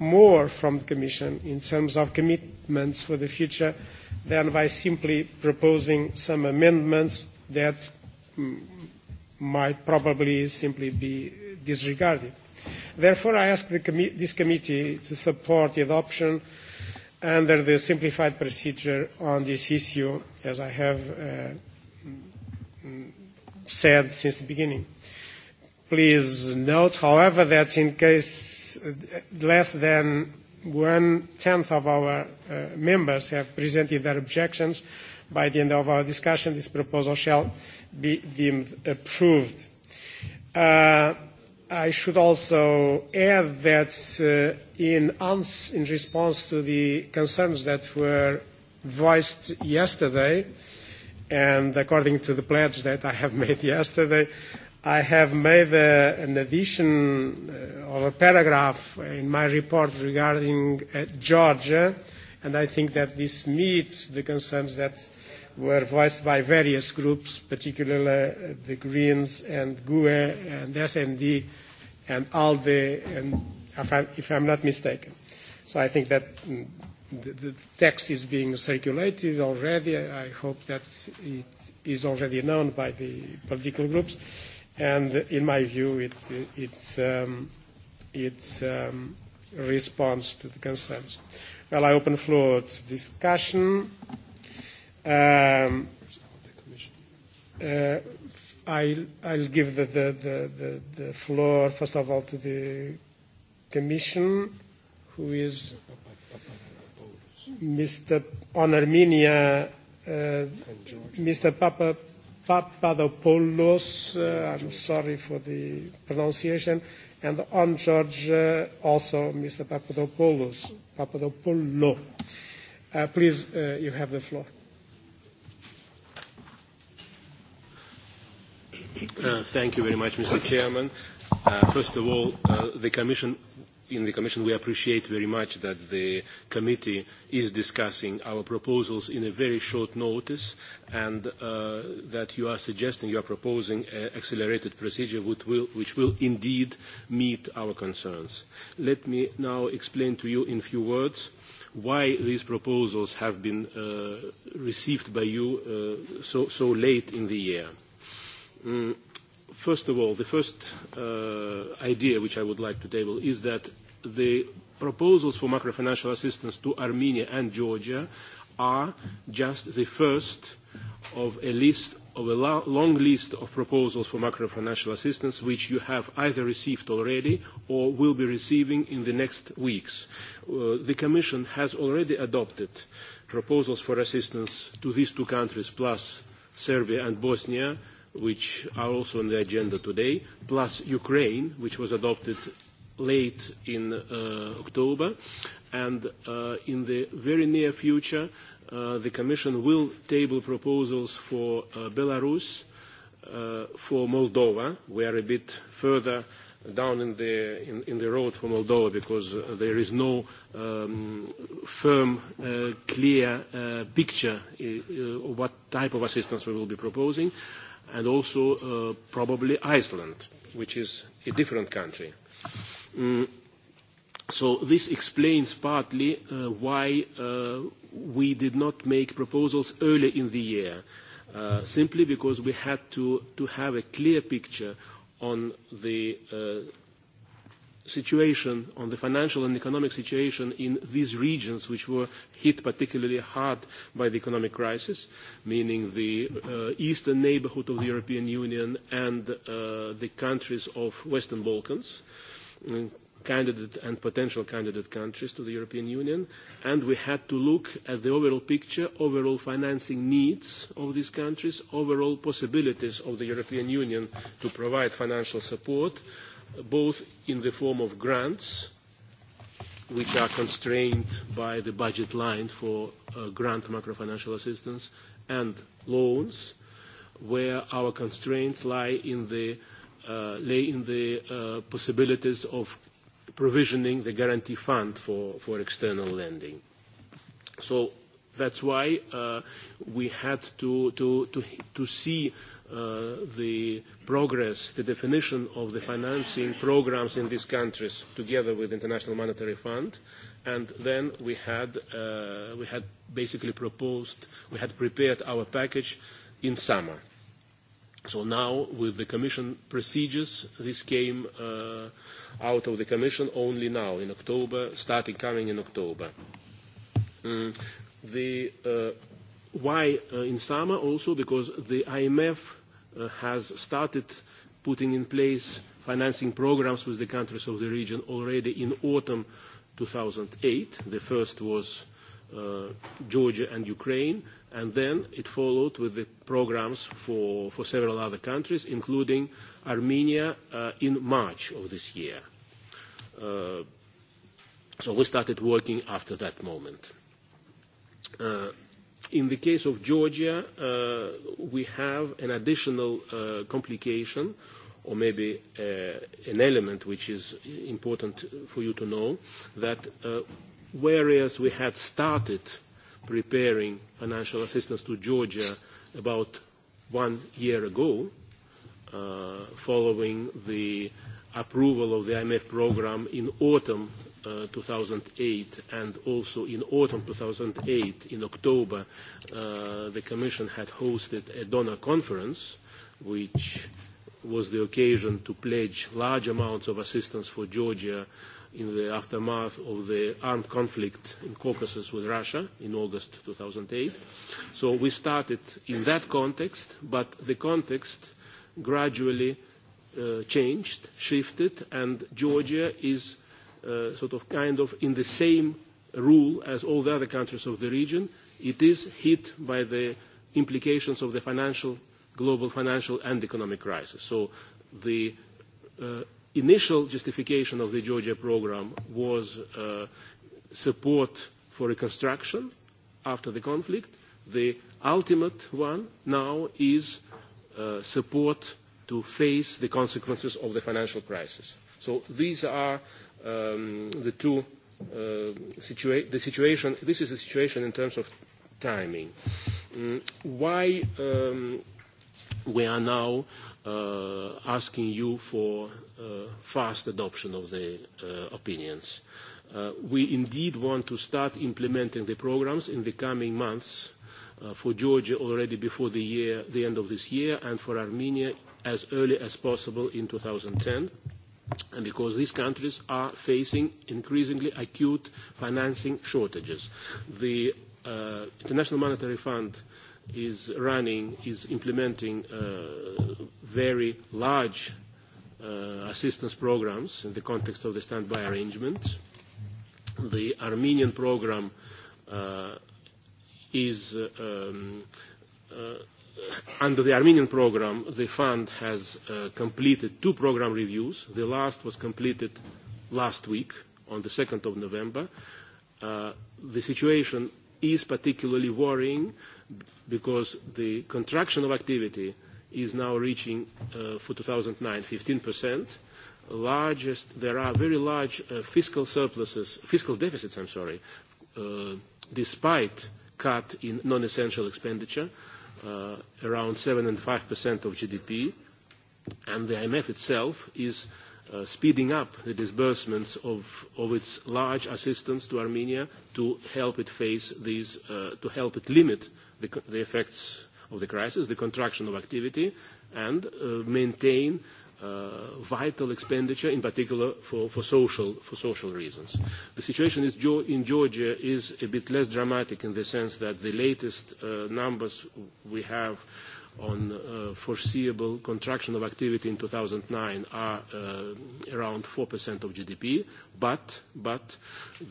more from the Commission in terms of commitments for the future than by simply proposing some amendments that might probably simply be disregarded. Therefore, I ask the commi- this committee to support the adoption under the simplified procedure on this issue, as I have uh, said since the beginning. Please note, however, that in case less than one tenth of our uh, members have presented their objections. By the end of our discussion, this proposal shall be deemed approved. Uh, I should also add that uh, in, ans- in response to the concerns that were voiced yesterday, and according to the pledge that I have made yesterday, I have made uh, an addition of a paragraph in my report regarding uh, Georgia, and I think that this meets the concerns that were voiced by various groups, particularly the Greens and GUE and SND and ALDE, and if, I'm, if I'm not mistaken. So I think that the, the text is being circulated already. I hope that it is already known by the political groups and in my view, it, it's, um, it's um, response to the concerns. Well, I open floor to discussion. Um, uh, I'll, I'll give the, the, the, the, the floor, first of all, to the Commission, who is Mr. on Armenia, uh, Mr. Papa Papadopoulos, uh, I'm sorry for the pronunciation, and on George, uh, also Mr. Papadopoulos, Papadopoulou. Uh, please, uh, you have the floor. Uh, thank you very much, Mr. Chairman. Uh, first of all, uh, the Commission in the Commission, we appreciate very much that the committee is discussing our proposals in a very short notice and that you are suggesting, you are proposing an accelerated procedure which will, which will indeed meet our concerns. Let me now explain to you in a few words why these proposals have been received by you so, so late in the year First of all, the first idea which I would like to table is that the proposals for macrofinancial assistance to Armenia and Georgia are just the first of a list of a long list of proposals for macrofinancial assistance, which you have either received already or will be receiving in the next weeks. The Commission has already adopted proposals for assistance to these two countries, plus Serbia and Bosnia, which are also on the agenda today, plus Ukraine, which was adopted late in October. And in the very near future, the Commission will table proposals for Belarus, for Moldova. We are a bit further down in the in in the road for Moldova because there is no firm, clear picture of what type of assistance we will be proposing and also probably Iceland, which is a different country. So this explains partly why we did not make proposals earlier in the year, simply because we had to have a clear picture on the situation, on the financial and economic situation in these regions which were hit particularly hard by the economic crisis, meaning the uh, eastern neighborhood of the European Union and uh, the countries of Western Balkans, candidate and potential candidate countries to the European Union, and we had to look at the overall picture, overall financing needs of these countries, overall possibilities of the European Union to provide financial support, both in the form of grants, which are constrained by the budget line for grant macrofinancial assistance, and loans, where our constraints lie in the lay in the possibilities of provisioning the guarantee fund for for external lending. So that's why we had to to to to see the progress, the definition of the financing programmes in these countries together with the International Monetary Fund. And then we had, uh, we had basically proposed, we had prepared our package in summer. So now with the Commission procedures, this came uh, out of the Commission only now in October, starting coming in October. Mm, the, uh, why uh, in summer also? Because the IMF has started putting in place financing programs with the countries of the region already in autumn 2008. The first was Georgia and Ukraine, and then it followed with the programs for for several other countries, including Armenia, in March of this year. So we started working after that moment In the case of Georgia, we have an additional complication or maybe an element which is important for you to know, that whereas we had started preparing financial assistance to Georgia about one year ago, following the approval of the IMF program in autumn uh, 2008 and also in autumn 2008, in October, uh, the Commission had hosted a donor conference which was the occasion to pledge large amounts of assistance for Georgia in the aftermath of the armed conflict in Caucasus with Russia in August 2008. So we started in that context, but the context gradually changed, shifted, and Georgia is – uh, sort of kind of in the same rule as all the other countries of the region. It is hit by the implications of the financial, global financial and economic crisis. So the uh, initial justification of the Georgia program was uh, support for reconstruction after the conflict. The ultimate one now is uh, support to face the consequences of the financial crisis. So these are um the two situa- the situation. This is the situation in terms of timing. Why we are now asking you for fast adoption of the opinions. We indeed want to start implementing the programs in the coming months, for Georgia already before the end of this year, and for Armenia as early as possible in 2010 and because these countries are facing increasingly acute financing shortages. The uh, International Monetary Fund is running, is implementing uh, very large uh, assistance programs in the context of the standby arrangement. The Armenian program uh, is uh, um, uh, under the Armenian program, the fund has uh, completed two program reviews. The last was completed last week on the 2nd of November. Uh, the situation is particularly worrying because the contraction of activity is now reaching uh, for 2009 15%. Largest, there are very large uh, fiscal surpluses, fiscal deficits, I'm sorry, uh, despite cut in non-essential expenditure uh, around 7 and 5% of GDP, and the IMF itself is uh, speeding up the disbursements of, of its large assistance to Armenia to help it face these, uh, to help it limit the, the effects of the crisis, the contraction of activity, and uh, maintain vital expenditure, in particular for, for, social, for social reasons. The situation is in Georgia is a bit less dramatic in the sense that the latest uh, numbers we have on foreseeable contraction of activity in 2009 are around 4% of GDP. But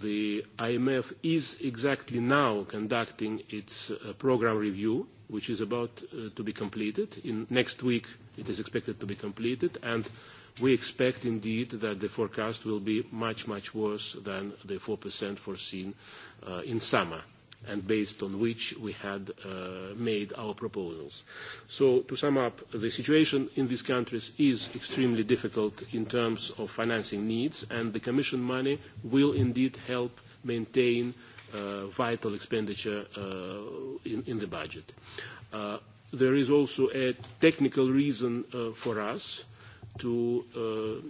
the IMF is exactly now conducting its program review, which is about to be completed. In next week, It is expected to be completed, and we expect indeed that the forecast will be much, much worse than the 4% foreseen in summer, and based on which we had made our proposals. So to sum up, the situation in these countries is extremely difficult in terms of financing needs, and the Commission money will indeed help maintain vital expenditure in the budget there is also a technical reason for us to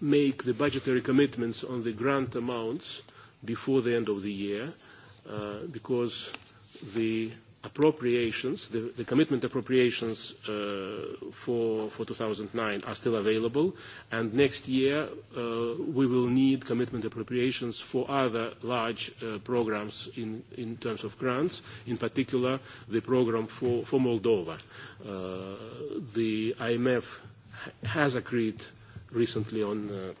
make the budgetary commitments on the grant amounts before the end of the year, because the appropriations, the, the commitment appropriations uh, for, for 2009 are still available, and next year uh, we will need commitment appropriations for other large uh, programs in, in terms of grants, in particular the program for, for Moldova. Uh, the IMF has agreed recently on uh,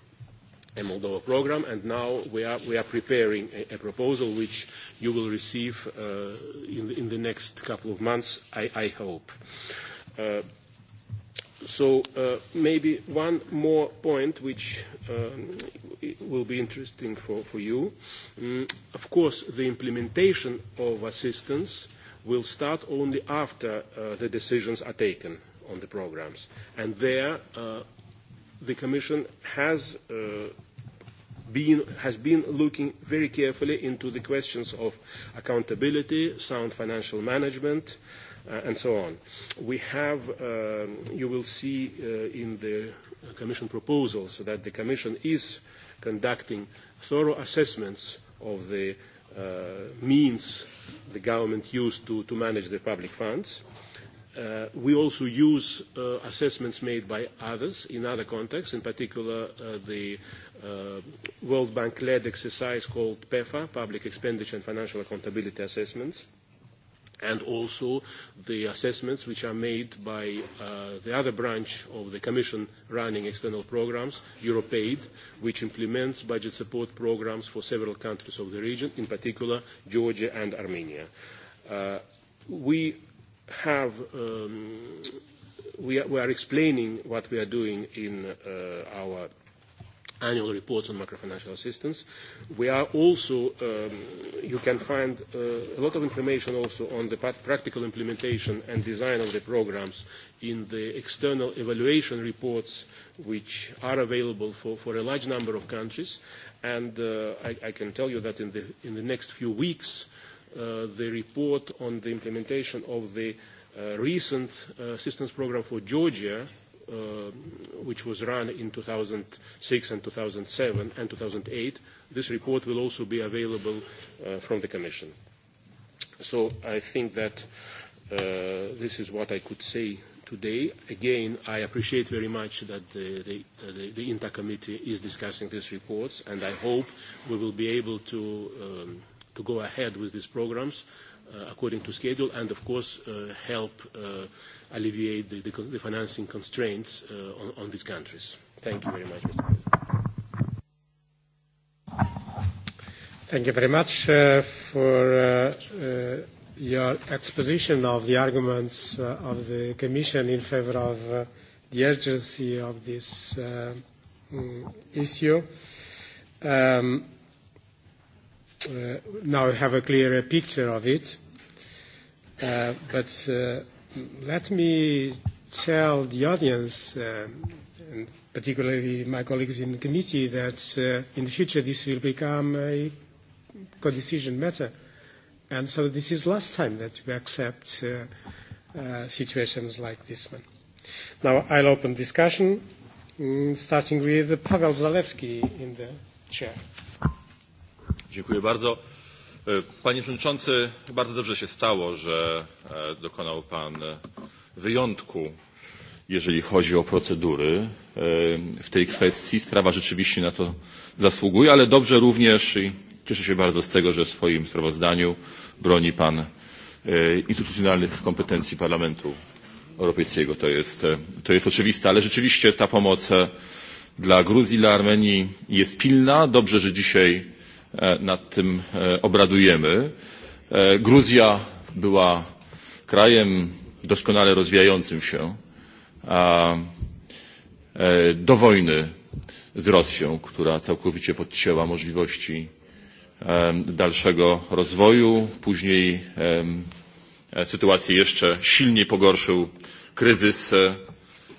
a Moldova program, and now we are, we are preparing a, a proposal which you will receive uh, in, the, in the next couple of months, I, I hope. Uh, so uh, maybe one more point which um, will be interesting for, for you. Um, of course, the implementation of assistance will start only after uh, the decisions are taken on the programs. And there, uh, the Commission has been, has been looking very carefully into the questions of accountability, sound financial management, and so on. We have, you will see in the Commission proposals that the Commission is conducting thorough assessments of the means the government used to, manage the public funds we also use assessments made by others in other contexts, in particular the World Bank-led exercise called PEFA, Public Expenditure and Financial Accountability Assessments, and also the assessments which are made by the other branch of the Commission running external programs, EuroPaid, which implements budget support programs for several countries of the region, in particular Georgia and Armenia. We have we are explaining what we are doing in our annual reports on macrofinancial assistance. We are also, you can find a lot of information also on the practical implementation and design of the programs in the external evaluation reports, which are available for for a large number of countries. And I can tell you that in the in the next few weeks, the report on the implementation of the uh recent uh assistance program for Georgia, which was run in 2006 and 2007 and 2008. This report will also be available uh from the Commission. So I think that this is what I could say today. Again, I appreciate very much that the, the, uh the, INTA committee is discussing these reports, and I hope we will be able to um to go ahead with these programs according to schedule and, of course, help alleviate the financing constraints on these countries. Thank you very much, Mr. President. Thank you very much for your exposition of the arguments of the Commission in favor of the urgency of this issue. Um, uh, now have a clearer picture of it. Uh, but uh, let me tell the audience, uh, and particularly my colleagues in the committee, that uh, in the future this will become a co-decision matter. And so this is last time that we accept uh, uh, situations like this one. Now I'll open discussion, starting with Pavel Zalewski in the chair. Dziękuję bardzo. Panie Przewodniczący, bardzo dobrze się stało, że dokonał Pan wyjątku, jeżeli chodzi o procedury w tej kwestii. Sprawa rzeczywiście na to zasługuje, ale dobrze również i cieszę się bardzo z tego, że w swoim sprawozdaniu broni Pan instytucjonalnych kompetencji Parlamentu Europejskiego. To jest, to jest oczywiste, ale rzeczywiście ta pomoc dla Gruzji, dla Armenii jest pilna. Dobrze, że dzisiaj nad tym obradujemy. Gruzja była krajem doskonale rozwijającym się do wojny z Rosją, która całkowicie podcięła możliwości dalszego rozwoju. Później sytuację jeszcze silniej pogorszył kryzys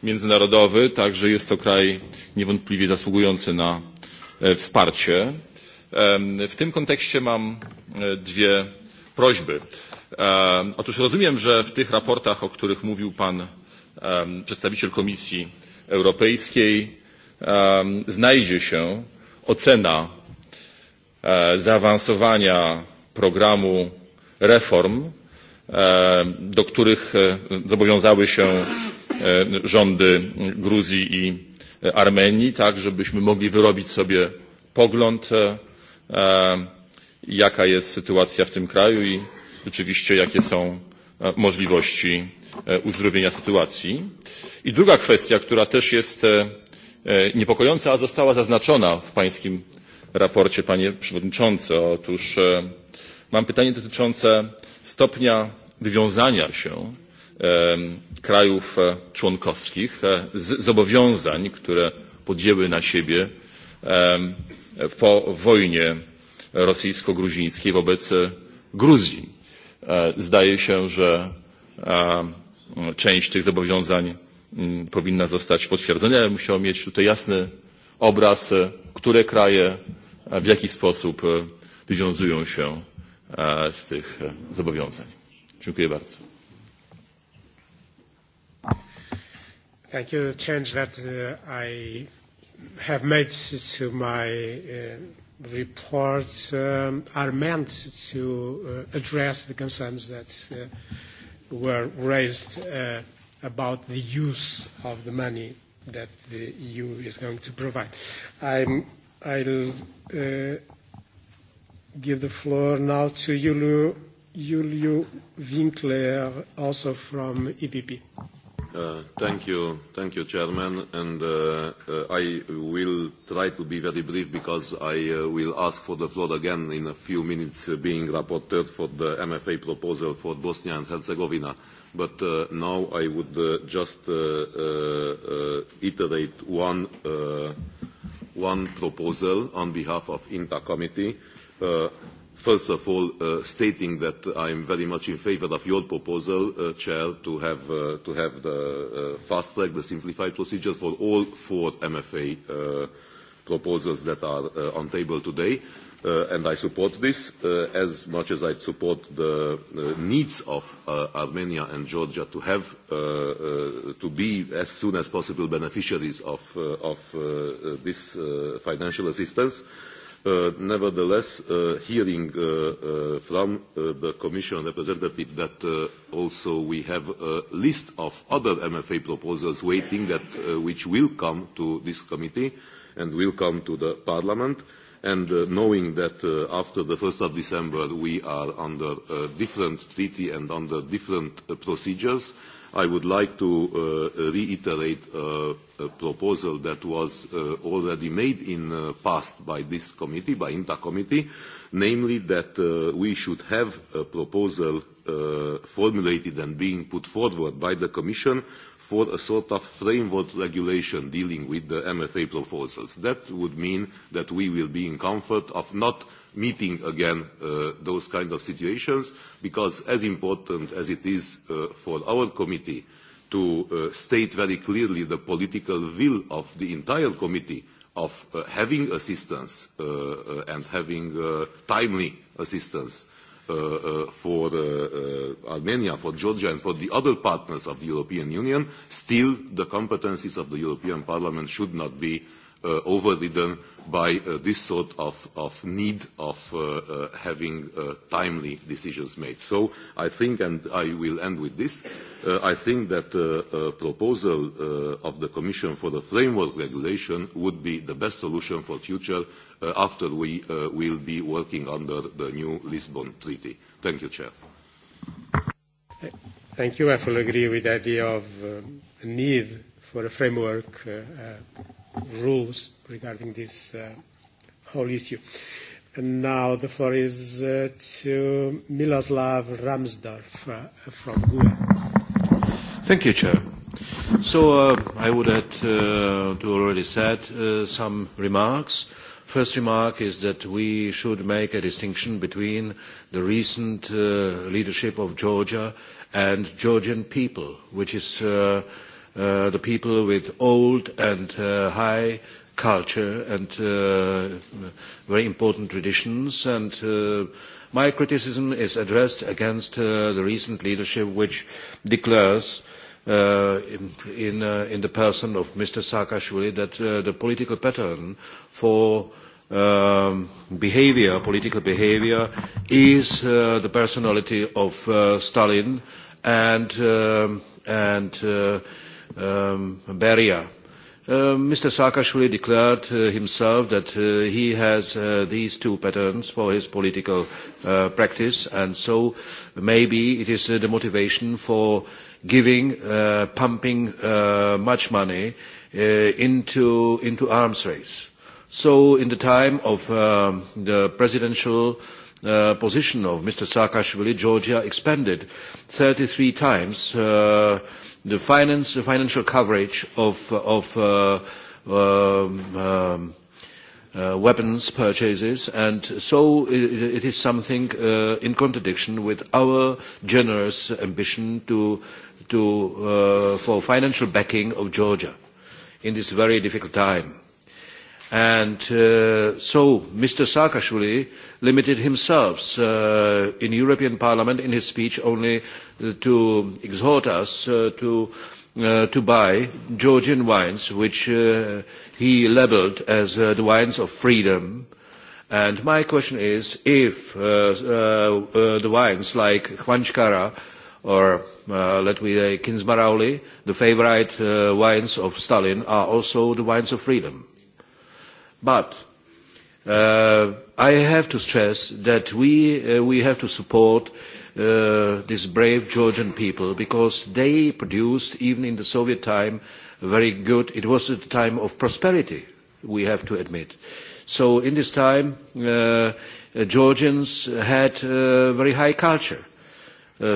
międzynarodowy, także jest to kraj niewątpliwie zasługujący na wsparcie W tym kontekście mam dwie prośby. Otóż rozumiem, że w tych raportach, o których mówił pan przedstawiciel Komisji Europejskiej, znajdzie się ocena zaawansowania programu reform, do których zobowiązały się rządy Gruzji i Armenii, tak żebyśmy mogli wyrobić sobie pogląd jaka jest sytuacja w tym kraju i rzeczywiście jakie są możliwości uzdrowienia sytuacji. I druga kwestia, która też jest niepokojąca, a została zaznaczona w pańskim raporcie, panie przewodniczący. Otóż mam pytanie dotyczące stopnia wywiązania się krajów członkowskich z zobowiązań, które podjęły na siebie po wojnie rosyjsko-gruzińskiej wobec Gruzji. Zdaje się, że część tych zobowiązań powinna zostać potwierdzona, ale musiał mieć tutaj jasny obraz, które kraje w jaki sposób wywiązują się z tych zobowiązań. Dziękuję bardzo. Thank you. Change that uh, I have made to my reports are meant to address the concerns that were raised about the use of the money that the EU is going to provide. I'm I'll give the floor now to Julio Winkler, also from EPP. Thank you. Thank you, Chairman. And I will try to be very brief because I will ask for the floor again in a few minutes, being rapporteur for the MFA proposal for Bosnia and Herzegovina. But now I would just iterate one proposal on behalf of INTA committee First of all, uh, stating that I am very much in favour of your proposal, uh, Chair, to have, uh, to have the uh, fast track, the simplified procedure for all four MFA uh, proposals that are uh, on table today. Uh, and I support this uh, as much as I support the uh, needs of uh, Armenia and Georgia to have, uh, uh, to be as soon as possible beneficiaries of, uh, of uh, this uh, financial assistance. Uh, nevertheless, hearing from the Commission representative that also we have a list of other MFA proposals waiting that which will come to this committee and will come to the Parliament. And knowing that after the 1st of December we are under a different treaty and under different procedures, I would like to uh, reiterate uh, a proposal that was uh, already made in the past by this committee, by INTA committee, namely that uh, we should have a proposal uh, formulated and being put forward by the Commission for a sort of framework regulation dealing with the MFA proposals. That would mean that we will be in comfort of not meeting again those kind of situations because as important as it is for our committee to state very clearly the political will of the entire committee of having assistance and having timely assistance for Armenia, for Georgia, and for the other partners of the European Union, still the competences of the European Parliament should not be uh, overridden by uh, this sort of, of need of uh, uh, having uh, timely decisions made. So I think, and I will end with this, uh, I think that the proposal uh, of the Commission for the framework regulation would be the best solution for future uh, after we uh, will be working under the new Lisbon Treaty. Thank you, Chair. Thank you. I fully agree with the idea of uh, need for a framework uh, uh, rules regarding this uh, whole issue. And now the floor is uh, to Miloslav Ramsdorf uh, from GUE. Thank you, Chair. So uh, I would add uh, to already said uh, some remarks. First remark is that we should make a distinction between the recent uh, leadership of Georgia and Georgian people, which is uh, the people with old and uh high culture and uh very important traditions. And my criticism is addressed against uh the recent leadership which declares uh in, uh in the person of Mr. Saakashvili that uh the political pattern for behaviour, political behaviour, is uh the personality of uh Stalin and, and um, barrier. Uh, Mr. Saakashvili declared uh, himself that uh, he has uh, these two patterns for his political uh, practice, and so maybe it is uh, the motivation for giving, uh, pumping uh, much money uh, into, into arms race. So in the time of um, the presidential uh, position of Mr. Saakashvili, Georgia expanded 33 times uh, the finance, the financial coverage of, of uh, um, um, uh, weapons purchases, and so it, it is something uh, in contradiction with our generous ambition to, to, uh, for financial backing of Georgia in this very difficult time And uh, so Mr. Saakashvili limited himself uh, in European Parliament in his speech only to exhort us uh, to, uh, to buy Georgian wines, which uh, he labeled as uh, the wines of freedom. And my question is, if uh, uh, the wines like Huanchkara or uh, let me say Kinsmarauli, the favorite uh, wines of Stalin, are also the wines of freedom? But uh, I have to stress that we, uh, we have to support uh, this brave Georgian people because they produced, even in the Soviet time, very good, it was a time of prosperity, we have to admit. So in this time, uh, Georgians had uh, very high culture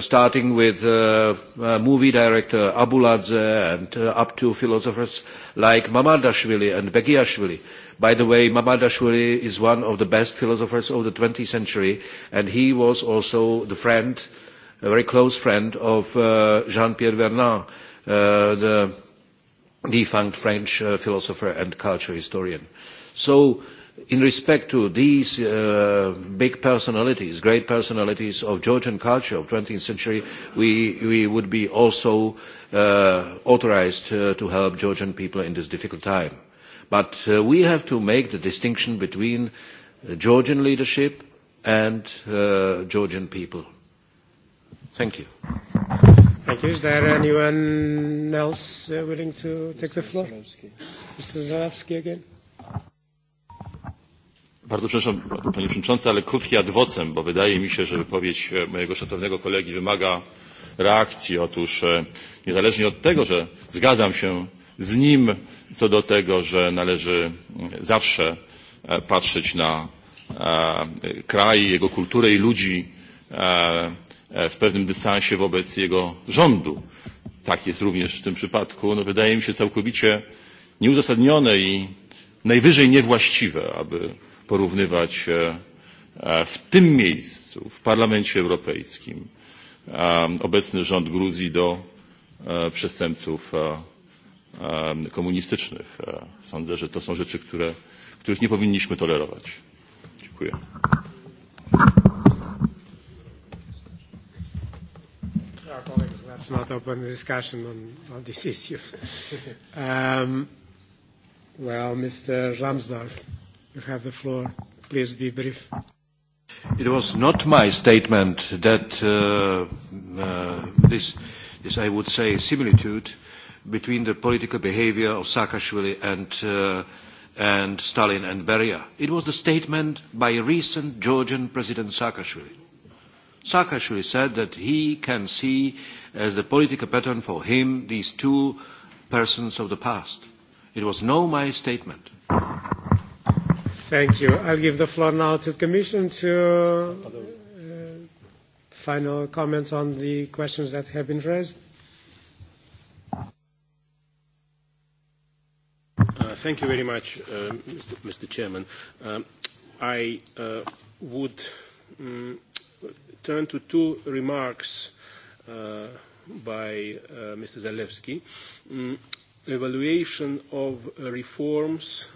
starting with uh, uh, movie director Abuladze and uh, up to philosophers like Mamardashvili and Begiashvili. By the way, Mamad Ashuri is one of the best philosophers of the 20th century, and he was also the friend, a very close friend of uh, Jean-Pierre Vernon, uh, the defunct French uh, philosopher and culture historian. So, in respect to these uh, big personalities, great personalities of Georgian culture of 20th century, we, we would be also uh, authorized uh, to help Georgian people in this difficult time. But uh, we have to make the distinction between Georgian leadership and uh, Georgian people. Thank you. Thank you. Is there anyone else uh, willing to take the floor? Mr. Zalewski again. Bardzo przepraszam Panie Przewodniczący, ale krótki ad vocem, bo wydaje mi się, że wypowiedź mojego szacownego kolegi wymaga reakcji. Otóż niezależnie od tego, że zgadzam się z nim co do tego, że należy zawsze patrzeć na kraj, jego kulturę i ludzi w pewnym dystansie wobec jego rządu. Tak jest również w tym przypadku. No, wydaje mi się całkowicie nieuzasadnione i najwyżej niewłaściwe, aby porównywać w tym miejscu, w Parlamencie Europejskim, obecny rząd Gruzji do przestępców komunistycznych. Sądzę, że to są rzeczy, które, których nie powinniśmy tolerować. Dziękuję. colleagues, not open discussion on, on this issue. um, well, Mr. you have the floor. Please be brief. It was not my statement that uh, uh, this, this, I would say, similitude uh, between the political behavior of Saakashvili and, uh, and Stalin and Beria. It was the statement by recent Georgian President Saakashvili. Saakashvili said that he can see as the political pattern for him these two persons of the past. It was no my statement. Thank you. I'll give the floor now to the Commission to uh, final comments on the questions that have been raised. Thank you very much, Mr. Chairman. I would turn to two remarks by Mr. Zalewski. Evaluation of reforms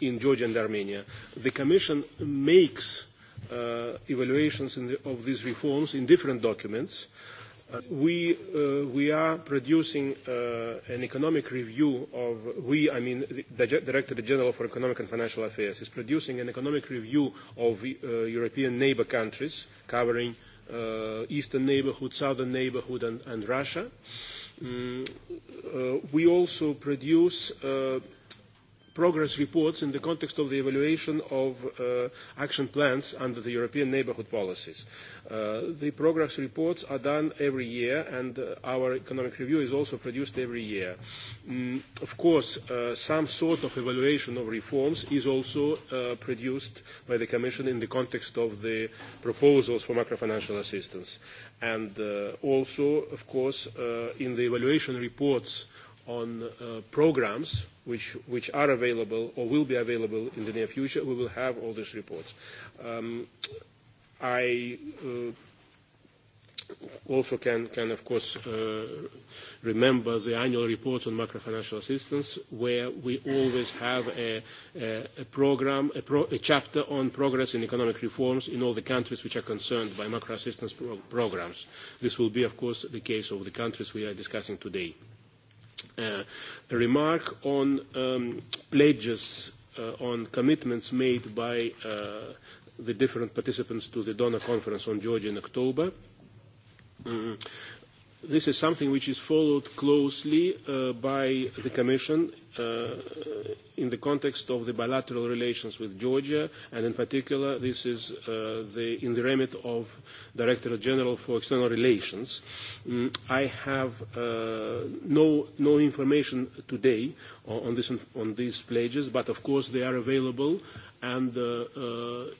in Georgia and Armenia. The Commission makes evaluations of these reforms in different documents. Uh, we, uh, we are producing uh, an economic review of, we, I mean, the Director General for Economic and Financial Affairs is producing an economic review of uh, European neighbor countries covering uh, Eastern neighborhood, Southern neighborhood, and, and Russia. Mm, uh, we also produce uh, progress reports in the context of the evaluation of action plans under the European neighbourhood policies. the progress reports are done every year, and our economic review is also produced every year. of course, some sort of evaluation of reforms is also produced by the Commission in the context of the proposals for macrofinancial assistance. And also, of course, in the evaluation reports on programmes which, are available or will be available in the near future. We will have all these reports. I also can, of course, remember the annual report on macrofinancial assistance, where we always have a, programme, a program, a, chapter on progress in economic reforms in all the countries which are concerned by macro assistance programmes. programs. This will be, of course, the case of the countries we are discussing today a remark on pledges on commitments made by the different participants to the donor conference on Georgia in October. This is something which is followed closely by the Commission in the context of the bilateral relations with Georgia, and in particular, this is uh the, in the remit of Director General for External Relations. I have no, no information today on, this, on these pledges, but of course they are available, and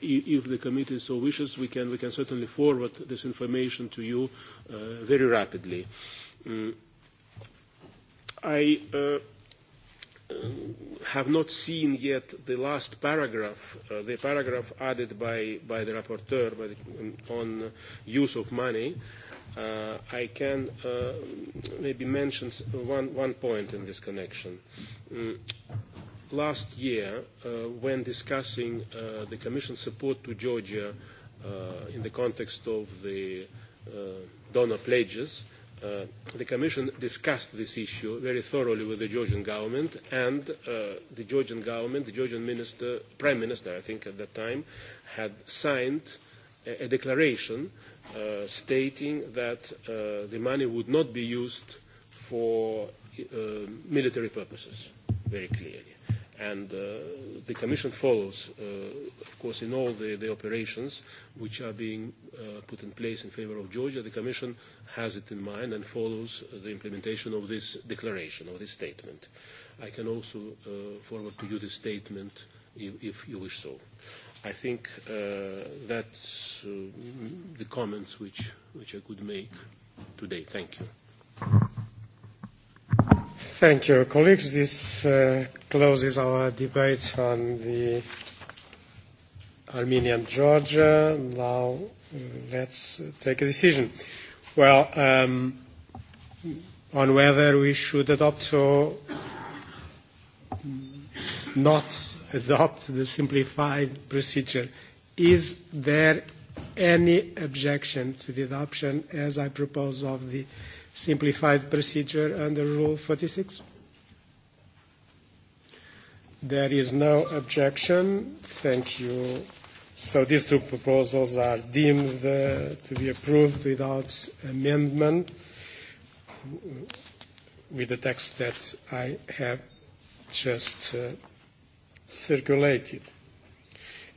if the committee so wishes, we can, we can certainly forward this information to you very rapidly. I have not seen yet the last paragraph, uh, the paragraph added by, by the rapporteur by the, on use of money, uh, I can uh, maybe mention one, one point in this connection. Mm. Last year, uh, when discussing uh, the Commission's support to Georgia uh, in the context of the uh, donor pledges, uh, the Commission discussed this issue very thoroughly with the Georgian government and the Georgian government, the Georgian minister, prime minister, I think at that time, had signed a, declaration stating that the money would not be used for military purposes, very clearly. And the Commission follows, of course, in all the, the operations which are being put in place in favour of Georgia, the Commission has it in mind and follows the implementation of this declaration, of this statement. I can also forward to you this statement if, if you wish so. I think uh, that's uh, the comments which, which I could make today. Thank you. Thank you, colleagues. This uh, closes our debate on the Armenian Georgia. Now let's take a decision. Well, um, on whether we should adopt or not adopt the simplified procedure. Is there any objection to the adoption, as I propose, of the simplified procedure under Rule 46? There is no objection. Thank you. So these two proposals are deemed uh, to be approved without amendment with the text that I have just uh, circulated.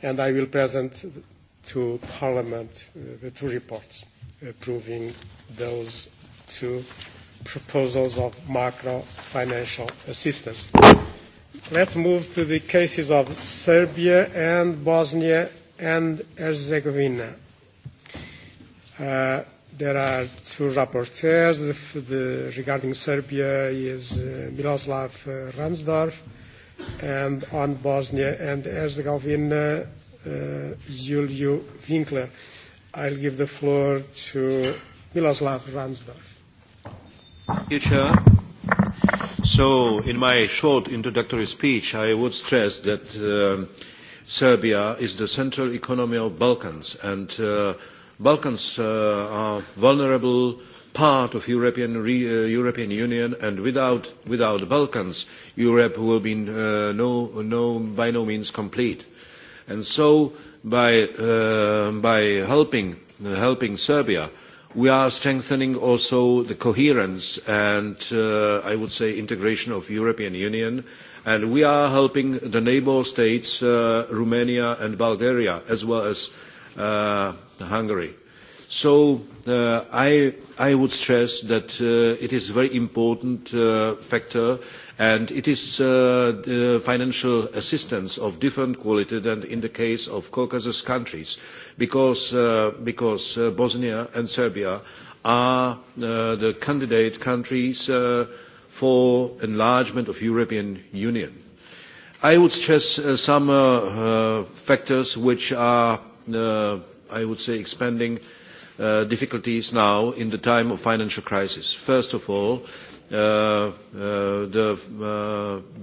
And I will present to Parliament uh, the two reports approving those to proposals of macro financial assistance. Let's move to the cases of Serbia and Bosnia and Herzegovina. Uh, there are two rapporteurs. The, the, regarding Serbia is uh, Miroslav uh, Ransdorf, and on Bosnia and Herzegovina, uh, Julio Winkler. I'll give the floor to Miroslav Ransdorf. So, in my short introductory speech, I would stress that Serbia is the central economy of the Balkans, and uh, Balkans are a vulnerable part of European uh, European Union, and without the Balkans, Europe will be no no by no means complete. And so, by helping Serbia We are strengthening also the coherence and, I would say, integration of European Union, and we are helping the neighbor states, Romania and Bulgaria, as well as Hungary So I, I would stress that it is a very important factor and it is the financial assistance of different quality than in the case of Caucasus countries because, Bosnia and Serbia are the candidate countries for enlargement of European Union. I would stress some factors which are, I would say, expanding difficulties now in the time of financial crisis. First of all, the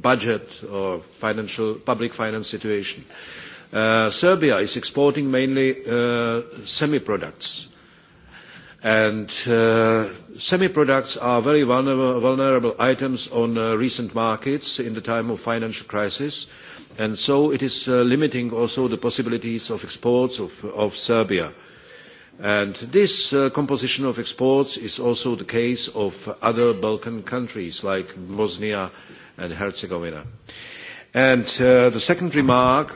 budget or financial, public finance situation. Serbia is exporting mainly semi-products. And semi-products are very vulnerable items on recent markets in the time of financial crisis. And so it is limiting also the possibilities of exports of Serbia And this composition of exports is also the case of other Balkan countries like Bosnia and Herzegovina. And the second remark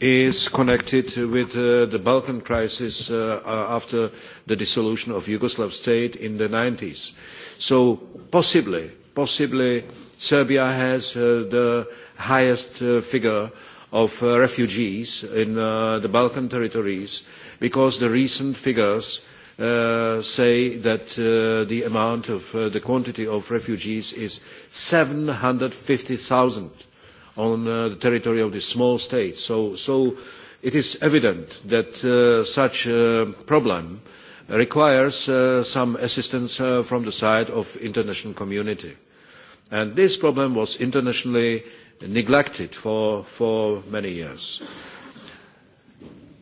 is connected with the Balkan crisis after the dissolution of Yugoslav state in the 90s. So possibly, possibly Serbia has the highest figure of refugees in the Balkan territories because the recent figures say that the amount of the quantity of refugees is seven hundred and 750,000 on the territory of this small state. So, it is evident that such a problem requires some assistance from the side of the international community. And this problem was internationally neglected for, for many years.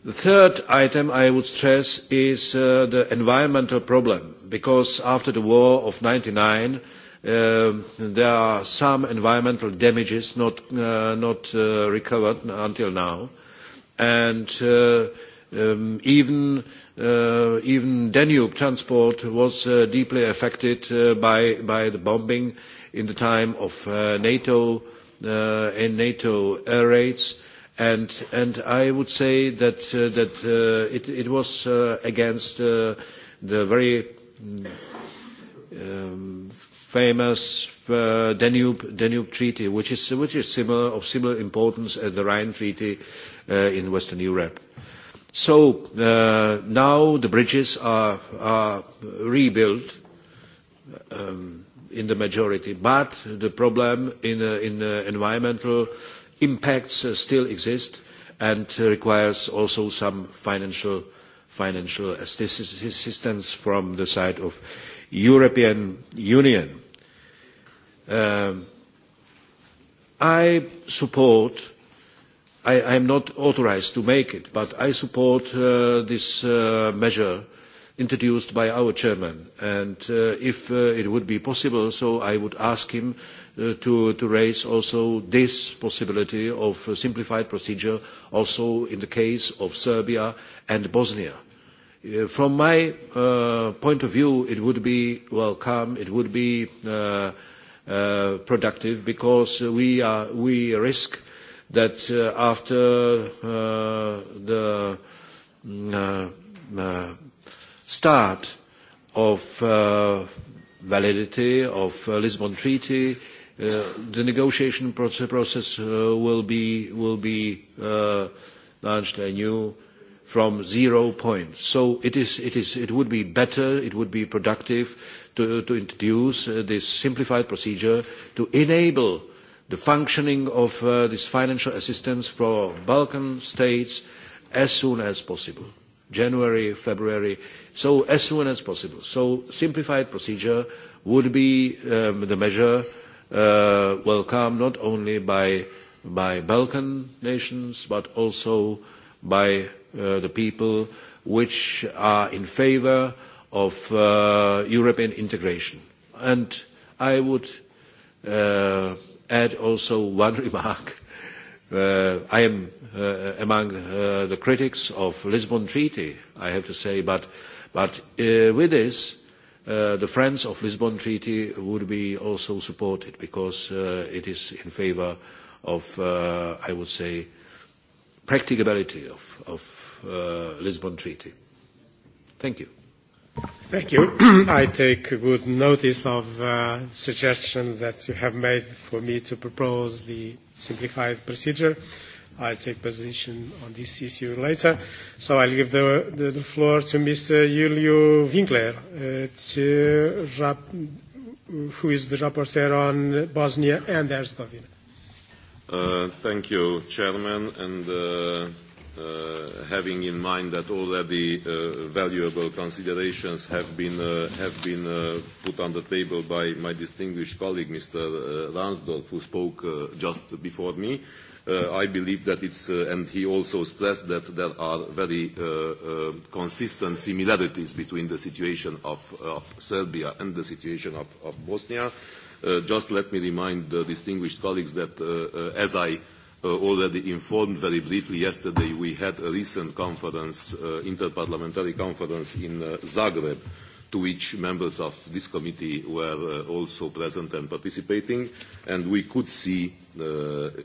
The third item I would stress is uh, the environmental problem, because after the war of 99, uh, there are some environmental damages not, uh, not uh, recovered until now. And uh, um, even, uh, even Danube transport was uh, deeply affected uh, by, by the bombing in the time of uh, NATO in NATO air raids. And I would say that it was against the very famous Danube Treaty, which is of similar importance as the Rhine Treaty in Western Europe. So now the bridges are rebuilt. Um in the majority. But the problem in, environmental impacts still exists and requires also some financial, assistance from the side of the European Union. I support I am not authorised to make it, but I support this measure introduced by our chairman. And if it would be possible, so I would ask him to, raise also this possibility of a simplified procedure also in the case of Serbia and Bosnia. From my point of view, it would be welcome, it would be productive because we, are, we risk that after the start of uh, validity of uh, Lisbon Treaty, uh, the negotiation process uh, will be, will be uh, launched anew from zero point. So it, is, it, is, it would be better, it would be productive to, to introduce uh, this simplified procedure to enable the functioning of uh, this financial assistance for Balkan states as soon as possible. January, February so as soon as possible. So simplified procedure would be um, the measure uh, welcome not only by, by Balkan nations but also by uh, the people which are in favour of uh, European integration. And I would uh, add also one remark. Uh, I am uh, among uh, the critics of Lisbon Treaty, I have to say, but uh, But with this, the friends of the Lisbon Treaty would be also supported because it is in favour of, I would say, practicability of, of uh, Lisbon Treaty. Thank you. Thank you. I take good notice of the suggestion that you have made for me to propose the simplified procedure. I'll take position on this issue later. So I'll give the, the, the floor to Mr. Julio Winkler, uh, to rap, who is the rapporteur on Bosnia and Herzegovina. Uh, thank you, Chairman, and uh, uh, having in mind that already uh, valuable considerations have been, uh, have been uh, put on the table by my distinguished colleague, Mr. Ransdorf, who spoke uh, just before me. I believe that it's, uh, and he also stressed that there are very uh, uh, consistent similarities between the situation of, of Serbia and the situation of, of Bosnia. Uh, just let me remind the distinguished colleagues that, uh, uh, as I uh, already informed very briefly yesterday, we had a recent conference, uh, interparliamentary conference in uh, Zagreb, to which members of this committee were uh, also present and participating, and we could see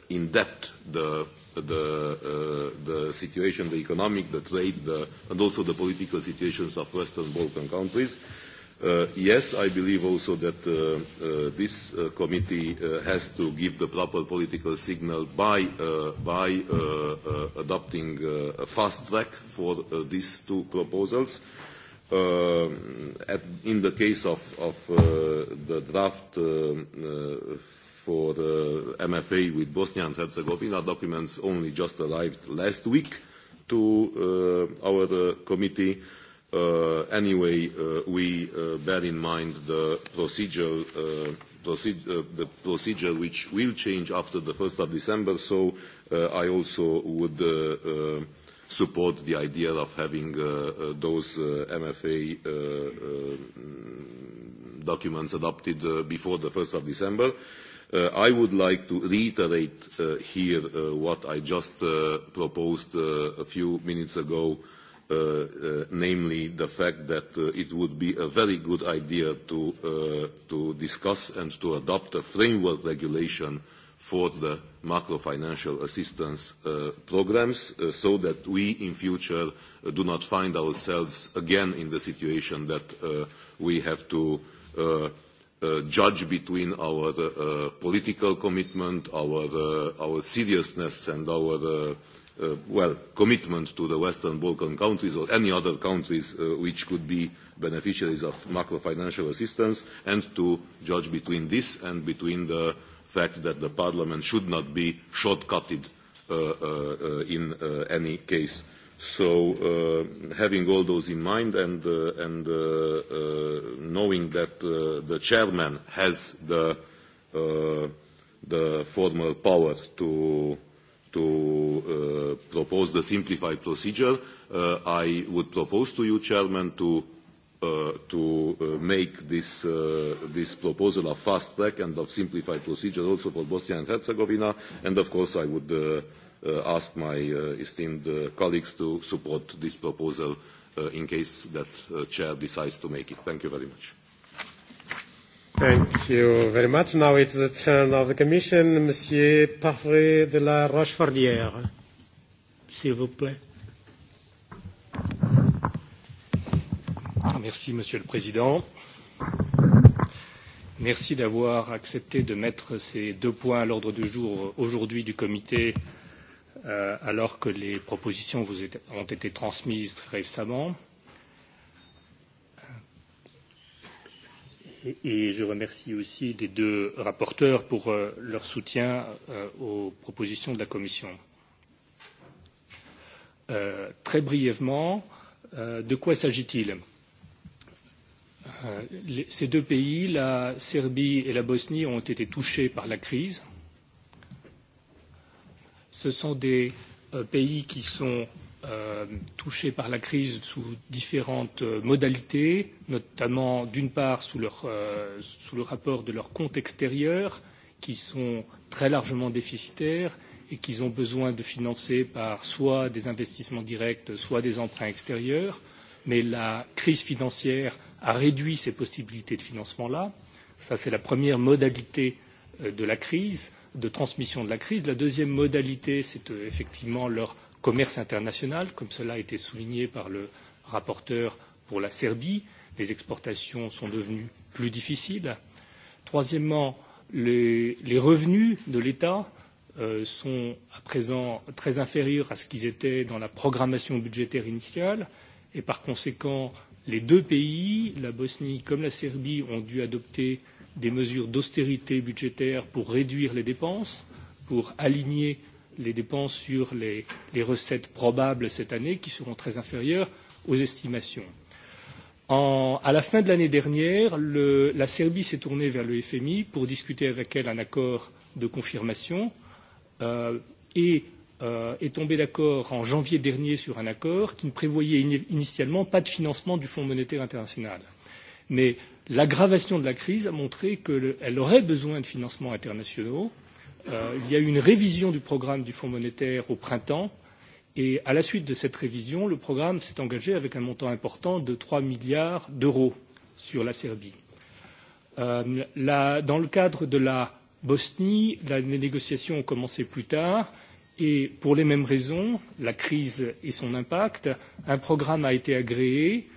in depth the the uh, the situation, the economic, the trade, the, and also the political situations of Western Balkan countries. Uh, yes, I believe also that uh, uh, this uh, committee uh, has to give the proper political signal by, uh, by uh, uh, adopting uh, a fast track for uh, these two proposals. Uh, at, in the case of, of uh, the draft uh, uh, for the MFA with Bosnia and Herzegovina. Documents only just arrived last week to our committee. Anyway, we bear in mind the procedure the procedure which will change after the 1st of December, so I also would support the idea of having those MFA documents adopted before the 1st of December. I would like to reiterate here what I just proposed a few minutes ago, namely the fact that it would be a very good idea to discuss and to adopt a framework regulation for the macro financial assistance programmes so that we in future do not find ourselves again in the situation that we have to uh, judge between our uh, political commitment, our, uh, our seriousness and our, uh, uh, well, commitment to the Western Balkan countries or any other countries uh, which could be beneficiaries of macro-financial assistance and to judge between this and between the fact that the parliament should not be shortcutted uh, uh, uh, in uh, any case. Uh, So having all those in mind and, knowing that the chairman has the, formal power to, propose the simplified procedure, I would propose to you, chairman, to make this, proposal a fast track and of simplified procedure also for Bosnia and Herzegovina, and of course I would ask my esteemed colleagues to support this proposal in case that uh, chair decides to make it. Thank you very much. Thank you very much. Now it's the turn of the Commission. Monsieur Parfait de la Rochefordière, s'il vous plaît. Merci, Monsieur le Président. Merci d'avoir accepté de mettre ces deux points à l'ordre du jour aujourd'hui du comité alors que les propositions vous ont été transmises très récemment. Et je remercie aussi les deux rapporteurs pour leur soutien aux propositions de la Commission. très brièvement, de quoi s'agit-il Ces deux pays, la Serbie et la Bosnie, ont été touchés par la crise Ce sont des pays qui sont touchés par la crise sous différentes modalités, notamment d'une part sous, le rapport de leurs comptes extérieurs, qui sont très largement déficitaires et qu'ils ont besoin de financer par soit des investissements directs, soit des emprunts extérieurs. Mais la crise financière a réduit ces possibilités de financement-là. Ça, c'est la première modalité de la crise de transmission de la crise. La deuxième modalité, c'est effectivement leur commerce international, comme cela a été souligné par le rapporteur pour la Serbie. Les exportations sont devenues plus difficiles. Troisièmement, les, revenus de l'État sont à présent très inférieurs à ce qu'ils étaient dans la programmation budgétaire initiale et par conséquent, les deux pays, la Bosnie comme la Serbie, ont dû adopter euh, des mesures d'austérité budgétaire pour réduire les dépenses, pour aligner les dépenses sur les, recettes probables cette année, qui seront très inférieures aux estimations. à la fin de l'année dernière, la Serbie s'est tournée vers le FMI pour discuter avec elle un accord de confirmation et est tombé d'accord en janvier dernier sur un accord qui ne prévoyait initialement pas de financement du Fonds monétaire international. Mais L'aggravation de la crise a montré qu'elle aurait besoin de financements internationaux. il y a eu une révision du programme du Fonds monétaire au printemps et à la suite de cette révision, le programme s'est engagé avec un montant important de trois milliards d'euros sur la Serbie. dans le cadre de la Bosnie, les négociations ont commencé plus tard et pour les mêmes raisons, la crise et son impact, un programme a été agréé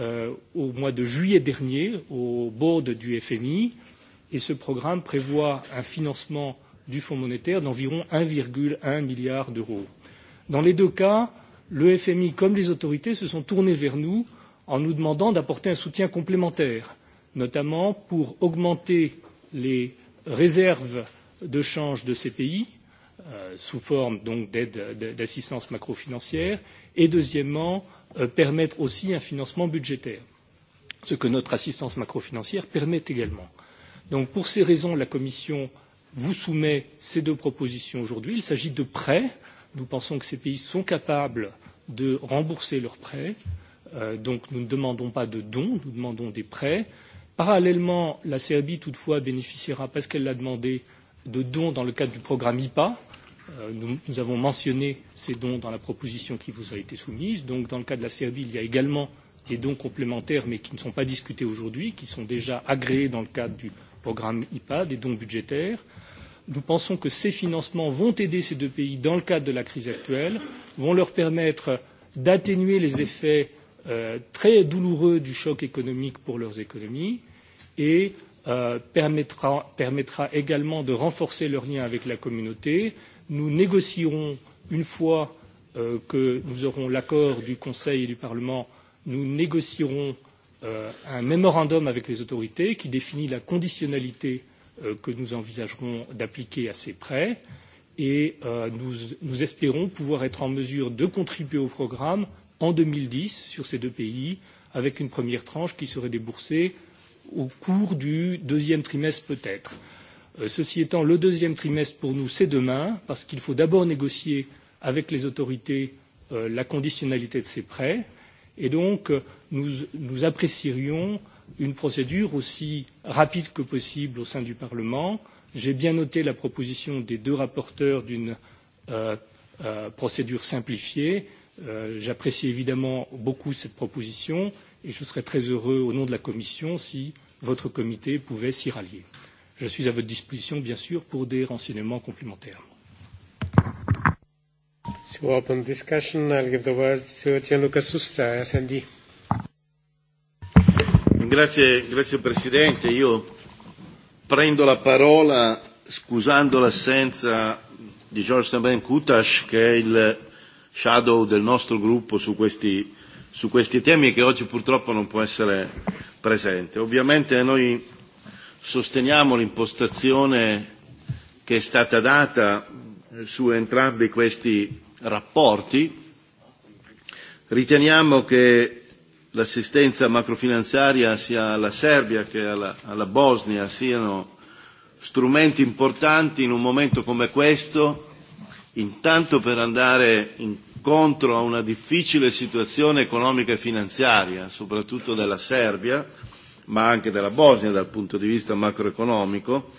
au mois de juillet dernier au board du FMI et ce programme prévoit un financement du Fonds monétaire d'environ un un milliard d'euros. Dans les deux cas, le FMI comme les autorités se sont tournés vers nous en nous demandant d'apporter un soutien complémentaire, notamment pour augmenter les réserves de change de ces pays sous forme donc d'aide d'assistance macrofinancière et deuxièmement permettre aussi un financement budgétaire, ce que notre assistance macrofinancière permet également. Donc pour ces raisons, la Commission vous soumet ces deux propositions aujourd'hui. Il s'agit de prêts. Nous pensons que ces pays sont capables de rembourser leurs prêts. donc nous ne demandons pas de dons, nous demandons des prêts. Parallèlement, la Serbie toutefois bénéficiera, parce qu'elle l'a demandé, de dons dans le cadre du programme IPA, Nous, nous avons mentionné ces dons dans la proposition qui vous a été soumise. Donc, dans le cas de la Serbie, il y a également des dons complémentaires, mais qui ne sont pas discutés aujourd'hui, qui sont déjà agréés dans le cadre du programme IPA, des dons budgétaires. Nous pensons que ces financements vont aider ces deux pays dans le cadre de la crise actuelle, vont leur permettre d'atténuer les effets très douloureux du choc économique pour leurs économies et permettra, également de renforcer leurs liens avec la communauté nous négocierons une fois que nous aurons l'accord du Conseil et du Parlement, nous négocierons un mémorandum avec les autorités qui définit la conditionnalité que nous envisagerons d'appliquer à ces prêts et nous, espérons pouvoir être en mesure de contribuer au programme en deux mille dix sur ces deux pays avec une première tranche qui serait déboursée au cours du deuxième trimestre peut-être. Ceci étant, le deuxième trimestre pour nous, c'est demain, parce qu'il faut d'abord négocier avec les autorités la conditionnalité de ces prêts. Et donc, nous, apprécierions une procédure aussi rapide que possible au sein du Parlement. J'ai bien noté la proposition des deux rapporteurs d'une procédure simplifiée. J'apprécie évidemment beaucoup cette proposition et je serais très heureux, au nom de la Commission, si votre comité pouvait s'y rallier. Je suis à votre disposition, bien sûr, pour des renseignements complémentaires. To open discussion, I'll give the words to Gianluca Susta, SND. Grazie, grazie Presidente. Io prendo la parola scusando l'assenza di George Saben Kutash, che è il shadow del nostro gruppo su questi, su questi temi che oggi purtroppo non può essere presente. Ovviamente noi sosteniamo l'impostazione che è stata data su entrambi questi rapporti. Riteniamo che l'assistenza macrofinanziaria sia alla Serbia che alla, alla Bosnia siano strumenti importanti in un momento come questo, intanto per andare incontro a una difficile situazione economica e finanziaria, soprattutto della Serbia, ma anche della Bosnia dal punto di vista macroeconomico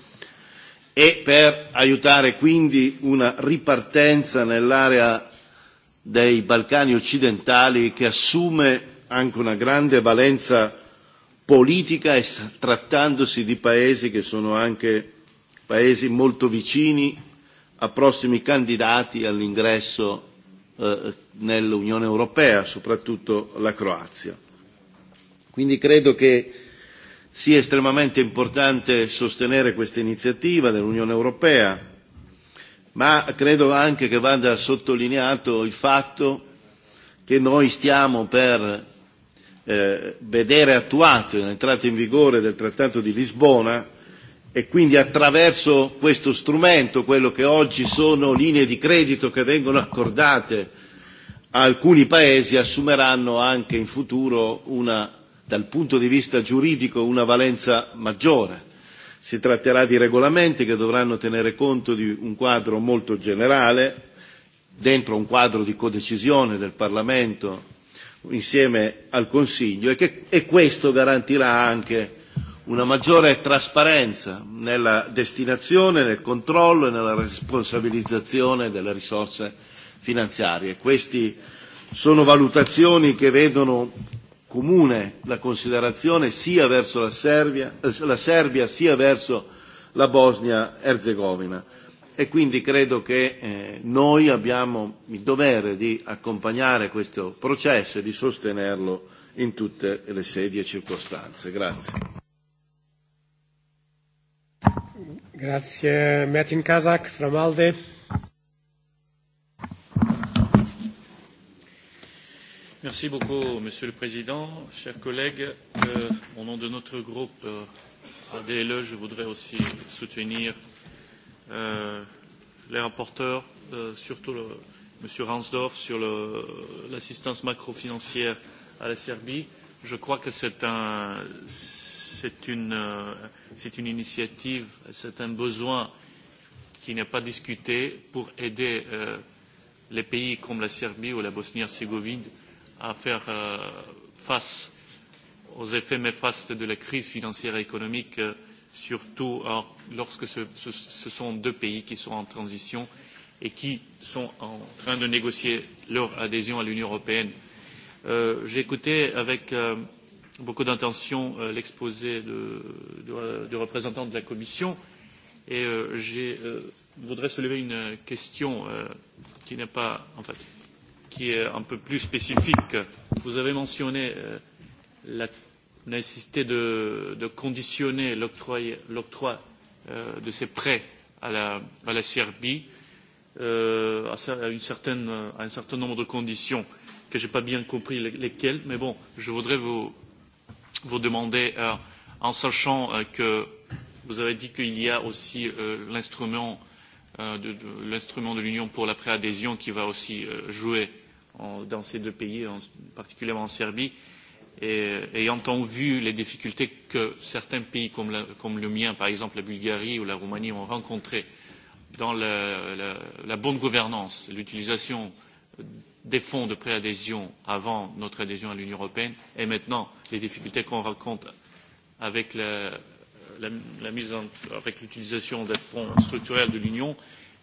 e per aiutare quindi una ripartenza nell'area dei Balcani occidentali che assume anche una grande valenza politica e trattandosi di paesi che sono anche paesi molto vicini a prossimi candidati all'ingresso eh, nell'Unione Europea, soprattutto la Croazia. Quindi credo che sia estremamente importante sostenere questa iniziativa dell'Unione Europea, ma credo anche che vada sottolineato il fatto che noi stiamo per eh, vedere attuato l'entrata in vigore del Trattato di Lisbona e quindi attraverso questo strumento, quello che oggi sono linee di credito che vengono accordate a alcuni paesi, assumeranno anche in futuro una dal punto di vista giuridico una valenza maggiore. Si tratterà di regolamenti che dovranno tenere conto di un quadro molto generale, dentro un quadro di codecisione del Parlamento insieme al Consiglio e, che, e questo garantirà anche una maggiore trasparenza nella destinazione, nel controllo e nella responsabilizzazione delle risorse finanziarie. Queste sono valutazioni che vedono comune la considerazione sia verso la Serbia, la Serbia sia verso la Bosnia-Erzegovina e quindi credo che eh, noi abbiamo il dovere di accompagnare questo processo e di sostenerlo in tutte le sedi e circostanze. Grazie. Grazie Kazak from Alde. Merci beaucoup, Monsieur le Président. Chers collègues, au nom de notre groupe adl je voudrais aussi soutenir les rapporteurs, surtout M. Ransdorf, sur l'assistance macrofinancière à la Serbie. Je crois que c'est une, initiative, c'est un besoin qui n'est pas discuté pour aider les pays comme la Serbie ou la Bosnie-Herzégovine à faire face aux effets néfastes de la crise financière et économique, surtout lorsque ce, sont deux pays qui sont en transition et qui sont en train de négocier leur adhésion à l'Union européenne. J'ai écouté avec beaucoup d'intention l'exposé du représentant de la Commission et je voudrais soulever une question qui n'est pas en fait qui est un peu plus spécifique. Vous avez mentionné la nécessité de, conditionner l'octroi de ces prêts à la, Serbie à, un certain nombre de conditions que je n'ai pas bien compris lesquelles, mais bon, je voudrais vous, demander, en sachant que vous avez dit qu'il y a aussi l'instrument de l'union pour la préadhésion qui va aussi jouer dans ces deux pays, particulièrement en Serbie, et ayant vu les difficultés que certains pays comme, le mien, par exemple la Bulgarie ou la Roumanie, ont rencontrées dans la, bonne gouvernance, l'utilisation des fonds de préadhésion avant notre adhésion à l'Union européenne et maintenant les difficultés qu'on rencontre avec l'utilisation des fonds structurels de l'Union,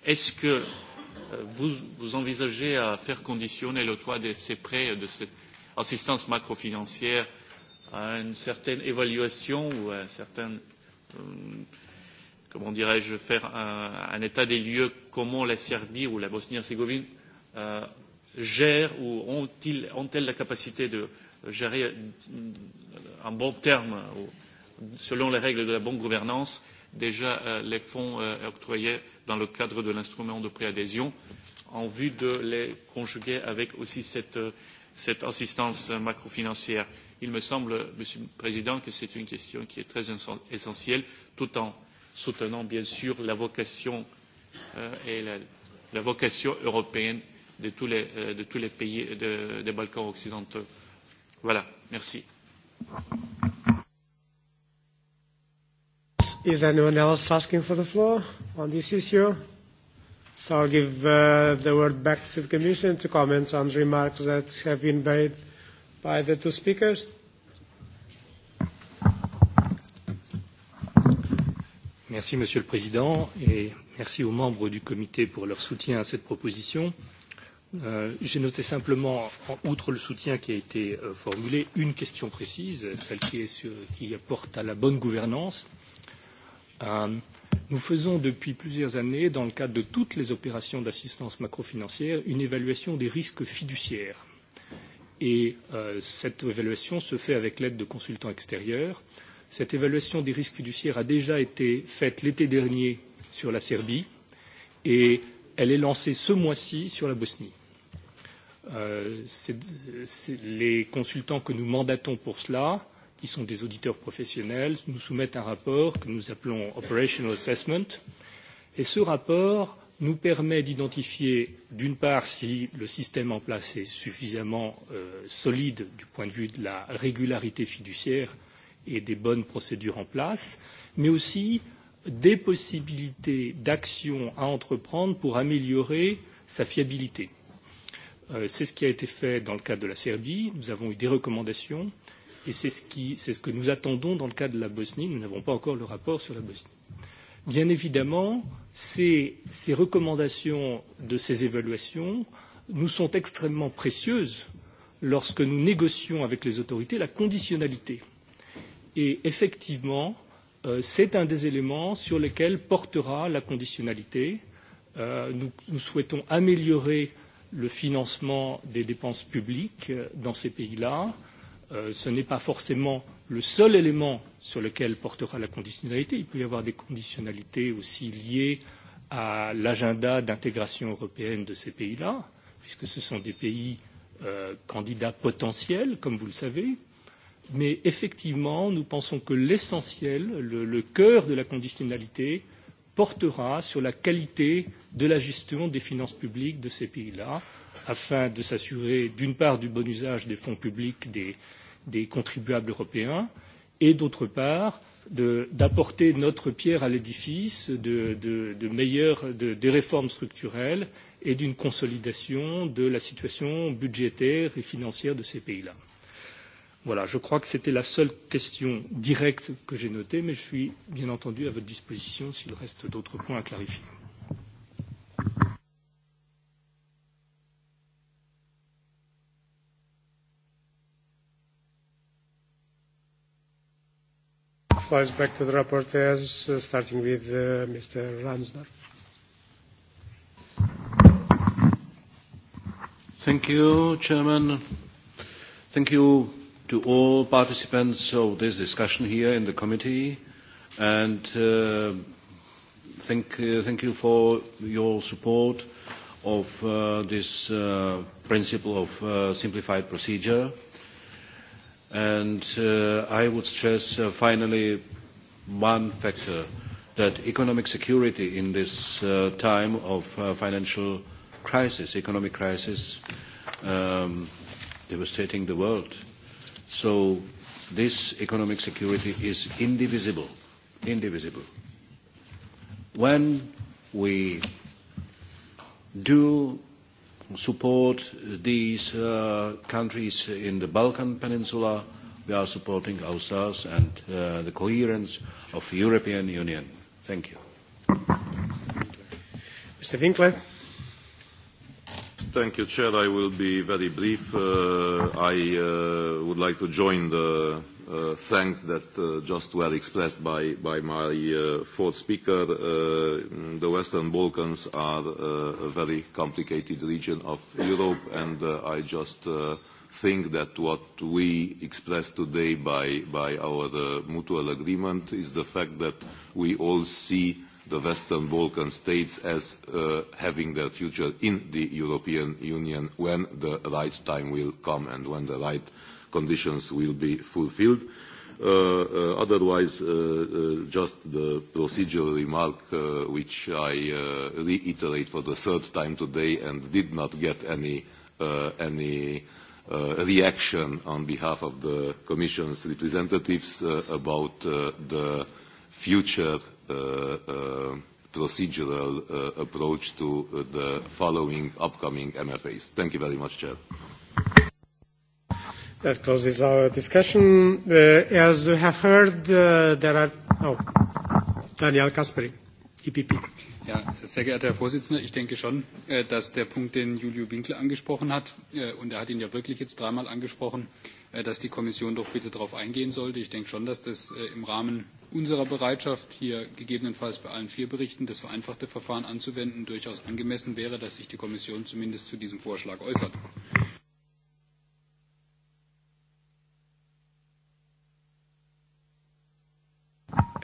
est-ce que vous, vous envisagez à faire conditionner le toit de ces prêts, de cette assistance macrofinancière à une certaine évaluation ou à un certain, comment dirais-je, faire un, un état des lieux, comment la Serbie ou la Bosnie-Herzégovine euh, gèrent ou ont elles ont-elles la capacité de gérer en bon terme, selon les règles de la bonne gouvernance, euh, déjà les fonds octroyés dans le cadre de l'instrument de préadhésion en vue de les conjuguer avec aussi cette, assistance macrofinancière. Il me semble, Monsieur le Président, que c'est une question qui est très essentielle, tout en soutenant bien sûr la vocation et la, vocation européenne de tous les, pays des Balkans occidentaux. Voilà, merci. Is anyone else asking for the floor on this issue? So I'll give uh, the word back to the Commission to comment on the remarks that have been made by the two speakers. Merci, Monsieur le Président, et merci aux membres du Comité pour leur soutien à cette proposition. Euh, J'ai noté simplement, en, outre le soutien qui a été euh, formulé, une question précise, celle qui, est sur, qui apporte à la bonne gouvernance. Euh, Nous faisons depuis plusieurs années, dans le cadre de toutes les opérations d'assistance macrofinancière, une évaluation des risques fiduciaires. Et cette évaluation se fait avec l'aide de consultants extérieurs. Cette évaluation des risques fiduciaires a déjà été faite l'été dernier sur la Serbie et elle est lancée ce mois-ci sur la Bosnie. les consultants que nous mandatons pour cela qui sont des auditeurs professionnels, nous soumettent un rapport que nous appelons Operational Assessment. Et ce rapport nous permet d'identifier, d'une part, si le système en place est suffisamment solide du point de vue de la régularité fiduciaire et des bonnes procédures en place, mais aussi des possibilités d'action à entreprendre pour améliorer sa fiabilité. C'est ce qui a été fait dans le cadre de la Serbie. Nous avons eu des recommandations Et c'est ce, qui, c'est ce que nous attendons dans le cas de la Bosnie. Nous n'avons pas encore le rapport sur la Bosnie. Bien évidemment, ces, ces recommandations de ces évaluations nous sont extrêmement précieuses lorsque nous négocions avec les autorités la conditionnalité. Et effectivement, c'est un des éléments sur lesquels portera la conditionnalité. nous, souhaitons améliorer le financement des dépenses publiques dans ces pays-là ce n'est pas forcément le seul élément sur lequel portera la conditionnalité. Il peut y avoir des conditionnalités aussi liées à l'agenda d'intégration européenne de ces pays-là, puisque ce sont des pays candidats potentiels, comme vous le savez. Mais effectivement, nous pensons que l'essentiel, le, cœur de la conditionnalité, portera sur la qualité de la gestion des finances publiques de ces pays-là, afin de s'assurer d'une part du bon usage des fonds publics des, des contribuables européens et d'autre part d'apporter notre pierre à l'édifice de, des réformes structurelles et d'une consolidation de la situation budgétaire et financière de ces pays-là. Voilà, je crois que c'était la seule question directe que j'ai notée, mais je suis bien entendu à votre disposition s'il reste d'autres points à clarifier. floors back to the rapporteurs, starting with Mr. Thank you, Chairman. Thank you to all participants of this discussion here in the committee, and thank you for your support of this principle of simplified procedure And I would stress finally one factor, that economic security in this time of financial crisis, economic crisis, devastating the world. So this economic security is indivisible, indivisible. When we do support these uh, countries in the Balkan Peninsula. We are supporting ourselves and uh, the coherence of the European Union. Thank you. Mr. Winkler. Thank you, Chair. I will be very brief. Uh, I uh, would like to join the thanks that just were expressed by, my fourth speaker. the Western Balkans are a very complicated region of Europe, and I just think that what we expressed today by, our mutual agreement is the fact that we all see the Western Balkan states as having their future in the European Union when the right time will come and when the right conditions will be fulfilled. Otherwise, just the procedural remark, which I reiterate for the third time today and did not get any reaction on behalf of the Commission's representatives about the future procedural approach to the following upcoming MFAs. Thank you very much, Chair. That closes our discussion. Uh, as you have heard, uh, there are. Oh, Daniel Kasperi, EPP. Ja, sehr geehrter Herr Vorsitzender, ich denke schon, dass der Punkt, den Julio Winkler angesprochen hat, und er hat ihn ja wirklich jetzt dreimal angesprochen, dass die Kommission doch bitte darauf eingehen sollte. Ich denke schon, dass das im Rahmen unserer Bereitschaft, hier gegebenenfalls bei allen vier Berichten das vereinfachte Verfahren anzuwenden, durchaus angemessen wäre, dass sich die Kommission zumindest zu diesem Vorschlag äußert.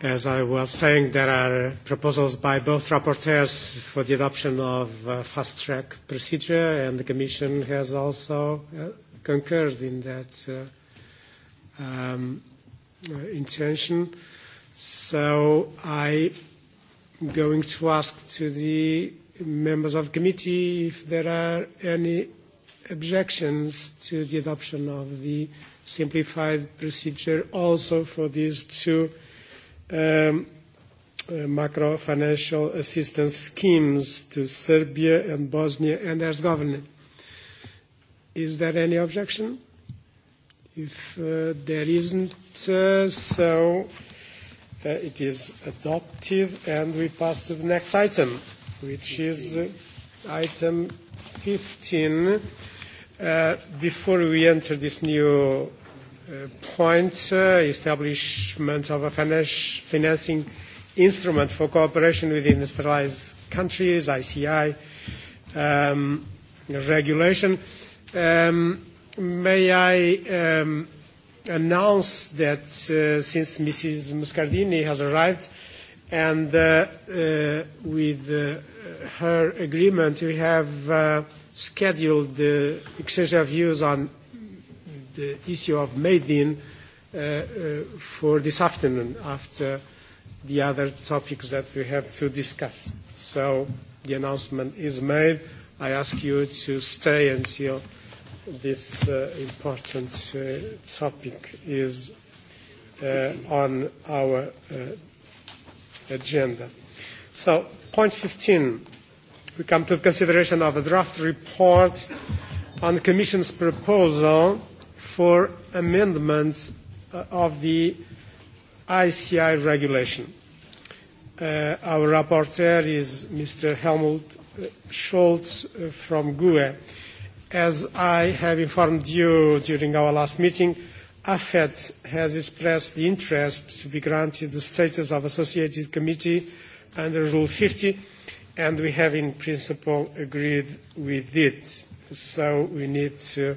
As I was saying, there are proposals by both rapporteurs for the adoption of a fast-track procedure, and the Commission has also uh, concurred in that uh, um, intention. So I going to ask to the members of the committee if there are any objections to the adoption of the simplified procedure also for these two macro financial assistance schemes to Serbia and Bosnia and Herzegovina. Is there any objection? If uh, there isn't, uh, so uh, it is adopted and we pass to the next item, which is uh, item 15. Uh, before we enter this new points, establishment of a financing instrument for cooperation with industrialized countries, ICI regulation. May I announce that since Mrs. Muscardini has arrived and with her agreement, we have scheduled the exchange of views on the issue of Made in for this afternoon after the other topics that we have to discuss. So the announcement is made. I ask you to stay until this important topic is on our agenda. So point 15, we come to the consideration of a draft report on the Commission's proposal for amendments of the ICI regulation. Our rapporteur is Mr. Helmut Scholz from GUE. As I have informed you during our last meeting, AFET has expressed the interest to be granted the status of associated committee under Rule 50, and we have in principle agreed with it. So we need to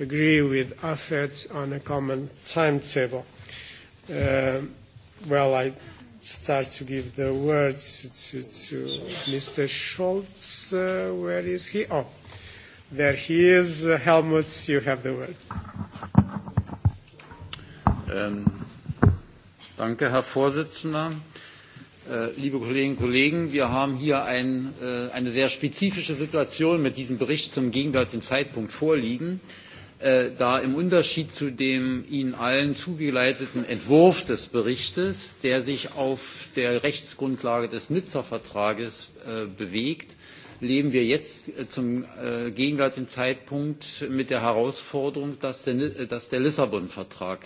agree with AFEDS on a common timetable. Uh, well, I start to give the words to, to Mr. Schultz. Uh, where is he? Oh, there he is. Uh, Helmut, you have the word. Um, danke, Herr Vorsitzender. Liebe Kolleginnen und Kollegen, wir haben hier eine sehr spezifische Situation mit diesem Bericht zum gegenwärtigen Zeitpunkt vorliegen. Äh, da im Unterschied zu dem Ihnen allen zugeleiteten Entwurf des Berichts, der sich auf der Rechtsgrundlage des nizza Vertrags bewegt, leben wir jetzt zum gegenwärtigen Zeitpunkt mit der Herausforderung, dass der, Lissabon-Vertrag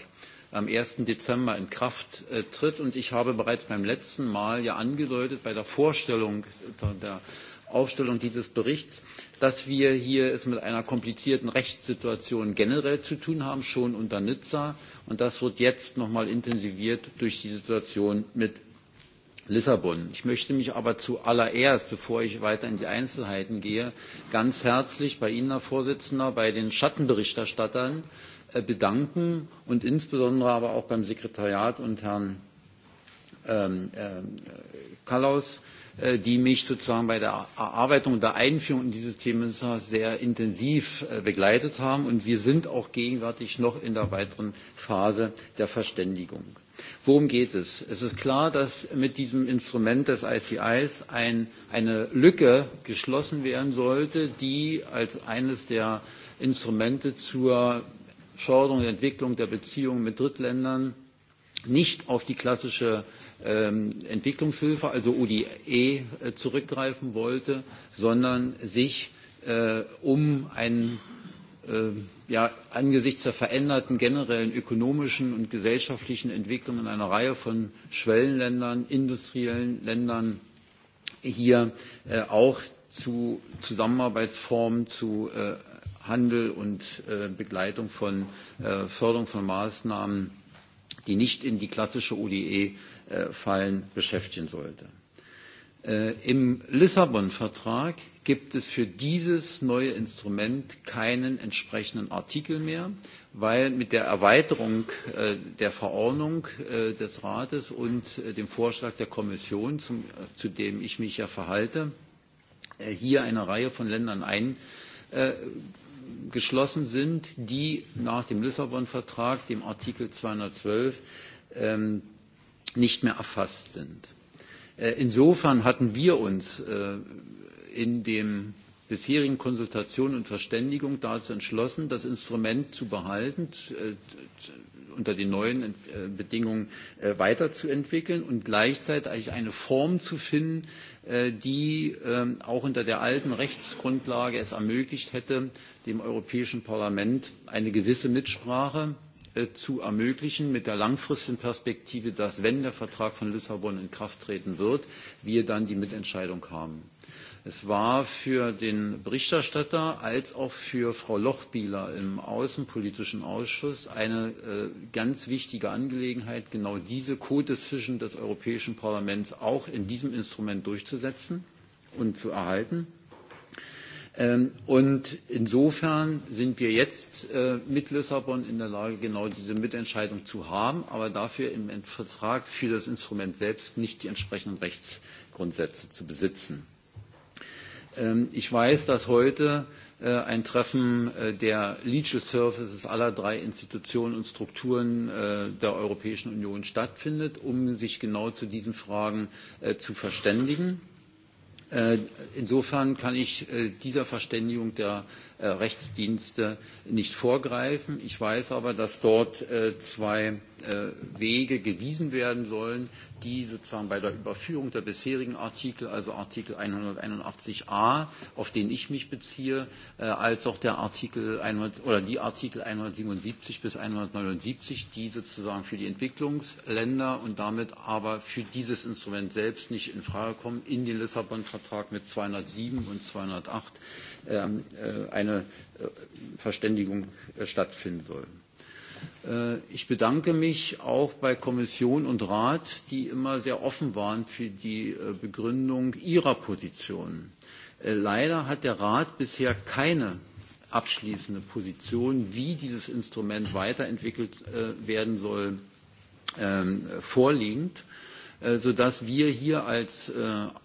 am eins Dezember in Kraft tritt. Und ich habe bereits beim letzten Mal ja angedeutet, bei der Vorstellung, der Aufstellung dieses Berichts, dass wir hier es mit einer komplizierten Rechtssituation generell zu tun haben, schon unter Nizza. Und das wird jetzt noch nochmal intensiviert durch die Situation mit Lissabon. Ich möchte mich aber zuallererst, bevor ich weiter in die Einzelheiten gehe, ganz herzlich bei Ihnen, Herr Vorsitzender, bei den Schattenberichterstattern bedanken und insbesondere aber auch beim Sekretariat und Herrn Kallaus die mich sozusagen bei der Erarbeitung und der Einführung in dieses thema sehr intensiv begleitet haben. Und wir sind auch gegenwärtig noch in der weiteren Phase der Verständigung. Worum geht es? Es ist klar, dass mit diesem Instrument des ICI eine Lücke geschlossen werden sollte, die als eines der Instrumente zur Förderung und Entwicklung der Beziehungen mit Drittländern nicht auf die klassische Entwicklungshilfe, also ODE, zurückgreifen wollte, sondern sich um ein angesichts der veränderten generellen ökonomischen und gesellschaftlichen Entwicklung in einer Reihe von Schwellenländern, industriellen Ländern hier auch zu Zusammenarbeitsformen, zu Handel und Begleitung von Förderung von Maßnahmen die nicht in die klassische ODE fallen, beschäftigen sollte. Im Lissabon-Vertrag gibt es für dieses neue Instrument keinen entsprechenden Artikel mehr, weil mit der Erweiterung der Verordnung des Rates und dem Vorschlag der Kommission, zu dem ich mich ja verhalte, hier eine Reihe von Ländern ein geschlossen sind, die nach dem Lissabon-Vertrag, dem Artikel zweihundertzwölf nicht mehr erfasst sind. Insofern hatten wir uns in den bisherigen Konsultationen und Verständigungen dazu entschlossen, das Instrument zu behalten, unter den neuen Bedingungen weiterzuentwickeln und gleichzeitig eine Form zu finden, die auch unter der alten Rechtsgrundlage es ermöglicht hätte, dem Europäischen Parlament eine gewisse Mitsprache zu ermöglichen mit der langfristigen Perspektive, dass wenn der Vertrag von Lissabon in Kraft treten wird, wir dann die Mitentscheidung haben. Es war für den Berichterstatter als auch für Frau Lochbihler im Außenpolitischen Ausschuss eine ganz wichtige Angelegenheit, genau diese Co-Decision des Europäischen Parlaments auch in diesem Instrument durchzusetzen und zu erhalten Und insofern sind wir jetzt mit Lissabon in der Lage, genau diese Mitentscheidung zu haben, aber dafür im Vertrag für das Instrument selbst nicht die entsprechenden Rechtsgrundsätze zu besitzen. Ich weiß, dass heute ein Treffen der Legal Services aller drei Institutionen und Strukturen der Europäischen Union stattfindet, um sich genau zu diesen Fragen zu verständigen Insofern kann ich dieser Verständigung der Rechtsdienste nicht vorgreifen. Ich weiß aber, dass dort zwei Wege gewiesen werden sollen, die sozusagen bei der Überführung der bisherigen Artikel, also Artikel 181a, auf den ich mich beziehe, als auch der Artikel 100, oder die Artikel 177 bis 179, die sozusagen für die Entwicklungsländer und damit aber für dieses Instrument selbst nicht in Frage kommen, in den Lissabon-Vertrag mit 207 und 208 eine eine Verständigung stattfinden soll. Ich bedanke mich auch bei Kommission und Rat, die immer sehr offen waren für die Begründung ihrer Positionen. Leider hat der Rat bisher keine abschließende Position, wie dieses Instrument weiterentwickelt werden soll, vorliegend sodass wir hier als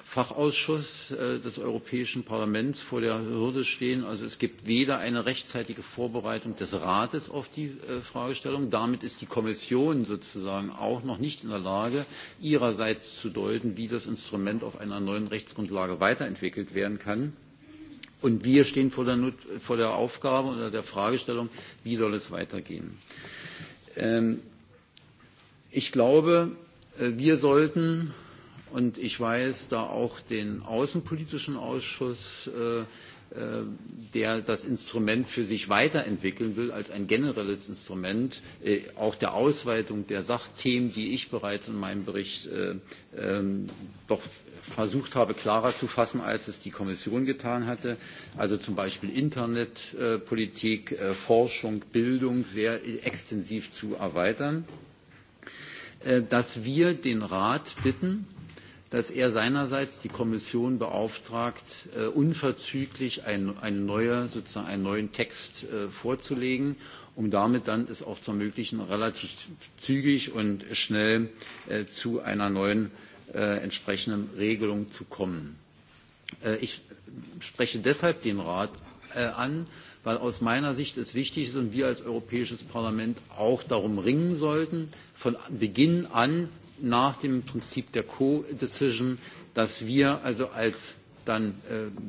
Fachausschuss des Europäischen Parlaments vor der Hürde stehen. Also es gibt weder eine rechtzeitige Vorbereitung des Rates auf die Fragestellung, damit ist die Kommission sozusagen auch noch nicht in der Lage, ihrerseits zu deuten, wie das Instrument auf einer neuen Rechtsgrundlage weiterentwickelt werden kann. Und wir stehen vor der, vor der Aufgabe oder der Fragestellung, wie soll es weitergehen. ich glaube, wir sollten und ich weiß da auch den außenpolitischen ausschuss der das instrument für sich weiterentwickeln will als ein generelles instrument auch der ausweitung der sachthemen die ich bereits in meinem bericht doch versucht habe klarer zu fassen als es die kommission getan hatte also zum beispiel internetpolitik forschung bildung sehr extensiv zu erweitern dass wir den Rat bitten, dass er seinerseits die Kommission beauftragt, unverzüglich einen, neuen Text vorzulegen, um damit dann es auch zu ermöglichen, relativ zügig und schnell zu einer neuen entsprechenden Regelung zu kommen. Ich spreche deshalb den Rat an, weil aus meiner Sicht es wichtig ist und wir als Europäisches Parlament auch darum ringen sollten, von Beginn an nach dem Prinzip der Co-Decision, dass wir also als dann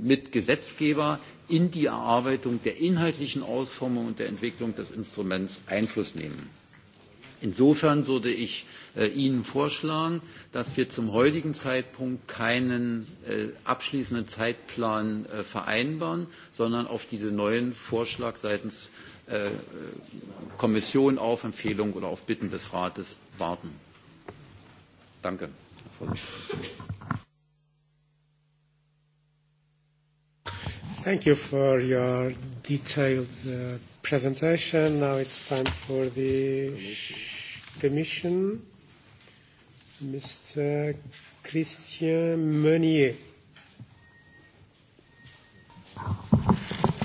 Mitgesetzgeber in die Erarbeitung der inhaltlichen Ausformung und der Entwicklung des Instruments Einfluss nehmen. Insofern würde ich Ihnen vorschlagen, dass wir zum heutigen Zeitpunkt keinen abschließenden Zeitplan vereinbaren, sondern auf diesen neuen Vorschlag seitens Kommission auf Empfehlung oder auf Bitten des Rates warten. Danke. Thank you for your detailed uh, presentation. Now it's time for the Commission. Mr. Christian Meunier.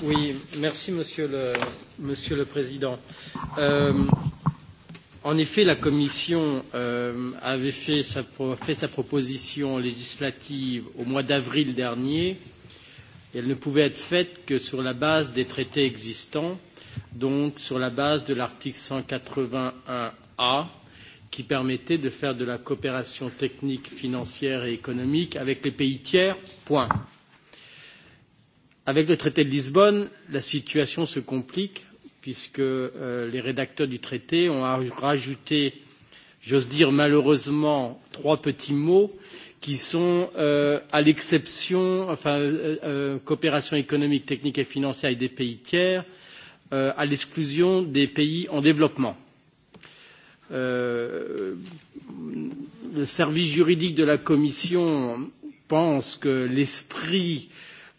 Oui, merci Monsieur le, monsieur le Président. Euh, en effet, la Commission euh, avait fait sa, fait sa proposition législative au mois d'avril dernier et elle ne pouvait être faite que sur la base des traités existants, donc sur la base de l'article 181A qui permettait de faire de la coopération technique, financière et économique avec les pays tiers. Point. Avec le traité de Lisbonne, la situation se complique puisque les rédacteurs du traité ont rajouté, j'ose dire malheureusement, trois petits mots qui sont à l'exception, enfin, coopération économique, technique et financière avec des pays tiers, à l'exclusion des pays en développement le service juridique de la Commission pense que l'esprit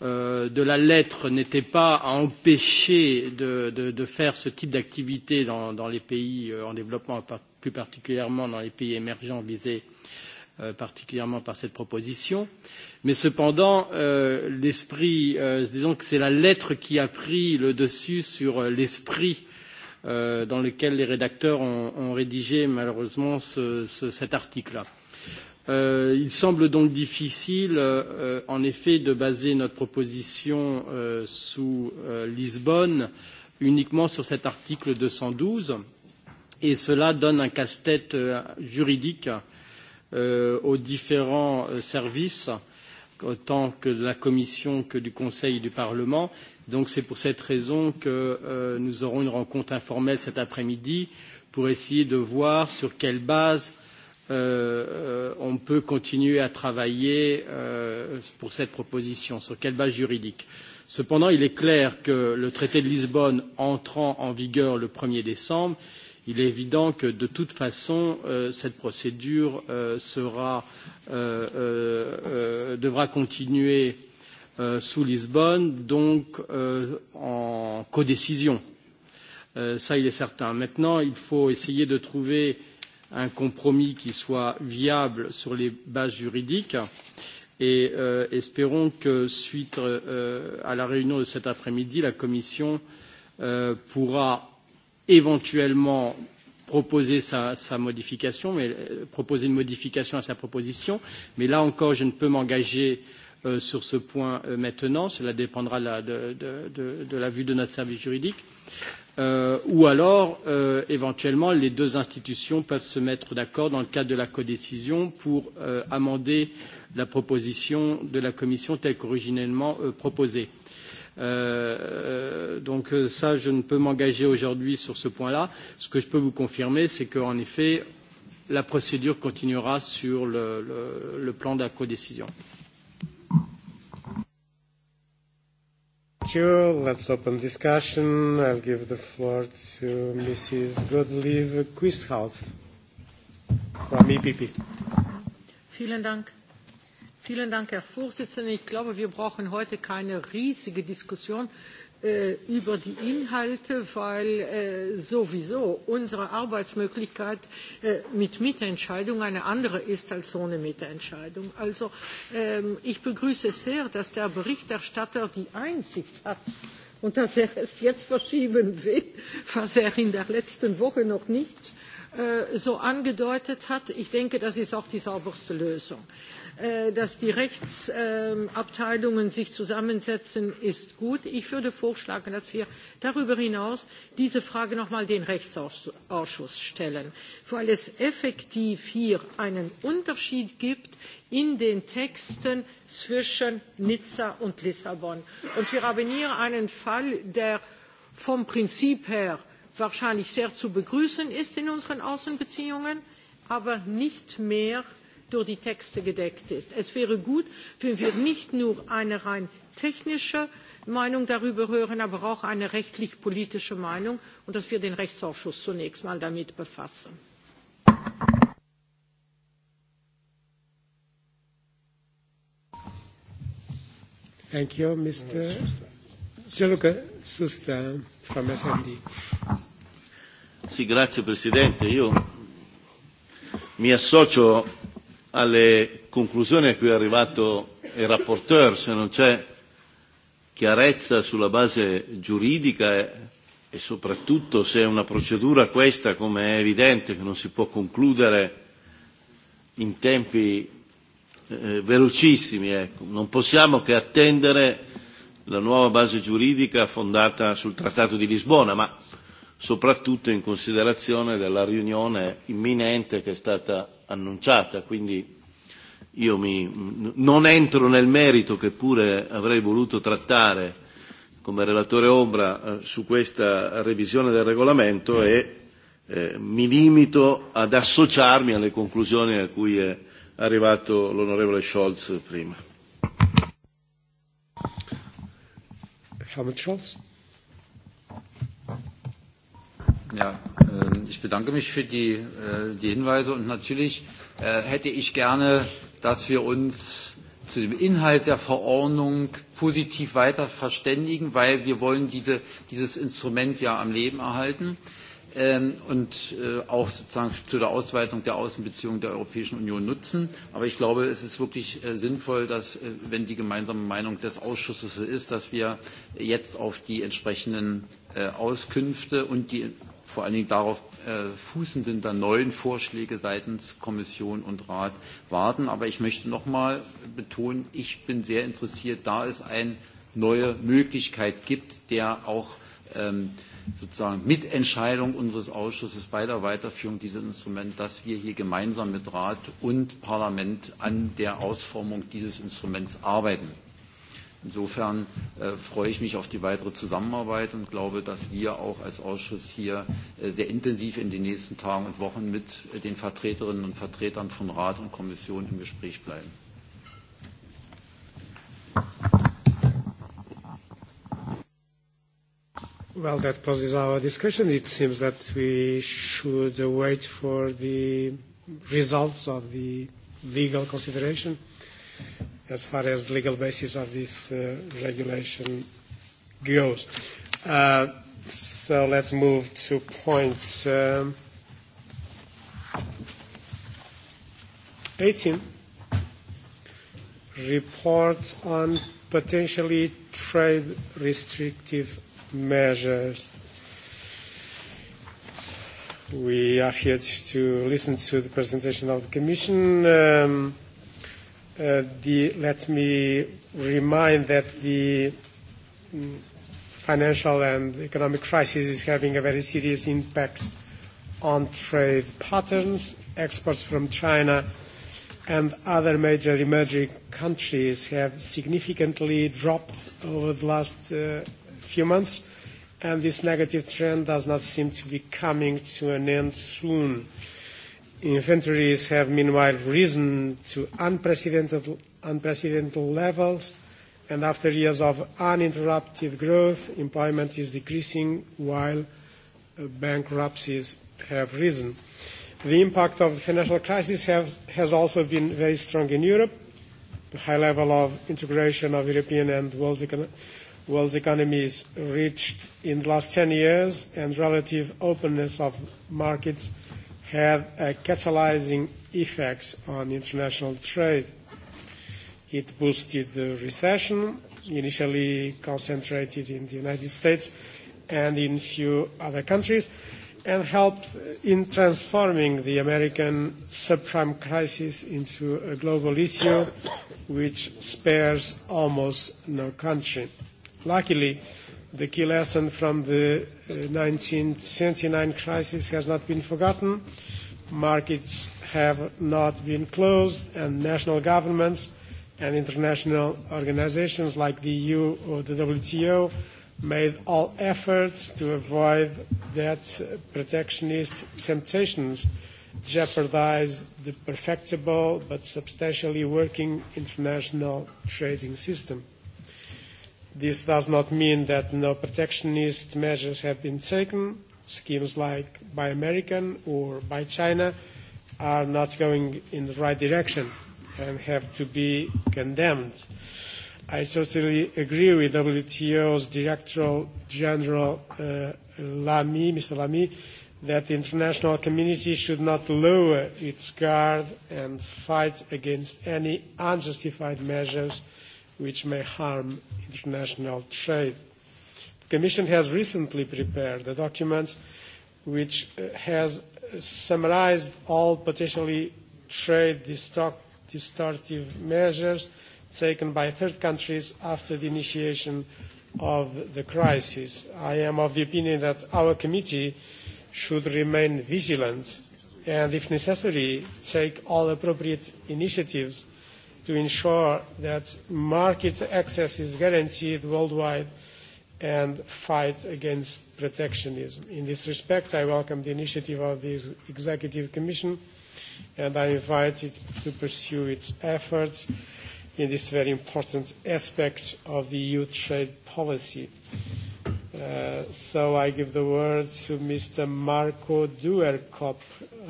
de la lettre n'était pas à empêcher de, faire ce type d'activité dans, les pays en développement, plus particulièrement dans les pays émergents visés particulièrement par cette proposition. Mais cependant, l'esprit, disons que c'est la lettre qui a pris le dessus sur l'esprit dans lequel les rédacteurs ont, rédigé malheureusement cet article-là. il semble donc difficile, en effet, de baser notre proposition sous Lisbonne uniquement sur cet article deux cent douze, et cela donne un casse-tête juridique aux différents services, autant que de la Commission que du Conseil et du Parlement, Donc c'est pour cette raison que euh, nous aurons une rencontre informelle cet après-midi pour essayer de voir sur quelle base euh, on peut continuer à travailler euh, pour cette proposition, sur quelle base juridique. Cependant, il est clair que le traité de Lisbonne entrant en vigueur le 1er décembre, il est évident que de toute façon, euh, cette procédure euh, sera, euh, euh, devra continuer euh, sous Lisbonne, donc en codécision. ça, il est certain. Maintenant, il faut essayer de trouver un compromis qui soit viable sur les bases juridiques et espérons que, suite à la réunion de cet après-midi, la Commission pourra éventuellement proposer sa, sa modification, mais proposer une modification à sa proposition. Mais là encore, je ne peux m'engager euh, sur ce point maintenant, cela dépendra de, la vue de notre service juridique, ou alors éventuellement les deux institutions peuvent se mettre d'accord dans le cadre de la codécision pour amender la proposition de la Commission telle qu'originellement proposée. donc ça, je ne peux m'engager aujourd'hui sur ce point-là. Ce que je peux vous confirmer, c'est qu'en effet, la procédure continuera sur le, plan de la codécision. Thank you. Let's open discussion. I'll give the floor to Mrs. Gottlieb Quisthoff from EPP. Vielen Dank. Vielen Dank, Herr Vorsitzender. Ich glaube, wir brauchen heute keine riesige Diskussion über die Inhalte, weil sowieso unsere Arbeitsmöglichkeit mit Mitentscheidung eine andere ist als ohne Mitentscheidung. Also ich begrüße sehr, dass der Berichterstatter die Einsicht hat, und dass er es jetzt verschieben will, was er in der letzten Woche noch nicht so angedeutet hat. Ich denke, das ist auch die sauberste Lösung dass die Rechtsabteilungen sich zusammensetzen, ist gut. Ich würde vorschlagen, dass wir darüber hinaus diese Frage noch einmal den Rechtsausschuss stellen, weil es effektiv hier einen Unterschied gibt in den Texten zwischen Nizza und Lissabon. Und wir haben hier einen Fall, der vom Prinzip her wahrscheinlich sehr zu begrüßen ist in unseren Außenbeziehungen, aber nicht mehr durch die Texte gedeckt ist. Es wäre gut, wenn wir nicht nur eine rein technische Meinung darüber hören, aber auch eine rechtlich-politische Meinung und dass wir den Rechtsausschuss zunächst mal damit befassen. Thank you, Mr. Gianluca Susta from Sì, grazie Presidente. Io mi associo alle conclusioni a cui è arrivato il rapporteur, se non c'è chiarezza sulla base giuridica e soprattutto se è una procedura questa, come è evidente, che non si può concludere in tempi eh, velocissimi, ecco. non possiamo che attendere la nuova base giuridica fondata sul Trattato di Lisbona, ma soprattutto in considerazione della riunione imminente che è stata annunciata, quindi io mi, non entro nel merito che pure avrei voluto trattare come relatore ombra su questa revisione del regolamento e eh, mi limito ad associarmi alle conclusioni a cui è arrivato l'onorevole Scholz prima. Scholz. Ja, ich bedanke mich für die, Hinweise und natürlich hätte ich gerne, dass wir uns zu dem Inhalt der Verordnung positiv weiter verständigen, weil wir wollen dieses Instrument ja am Leben erhalten und auch sozusagen zu der Ausweitung der Außenbeziehungen der Europäischen Union nutzen. Aber ich glaube, es ist wirklich sinnvoll, dass, wenn die gemeinsame Meinung des Ausschusses so ist, dass wir jetzt auf die entsprechenden Auskünfte und die vor allen Dingen darauf fußenden dann neuen Vorschläge seitens Kommission und Rat warten. Aber ich möchte noch mal betonen, ich bin sehr interessiert, da es eine neue Möglichkeit gibt, der auch sozusagen Mitentscheidung unseres Ausschusses bei der Weiterführung dieses Instruments, dass wir hier gemeinsam mit Rat und Parlament an der Ausformung dieses Instruments arbeiten. Insofern freue ich mich auf die weitere Zusammenarbeit und glaube, dass wir auch als Ausschuss hier sehr intensiv in den nächsten Tagen und Wochen mit den Vertreterinnen und Vertretern von Rat und Kommission im Gespräch bleiben. Well, that closes our discussion. It seems that we should wait for the results of the legal consideration as far as the legal basis of this uh, regulation goes. Uh, so let's move to points um, 18. Reports on potentially trade restrictive measures. We are here to listen to the presentation of the Commission. Um, Let me remind that the financial and economic crisis is having a very serious impact on trade patterns. Exports from China and other major emerging countries have significantly dropped over the last few months, and this negative trend does not seem to be coming to an end soon. Inventories have meanwhile risen to unprecedented levels, and after years of uninterrupted growth, employment is decreasing while bankruptcies have risen. The impact of the financial crisis has also been very strong in Europe. The high level of integration of European and world's economies reached in the last 10 years, and relative openness of markets have a catalyzing effects on international trade. It boosted the recession, initially concentrated in the United States and in few other countries, and helped in transforming the American subprime crisis into a global issue which spares almost no country. Luckily, The key lesson from the 1979 crisis has not been forgotten. Markets have not been closed, and national governments and international organizations like the EU or the WTO made all efforts to avoid that protectionist temptations jeopardize the perfectible but substantially working international trading system. This does not mean that no protectionist measures have been taken. Schemes like Buy American or Buy China are not going in the right direction and have to be condemned. I totally agree with WTO's Director General uh, Lamy, Mr. Lamy, that the international community should not lower its guard and fight against any unjustified measures which may harm international trade. The Commission has recently prepared a document which has summarized all potentially trade distortive measures taken by third countries after the initiation of the crisis. I am of the opinion that our committee should remain vigilant and, if necessary, take all appropriate initiatives to ensure that market access is guaranteed worldwide and fight against protectionism. In this respect, I welcome the initiative of the Executive Commission and I invite it to pursue its efforts in this very important aspect of the EU trade policy. Uh, so I give the word to Mr. Marco Duerkop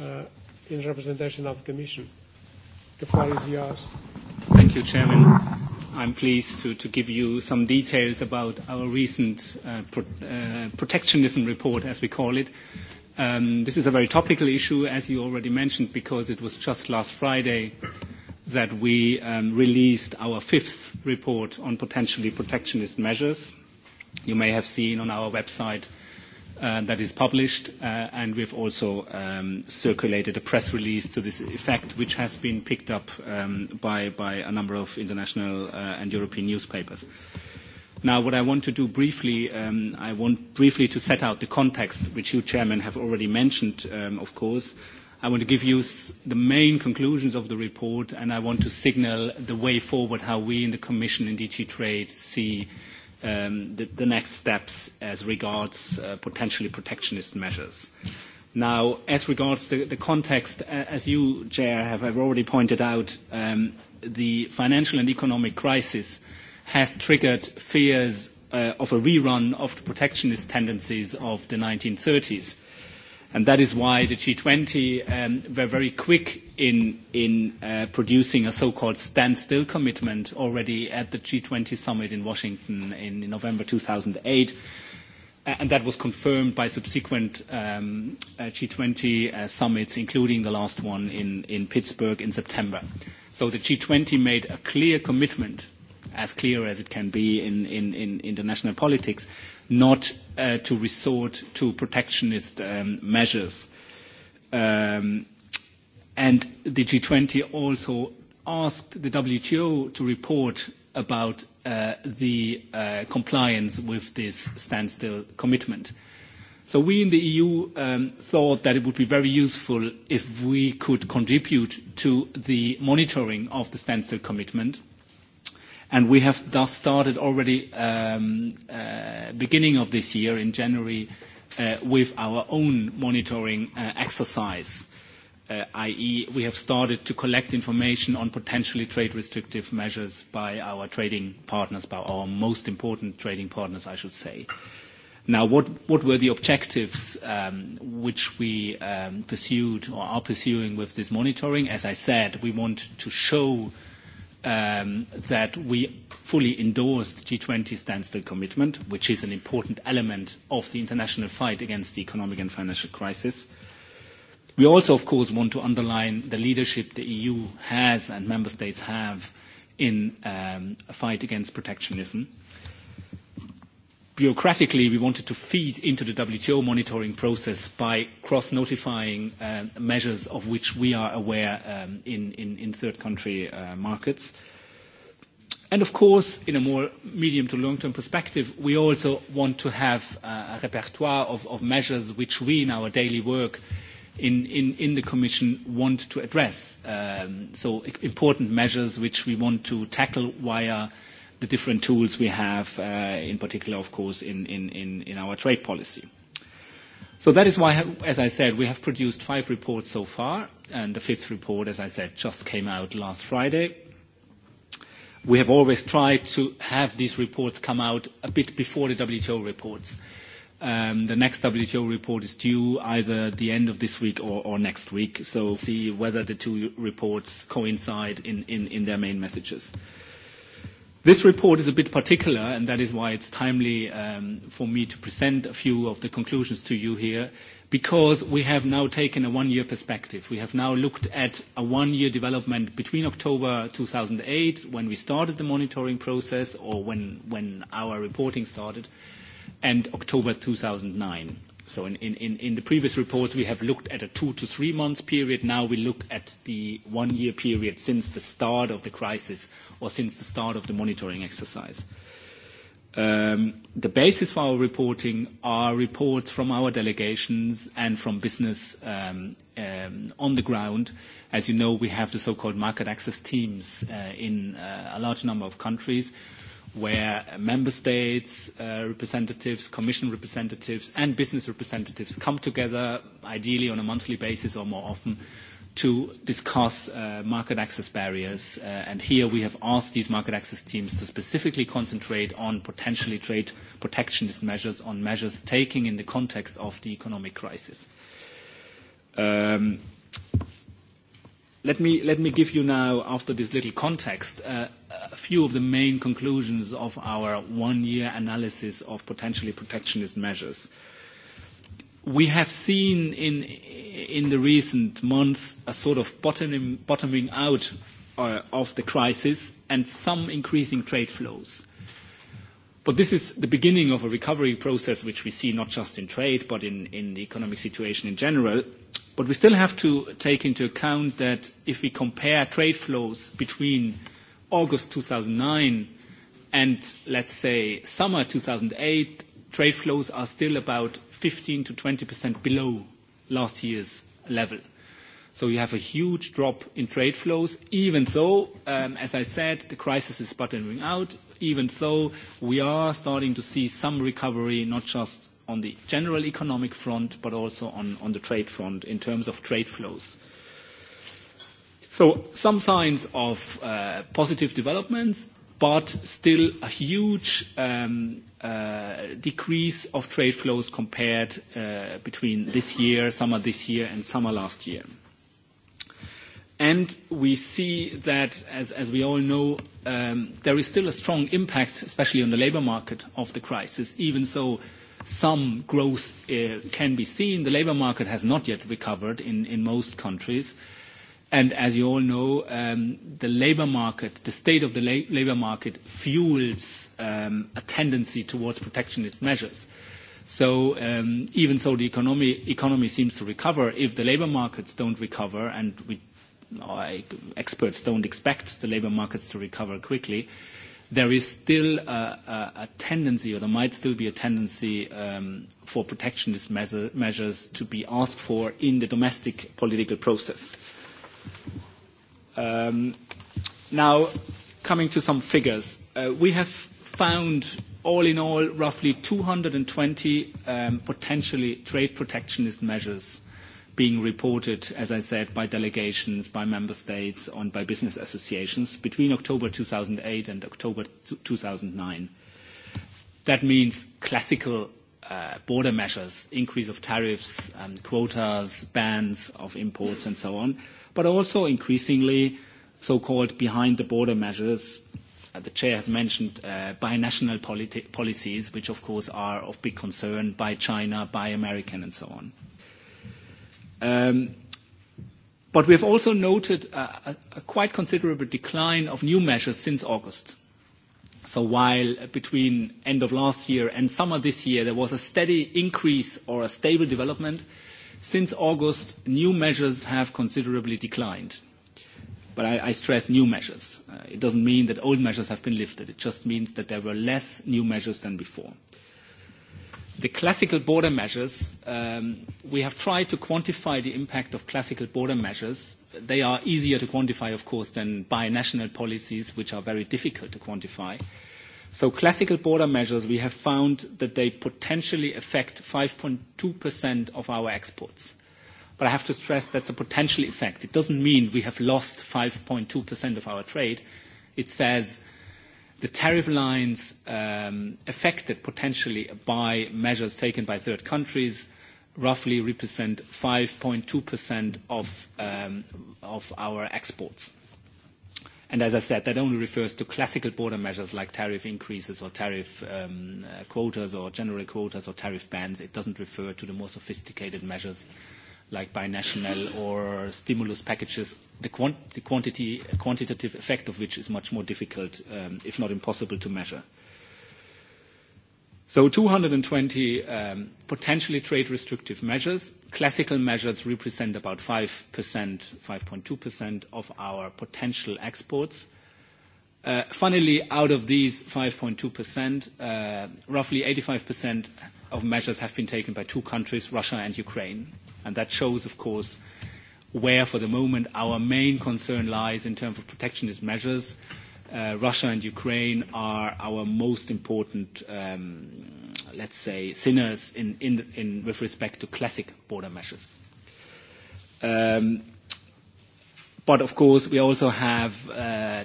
uh, in representation of the Commission. The floor is yours. Thank you, Chairman. I'm pleased to, give you some details about our recent protectionism report, as we call it. this is a very topical issue, as you already mentioned, because it was just last Friday that we released our fifth report on potentially protectionist measures. You may have seen on our website that is published, and we've also circulated a press release to this effect, which has been picked up by a number of international and European newspapers. Now, what I want to do briefly, I want briefly to set out the context, which you, Chairman, have already mentioned, of course. I want to give you the main conclusions of the report, and I want to signal the way forward, how we in the Commission in DG Trade see the next steps as regards potentially protectionist measures. Now, as regards the context, as you, Chair, have already pointed out, the financial and economic crisis has triggered fears of a rerun of the protectionist tendencies of the 1930s And that is why the G20 were very quick in producing a so-called standstill commitment already at the G20 summit in Washington in November 2008. And that was confirmed by subsequent G20 summits, including the last one in Pittsburgh in September. So the G20 made a clear commitment, as clear as it can be in international politics, not to resort to protectionist measures. and the G20 also asked the WTO to report about the compliance with this standstill commitment. So we in the EU thought that it would be very useful if we could contribute to the monitoring of the standstill commitment – and we have thus started already beginning of this year in January with our own monitoring exercise, i.e., we have started to collect information on potentially trade restrictive measures by our trading partners, by our most important trading partners, I should say. Now, what were the objectives which we pursued or are pursuing with this monitoring? As I said, we want to show that we fully endorse the G20 standstill commitment, which is an important element of the international fight against the economic and financial crisis. We also, of course, want to underline the leadership the EU has and member states have in a fight against protectionism bureaucratically, we wanted to feed into the WTO monitoring process by cross-notifying measures of which we are aware in third country markets. And Of course, in a more medium to long-term perspective, we also want to have a repertoire of measures which we in our daily work in the Commission want to address. So Important measures which we want to tackle via the different tools we have, in particular, of course, in our trade policy. So That is why, as I said, we have produced five reports so far, and the fifth report, as I said, just came out last Friday. We have always tried to have these reports come out a bit before the WTO reports. The next WTO report is due either the end of this week or next week, so see whether the two reports coincide in their main messages. This report is a bit particular, and that is why it's timely um, for me to present a few of the conclusions to you here, because we have now taken a one-year perspective. We have now looked at a one-year development between October 2008, when we started the monitoring process, or when, when our reporting started, and October 2009. So in, in, in, the previous reports, we have looked at a two to three months period. Now we look at the one year period since the start of the crisis or since the start of the monitoring exercise. the basis for our reporting are reports from our delegations and from business on the ground. As you know, we have the so-called market access teams in a large number of countries where member states representatives, commission representatives, and business representatives come together, ideally on a monthly basis or more often, to discuss market access barriers. and here we have asked these market access teams to specifically concentrate on potentially trade protectionist measures, on measures taken in the context of the economic crisis. Um, Let me, let me give you now, after this little context, uh, a few of the main conclusions of our one-year analysis of potentially protectionist measures. We have seen in, in the recent months a sort of bottoming, bottoming out uh, of the crisis and some increasing trade flows. But this is the beginning of a recovery process which we see not just in trade but in, in the economic situation in general. But we still have to take into account that if we compare trade flows between August 2009 and, let's say, summer 2008, trade flows are still about 15%-20% below last year's level. So you have a huge drop in trade flows, even though, as I said, the crisis is bottoming out, even though we are starting to see some recovery, not just on the general economic front, but also on the trade front in terms of trade flows. So some signs of positive developments, but still a huge decrease of trade flows compared between this year, summer this year, and summer last year. And we see that, as we all know, there is still a strong impact, especially on the labor market, of the crisis. Even so, some growth can be seen. The labour market has not yet recovered in most countries. and As you all know, the labour market, the state of the labour market fuels a tendency towards protectionist measures. So Even so the economy seems to recover, if the labour markets don't recover, and experts don't expect the labour markets to recover quickly, there is still a tendency, or there might still be a tendency for protectionist measures to be asked for in the domestic political process. Now, coming to some figures. We have found, all in all, roughly 220 potentially trade protectionist measures being reported, as I said, by delegations, by member states, and by business associations between October 2008 and October 2009. That means classical border measures, increase of tariffs, quotas, bans of imports, and so on, but also increasingly so-called behind-the-border measures. The chair has mentioned binational policies, which of course are of big concern by China, by American, and so on. But we have also noted a quite considerable decline of new measures since August. So while between end of last year and summer this year, there was a steady increase or a stable development, since August, new measures have considerably declined. But I stress new measures. It doesn't mean that old measures have been lifted. It just means that there were less new measures than before. The classical border measures, we have tried to quantify the impact of classical border measures. They are easier to quantify, of course, than national policies, which are very difficult to quantify. So classical border measures, we have found that they potentially affect 5.2% of our exports. But I have to stress that's a potential effect. It doesn't mean we have lost 5.2% of our trade. It says the tariff lines affected potentially by measures taken by third countries roughly represent 5.2% of our exports. And As I said, that only refers to classical border measures like tariff increases or tariff quotas or general quotas or tariff bans. It doesn't refer to the more sophisticated measures like binational or stimulus packages, the, quant- the quantity, quantitative effect of which is much more difficult, um, if not impossible, to measure. So 220 um, potentially trade restrictive measures. Classical measures represent about 5%, 5.2% of our potential exports. Uh, funnily, out of these 5.2%, uh, roughly 85% of measures have been taken by two countries, Russia and Ukraine. And that shows, of course, where for the moment our main concern lies in terms of protectionist measures. Russia and Ukraine are our most important, let's say, sinners in, in, in, with respect to classic border measures. But of course, we also have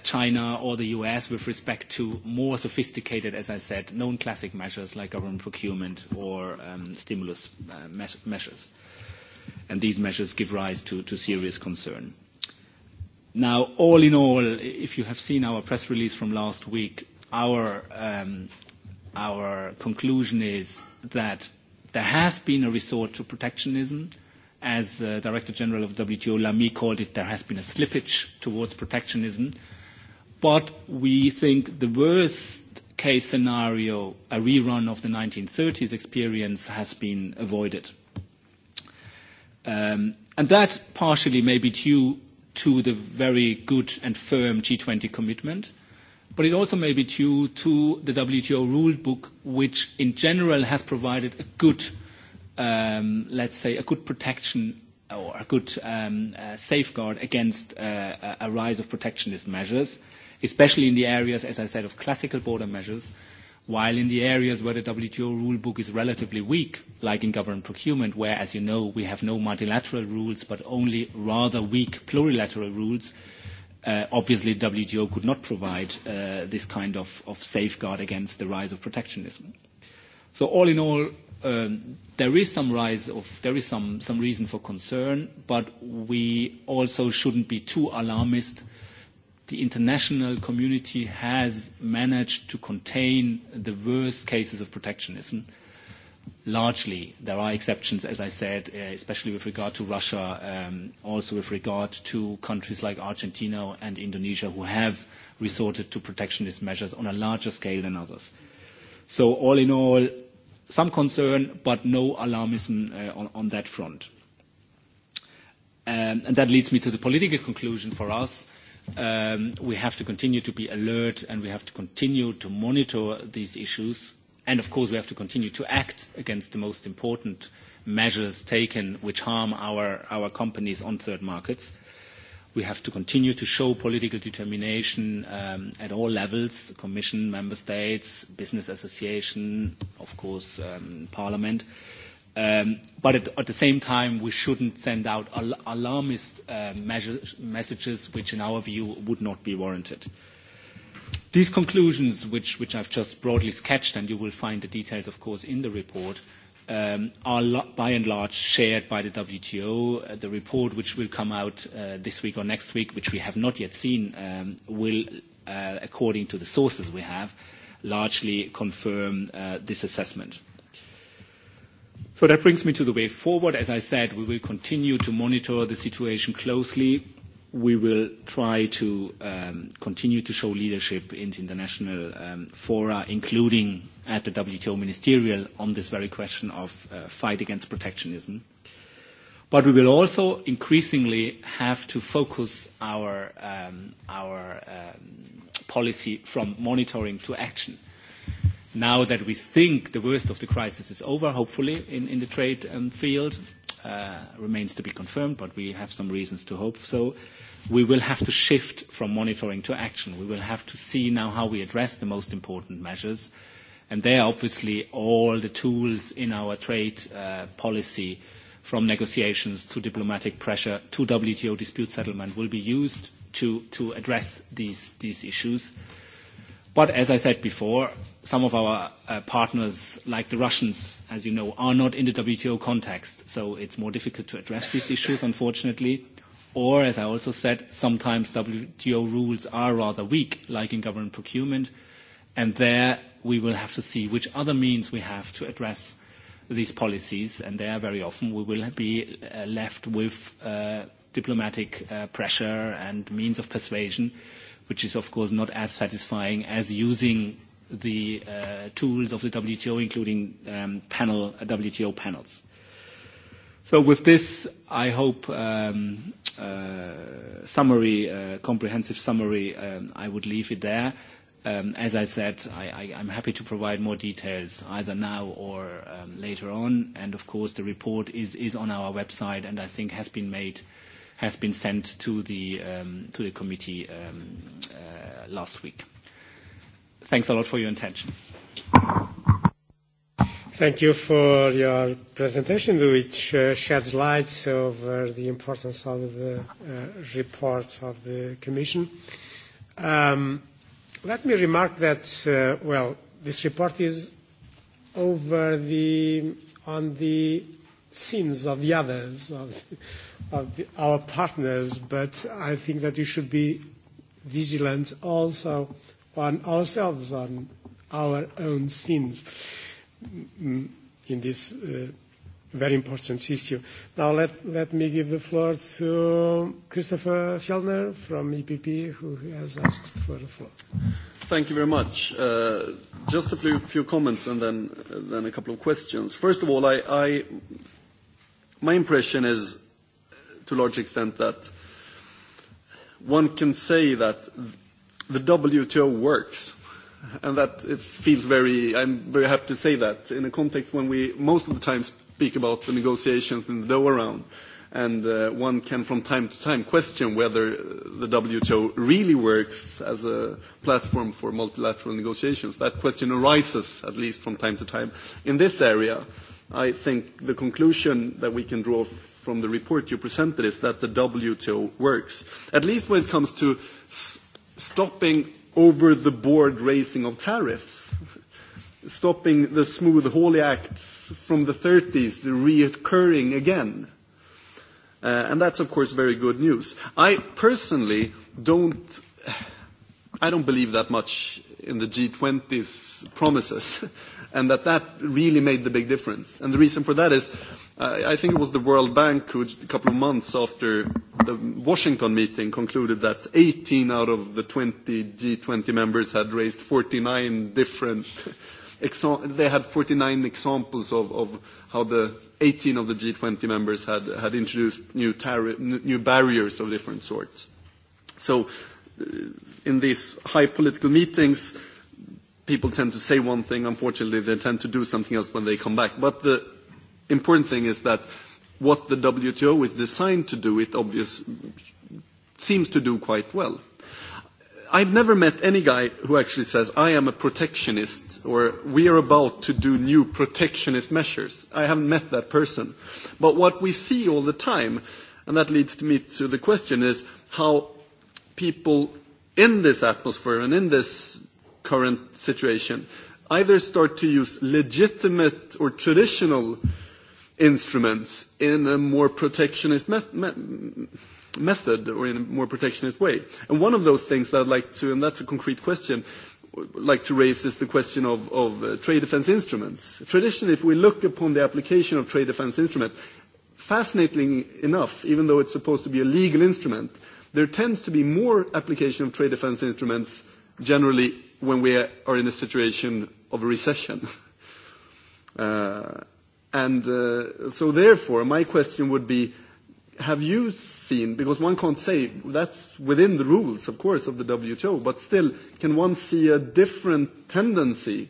China or the U.S. with respect to more sophisticated, as I said, known classic measures like government procurement or stimulus measures and these measures give rise to, to serious concern. Now, all in all, if you have seen our press release from last week, our, um, our conclusion is that there has been a resort to protectionism. As uh, Director General of WTO Lamy called it, there has been a slippage towards protectionism. But we think the worst case scenario, a rerun of the 1930s experience, has been avoided. Um, and that partially may be due to the very good and firm G20 commitment, but it also may be due to the WTO rule book, which in general has provided a good, um, let's say, a good protection or a good um, uh, safeguard against uh, a rise of protectionist measures, especially in the areas, as I said, of classical border measures While in the areas where the WTO rule book is relatively weak, like in government procurement, where, as you know, we have no multilateral rules but only rather weak plurilateral rules, obviously WTO could not provide this kind of, safeguard against the rise of protectionism. So all in all, there is some rise of, there is some, some reason for concern, but we also shouldn't be too alarmist the international community has managed to contain the worst cases of protectionism. Largely, there are exceptions, as I said, especially with regard to Russia, also with regard to countries like Argentina and Indonesia, who have resorted to protectionist measures on a larger scale than others. So all in all, some concern, but no alarmism on that front. And that leads me to the political conclusion for us we have to continue to be alert and we have to continue to monitor these issues. And of course, we have to continue to act against the most important measures taken which harm our companies on third markets. We have to continue to show political determination at all levels, Commission, Member States, business association, of course, Parliament but at, the same time, we shouldn't send out alarmist messages which, in our view, would not be warranted. These conclusions, which, which I've just broadly sketched, and you will find the details, of course, in the report, are by and large shared by the WTO. the report, which will come out this week or next week, which we have not yet seen, will, according to the sources we have, largely confirm this assessment. So that brings me to the way forward. As I said, we will continue to monitor the situation closely. We will try to continue to show leadership in the international fora, including at the WTO ministerial, on this very question of fight against protectionism. But we will also increasingly have to focus our um our policy from monitoring to action now that we think the worst of the crisis is over, hopefully, in the trade field, remains to be confirmed, but we have some reasons to hope so. We will have to shift from monitoring to action. We will have to see now how we address the most important measures, and there, obviously, all the tools in our trade policy, from negotiations to diplomatic pressure to WTO dispute settlement, will be used to address these issues. But as I said before, some of our uh, partners, like the Russians, as you know, are not in the WTO context, so it's more difficult to address these issues, unfortunately. Or, as I also said, sometimes WTO rules are rather weak, like in government procurement, and there we will have to see which other means we have to address these policies, and there very often we will be uh, left with uh, diplomatic uh, pressure and means of persuasion, which is of course not as satisfying as using the uh, tools of the WTO, including um, panel, uh, WTO panels. So with this, I hope um, uh, summary, uh, comprehensive summary, um, I would leave it there. Um, as I said, I, I, I'm happy to provide more details either now or um, later on. And of course, the report is, is on our website and I think has been made, has been sent to the, um, to the committee um, uh, last week. Thanks a lot for your attention. Thank you for your presentation, which sheds light over the importance of the reports of the Commission. Let me remark that, well, this report is over the, on the sins of the others, of of our partners, but I think that you should be vigilant also on ourselves, on our own sins in this uh, very important issue. Now let, let me give the floor to Christopher Fjellner from EPP, who has asked for the floor. Thank you very much. Uh, just a few, few comments and then, then a couple of questions. First of all, I, I, my impression is to a large extent that one can say that the WTO works, and that it feels very. I'm very happy to say that in a context when we most of the time speak about the negotiations in the Doha round, and uh, one can from time to time question whether the WTO really works as a platform for multilateral negotiations. That question arises, at least from time to time. In this area, I think the conclusion that we can draw from the report you presented is that the WTO works, at least when it comes to stopping over-the-board raising of tariffs, stopping the Smooth-Hawley Acts from the 30s reoccurring again. And that's, of course, very good news. I personally don't I don't believe that much in the G20's promises and that that really made the big difference. And the reason for that is, uh, I think it was the World Bank who, a couple of months after the Washington meeting, concluded that 18 out of the 20 G20 members had raised 49 different. They had 49 examples of, of how the 18 of the G20 members had, had introduced new, tari- new barriers of different sorts. So, in these high political meetings, people tend to say one thing, unfortunately, they tend to do something else when they come back. But the important thing is that what the WTO is designed to do, it obvious seems to do quite well. I've never met any guy who actually says, I am a protectionist, or we are about to do new protectionist measures. I haven't met that person. But what we see all the time, and that leads to me to the question, is how people in this atmosphere and in this current situation, either start to use legitimate or traditional instruments in a more protectionist me- me- method or in a more protectionist way. And one of those things that I'd like to, and that's a concrete question, like to raise is the question of, of uh, trade defense instruments. Traditionally, if we look upon the application of trade defense instrument, fascinatingly enough, even though it's supposed to be a legal instrument, there tends to be more application of trade defense instruments generally when we are in a situation of a recession. And so therefore, my question would be, have you seen, because one can't say that's within the rules, of course, of the WTO, but still, can one see a different tendency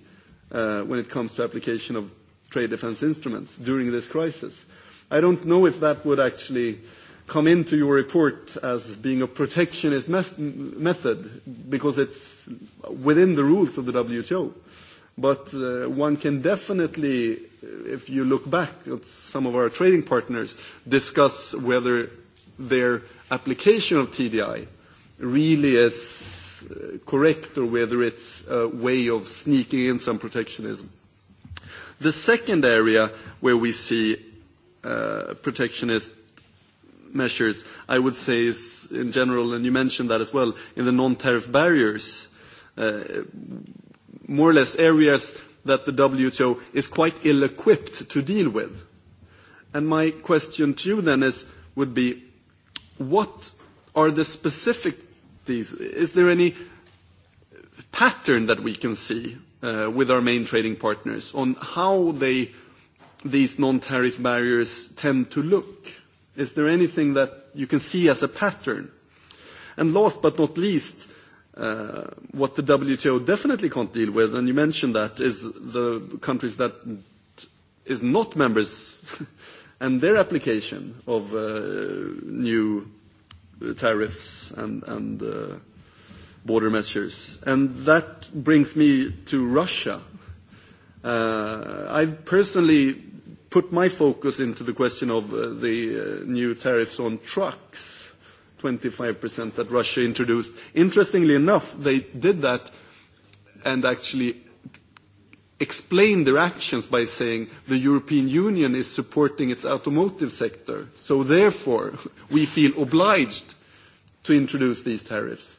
when it comes to application of trade defense instruments during this crisis? I don't know if that would actually uh, come into your report as being a protectionist method because it's within the rules of the WTO. But uh, one can definitely, if you look back at some of our trading partners, discuss whether their application of TDI really is correct or whether it's a way of sneaking in some protectionism. The second area where we see uh, protectionist measures, I would say is in general, and you mentioned that as well, in the non-tariff barriers, more or less areas that the WTO is quite ill-equipped to deal with. And my question to you then is, would be, what are the specificities? Is there any pattern that we can see with our main trading partners on how these non-tariff barriers tend to look? Is there anything that you can see as a pattern? And last but not least, uh, what the WTO definitely can't deal with, and you mentioned that, is the countries that is not members and their application of uh, new tariffs and, and uh, border measures. And that brings me to Russia. Uh, I've personally put my focus into the question of the new tariffs on trucks, 25% that Russia introduced. Interestingly enough, they did that and actually explained their actions by saying the European Union is supporting its automotive sector, so therefore we feel obliged to introduce these tariffs.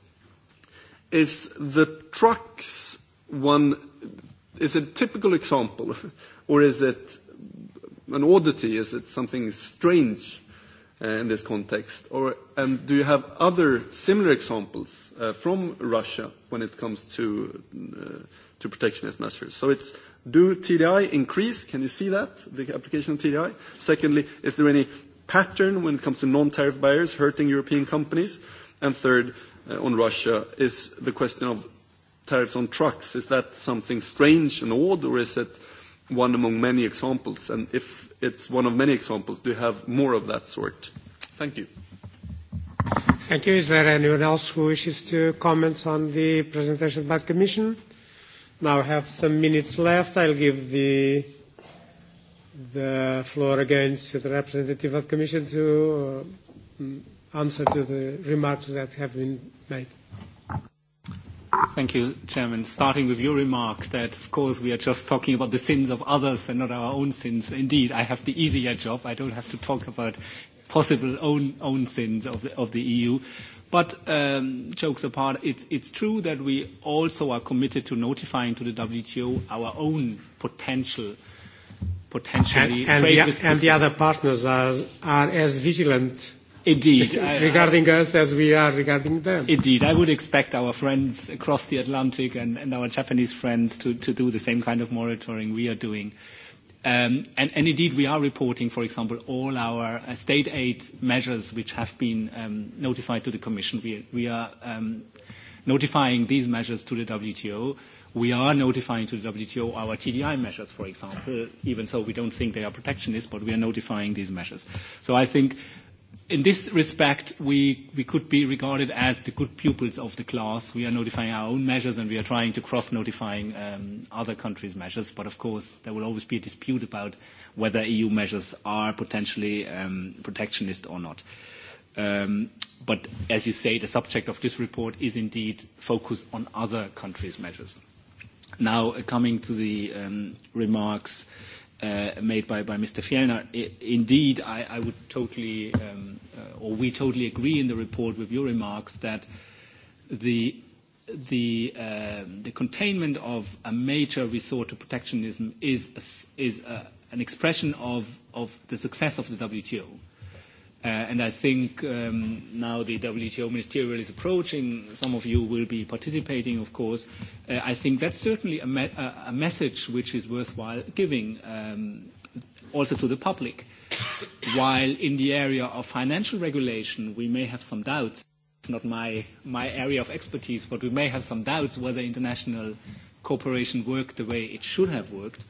Is the trucks one, is it a typical example, or is it an oddity? Is it something strange uh, in this context? Or and do you have other similar examples uh, from Russia when it comes to uh, to protectionist measures? So it's do TDI increase? Can you see that the application of TDI? Secondly, is there any pattern when it comes to non-tariff barriers hurting European companies? And third, uh, on Russia, is the question of tariffs on trucks. Is that something strange and odd, or is it one among many examples? And if it's one of many examples, do you have more of that sort? Thank you. Thank you. Is there anyone else who wishes to comment on the presentation by the Commission? Now I have some minutes left. I'll give the the floor again to the representative of the Commission to answer to the remarks that have been made. Thank you, Chairman. Starting with your remark that, of course, we are just talking about the sins of others and not our own sins. Indeed, I have the easier job. I don't have to talk about possible own, own sins of the, of the EU. But um, jokes apart, it's, it's true that we also are committed to notifying to the WTO our own potential potentially and, and, the, and the other partners are, are as vigilant Indeed. regarding us as we are regarding them. Indeed. I would expect our friends across the Atlantic and, and our Japanese friends to, to do the same kind of monitoring we are doing. Um, and, and indeed, we are reporting, for example, all our state aid measures which have been um, notified to the Commission. We, we are um, notifying these measures to the WTO. We are notifying to the WTO our TDI measures, for example, even so we don't think they are protectionist, but we are notifying these measures. So I think in this respect, we, we could be regarded as the good pupils of the class. We are notifying our own measures and we are trying to cross-notifying um, other countries' measures. But of course, there will always be a dispute about whether EU measures are potentially um, protectionist or not. Um, but as you say, the subject of this report is indeed focused on other countries' measures. Now, uh, coming to the um, remarks uh, made by, by Mr. Fjellner. indeed, I, I would totally, um, uh, or we totally agree in the report with your remarks that the the the containment of a major resort to protectionism is a, is a, an expression of of the success of the WTO and I think um, now the WTO ministerial is approaching. Some of you will be participating, of course. Uh, I think that's certainly a, me- a message which is worthwhile giving um, also to the public. While in the area of financial regulation, we may have some doubts. It's not my, my area of expertise, but we may have some doubts whether international cooperation worked the way it should have worked.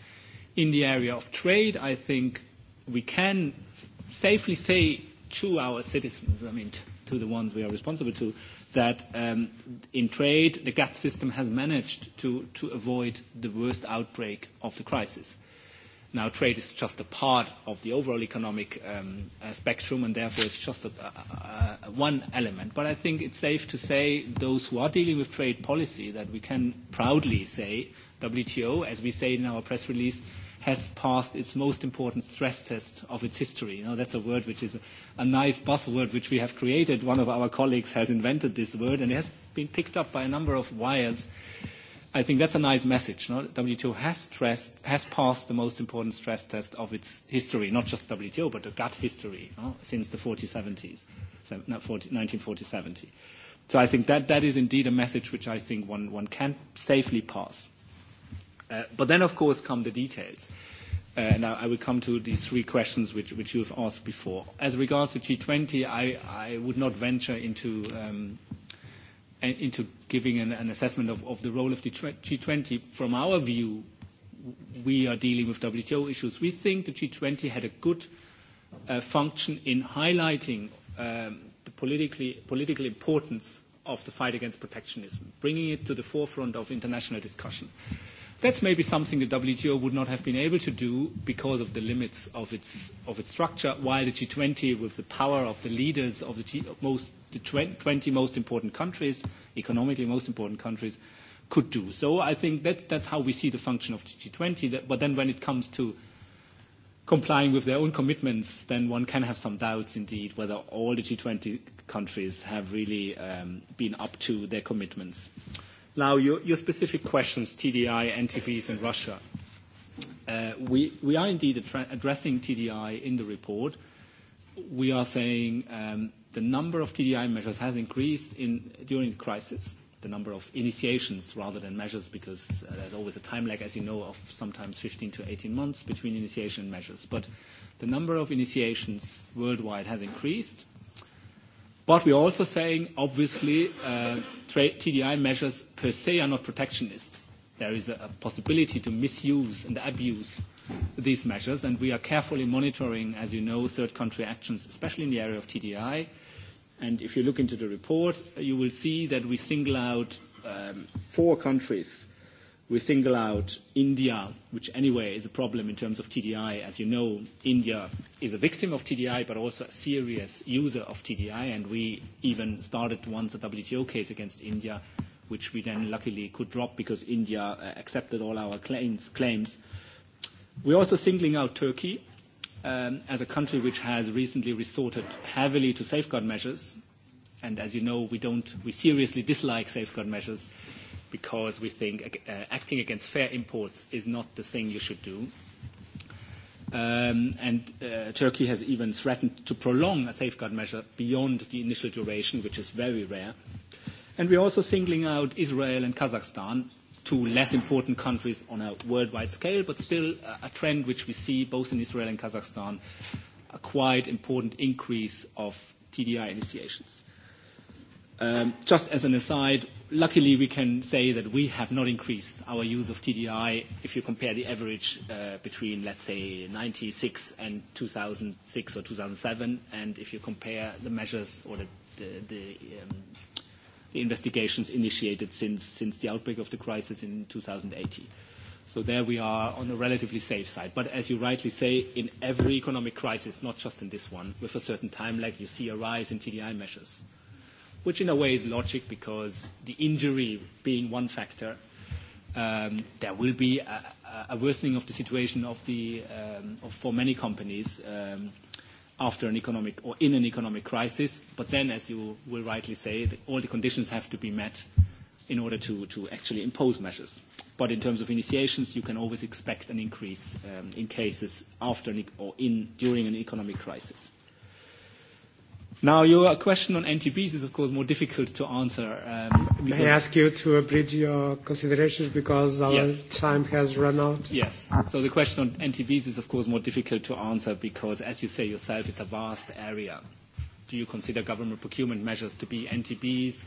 In the area of trade, I think we can safely say to our citizens, I mean, to the ones we are responsible to, that um, in trade the GATT system has managed to, to avoid the worst outbreak of the crisis. Now, trade is just a part of the overall economic um, uh, spectrum, and therefore it's just a, a, a one element. But I think it's safe to say, those who are dealing with trade policy, that we can proudly say, WTO, as we say in our press release, has passed its most important stress test of its history. You know, that's a word which is a a nice buzzword which we have created. One of our colleagues has invented this word, and it has been picked up by a number of wires. I think that's a nice message. No? WTO has, stressed, has passed the most important stress test of its history, not just WTO, but the gut history no? since the 70 s so, no, 40, 1940-70. So I think that, that is indeed a message which I think one, one can safely pass but then, of course, come the details. Uh, and I, I will come to these three questions which, which you have asked before. As regards to G20, I, I would not venture into, um, into giving an, an assessment of, of the role of the G20. From our view, we are dealing with WTO issues. We think the G20 had a good uh, function in highlighting um, the politically, political importance of the fight against protectionism, bringing it to the forefront of international discussion. Uh, That's maybe something the WTO would not have been able to do because of the limits of its, of its structure, while the G20, with the power of the leaders of the, G, most, the 20 most important countries, economically most important countries, could do. So I think that's, that's how we see the function of the G20. That, but then when it comes to complying with their own commitments, then one can have some doubts indeed whether all the G20 countries have really um, been up to their commitments. Now, your, your specific questions, TDI, NTPs, and Russia. Uh, we, we are indeed addressing TDI in the report. We are saying um, the number of TDI measures has increased in, during the crisis, the number of initiations rather than measures, because uh, there's always a time lag, as you know, of sometimes 15 to 18 months between initiation and measures. But the number of initiations worldwide has increased. But we're also saying, obviously, uh, TDI measures per se are not protectionist. There is a possibility to misuse and abuse these measures, and we are carefully monitoring, as you know, third country actions, especially in the area of TDI. And if you look into the report, you will see that we single out um, four countries We single out India, which anyway is a problem in terms of TDI. As you know, India is a victim of TDI, but also a serious user of TDI, and we even started once a WTO case against India, which we then luckily could drop because India accepted all our claims. We're also singling out Turkey as a country which has recently resorted heavily to safeguard measures. and As you know, we seriously dislike safeguard measures because we think uh, acting against fair imports is not the thing you should do. Um, and uh, Turkey has even threatened to prolong a safeguard measure beyond the initial duration, which is very rare. And we're also singling out Israel and Kazakhstan, two less important countries on a worldwide scale, but still a trend which we see both in Israel and Kazakhstan, a quite important increase of TDI initiations. Um, just as an aside, Luckily, we can say that we have not increased our use of TDI if you compare the average between, let's say, 1996 and 2006 or 2007, and if you compare the measures or the investigations initiated since the outbreak of the crisis in 2018. So there we are on a relatively safe side. But as you rightly say, in every economic crisis, not just in this one, with a certain time lag, you see a rise in TDI measures which in a way is logic because the injury being one factor, um, there will be a, a worsening of the situation of the, um, of, for many companies um, after an economic or in an economic crisis. But then, as you will rightly say, the, all the conditions have to be met in order to, to actually impose measures. But in terms of initiations, you can always expect an increase um, in cases after an, or in during an economic crisis. Now, your question on NTBs is, of course, more difficult to answer. Um, May I ask you to abridge your considerations because our yes. time has run out? Yes. So the question on NTBs is, of course, more difficult to answer because, as you say yourself, it's a vast area. Do you consider government procurement measures to be NTBs?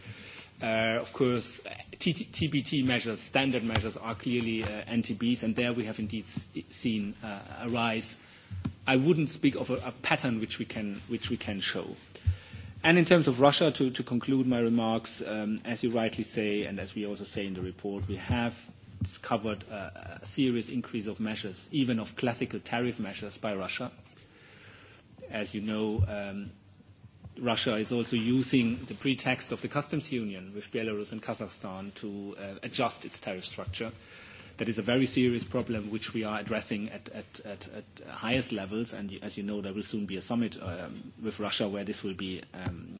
Uh, of course, TBT measures, standard measures, are clearly uh, NTBs, and there we have indeed seen uh, a rise. I wouldn't speak of a, a pattern which we can, which we can show. And in terms of Russia, to, to conclude my remarks, um, as you rightly say, and as we also say in the report, we have discovered a, a serious increase of measures, even of classical tariff measures by Russia. As you know, um, Russia is also using the pretext of the customs union with Belarus and Kazakhstan to uh, adjust its tariff structure That is a very serious problem which we are addressing at, at, at, at highest levels. And as you know, there will soon be a summit um, with Russia where this will be um,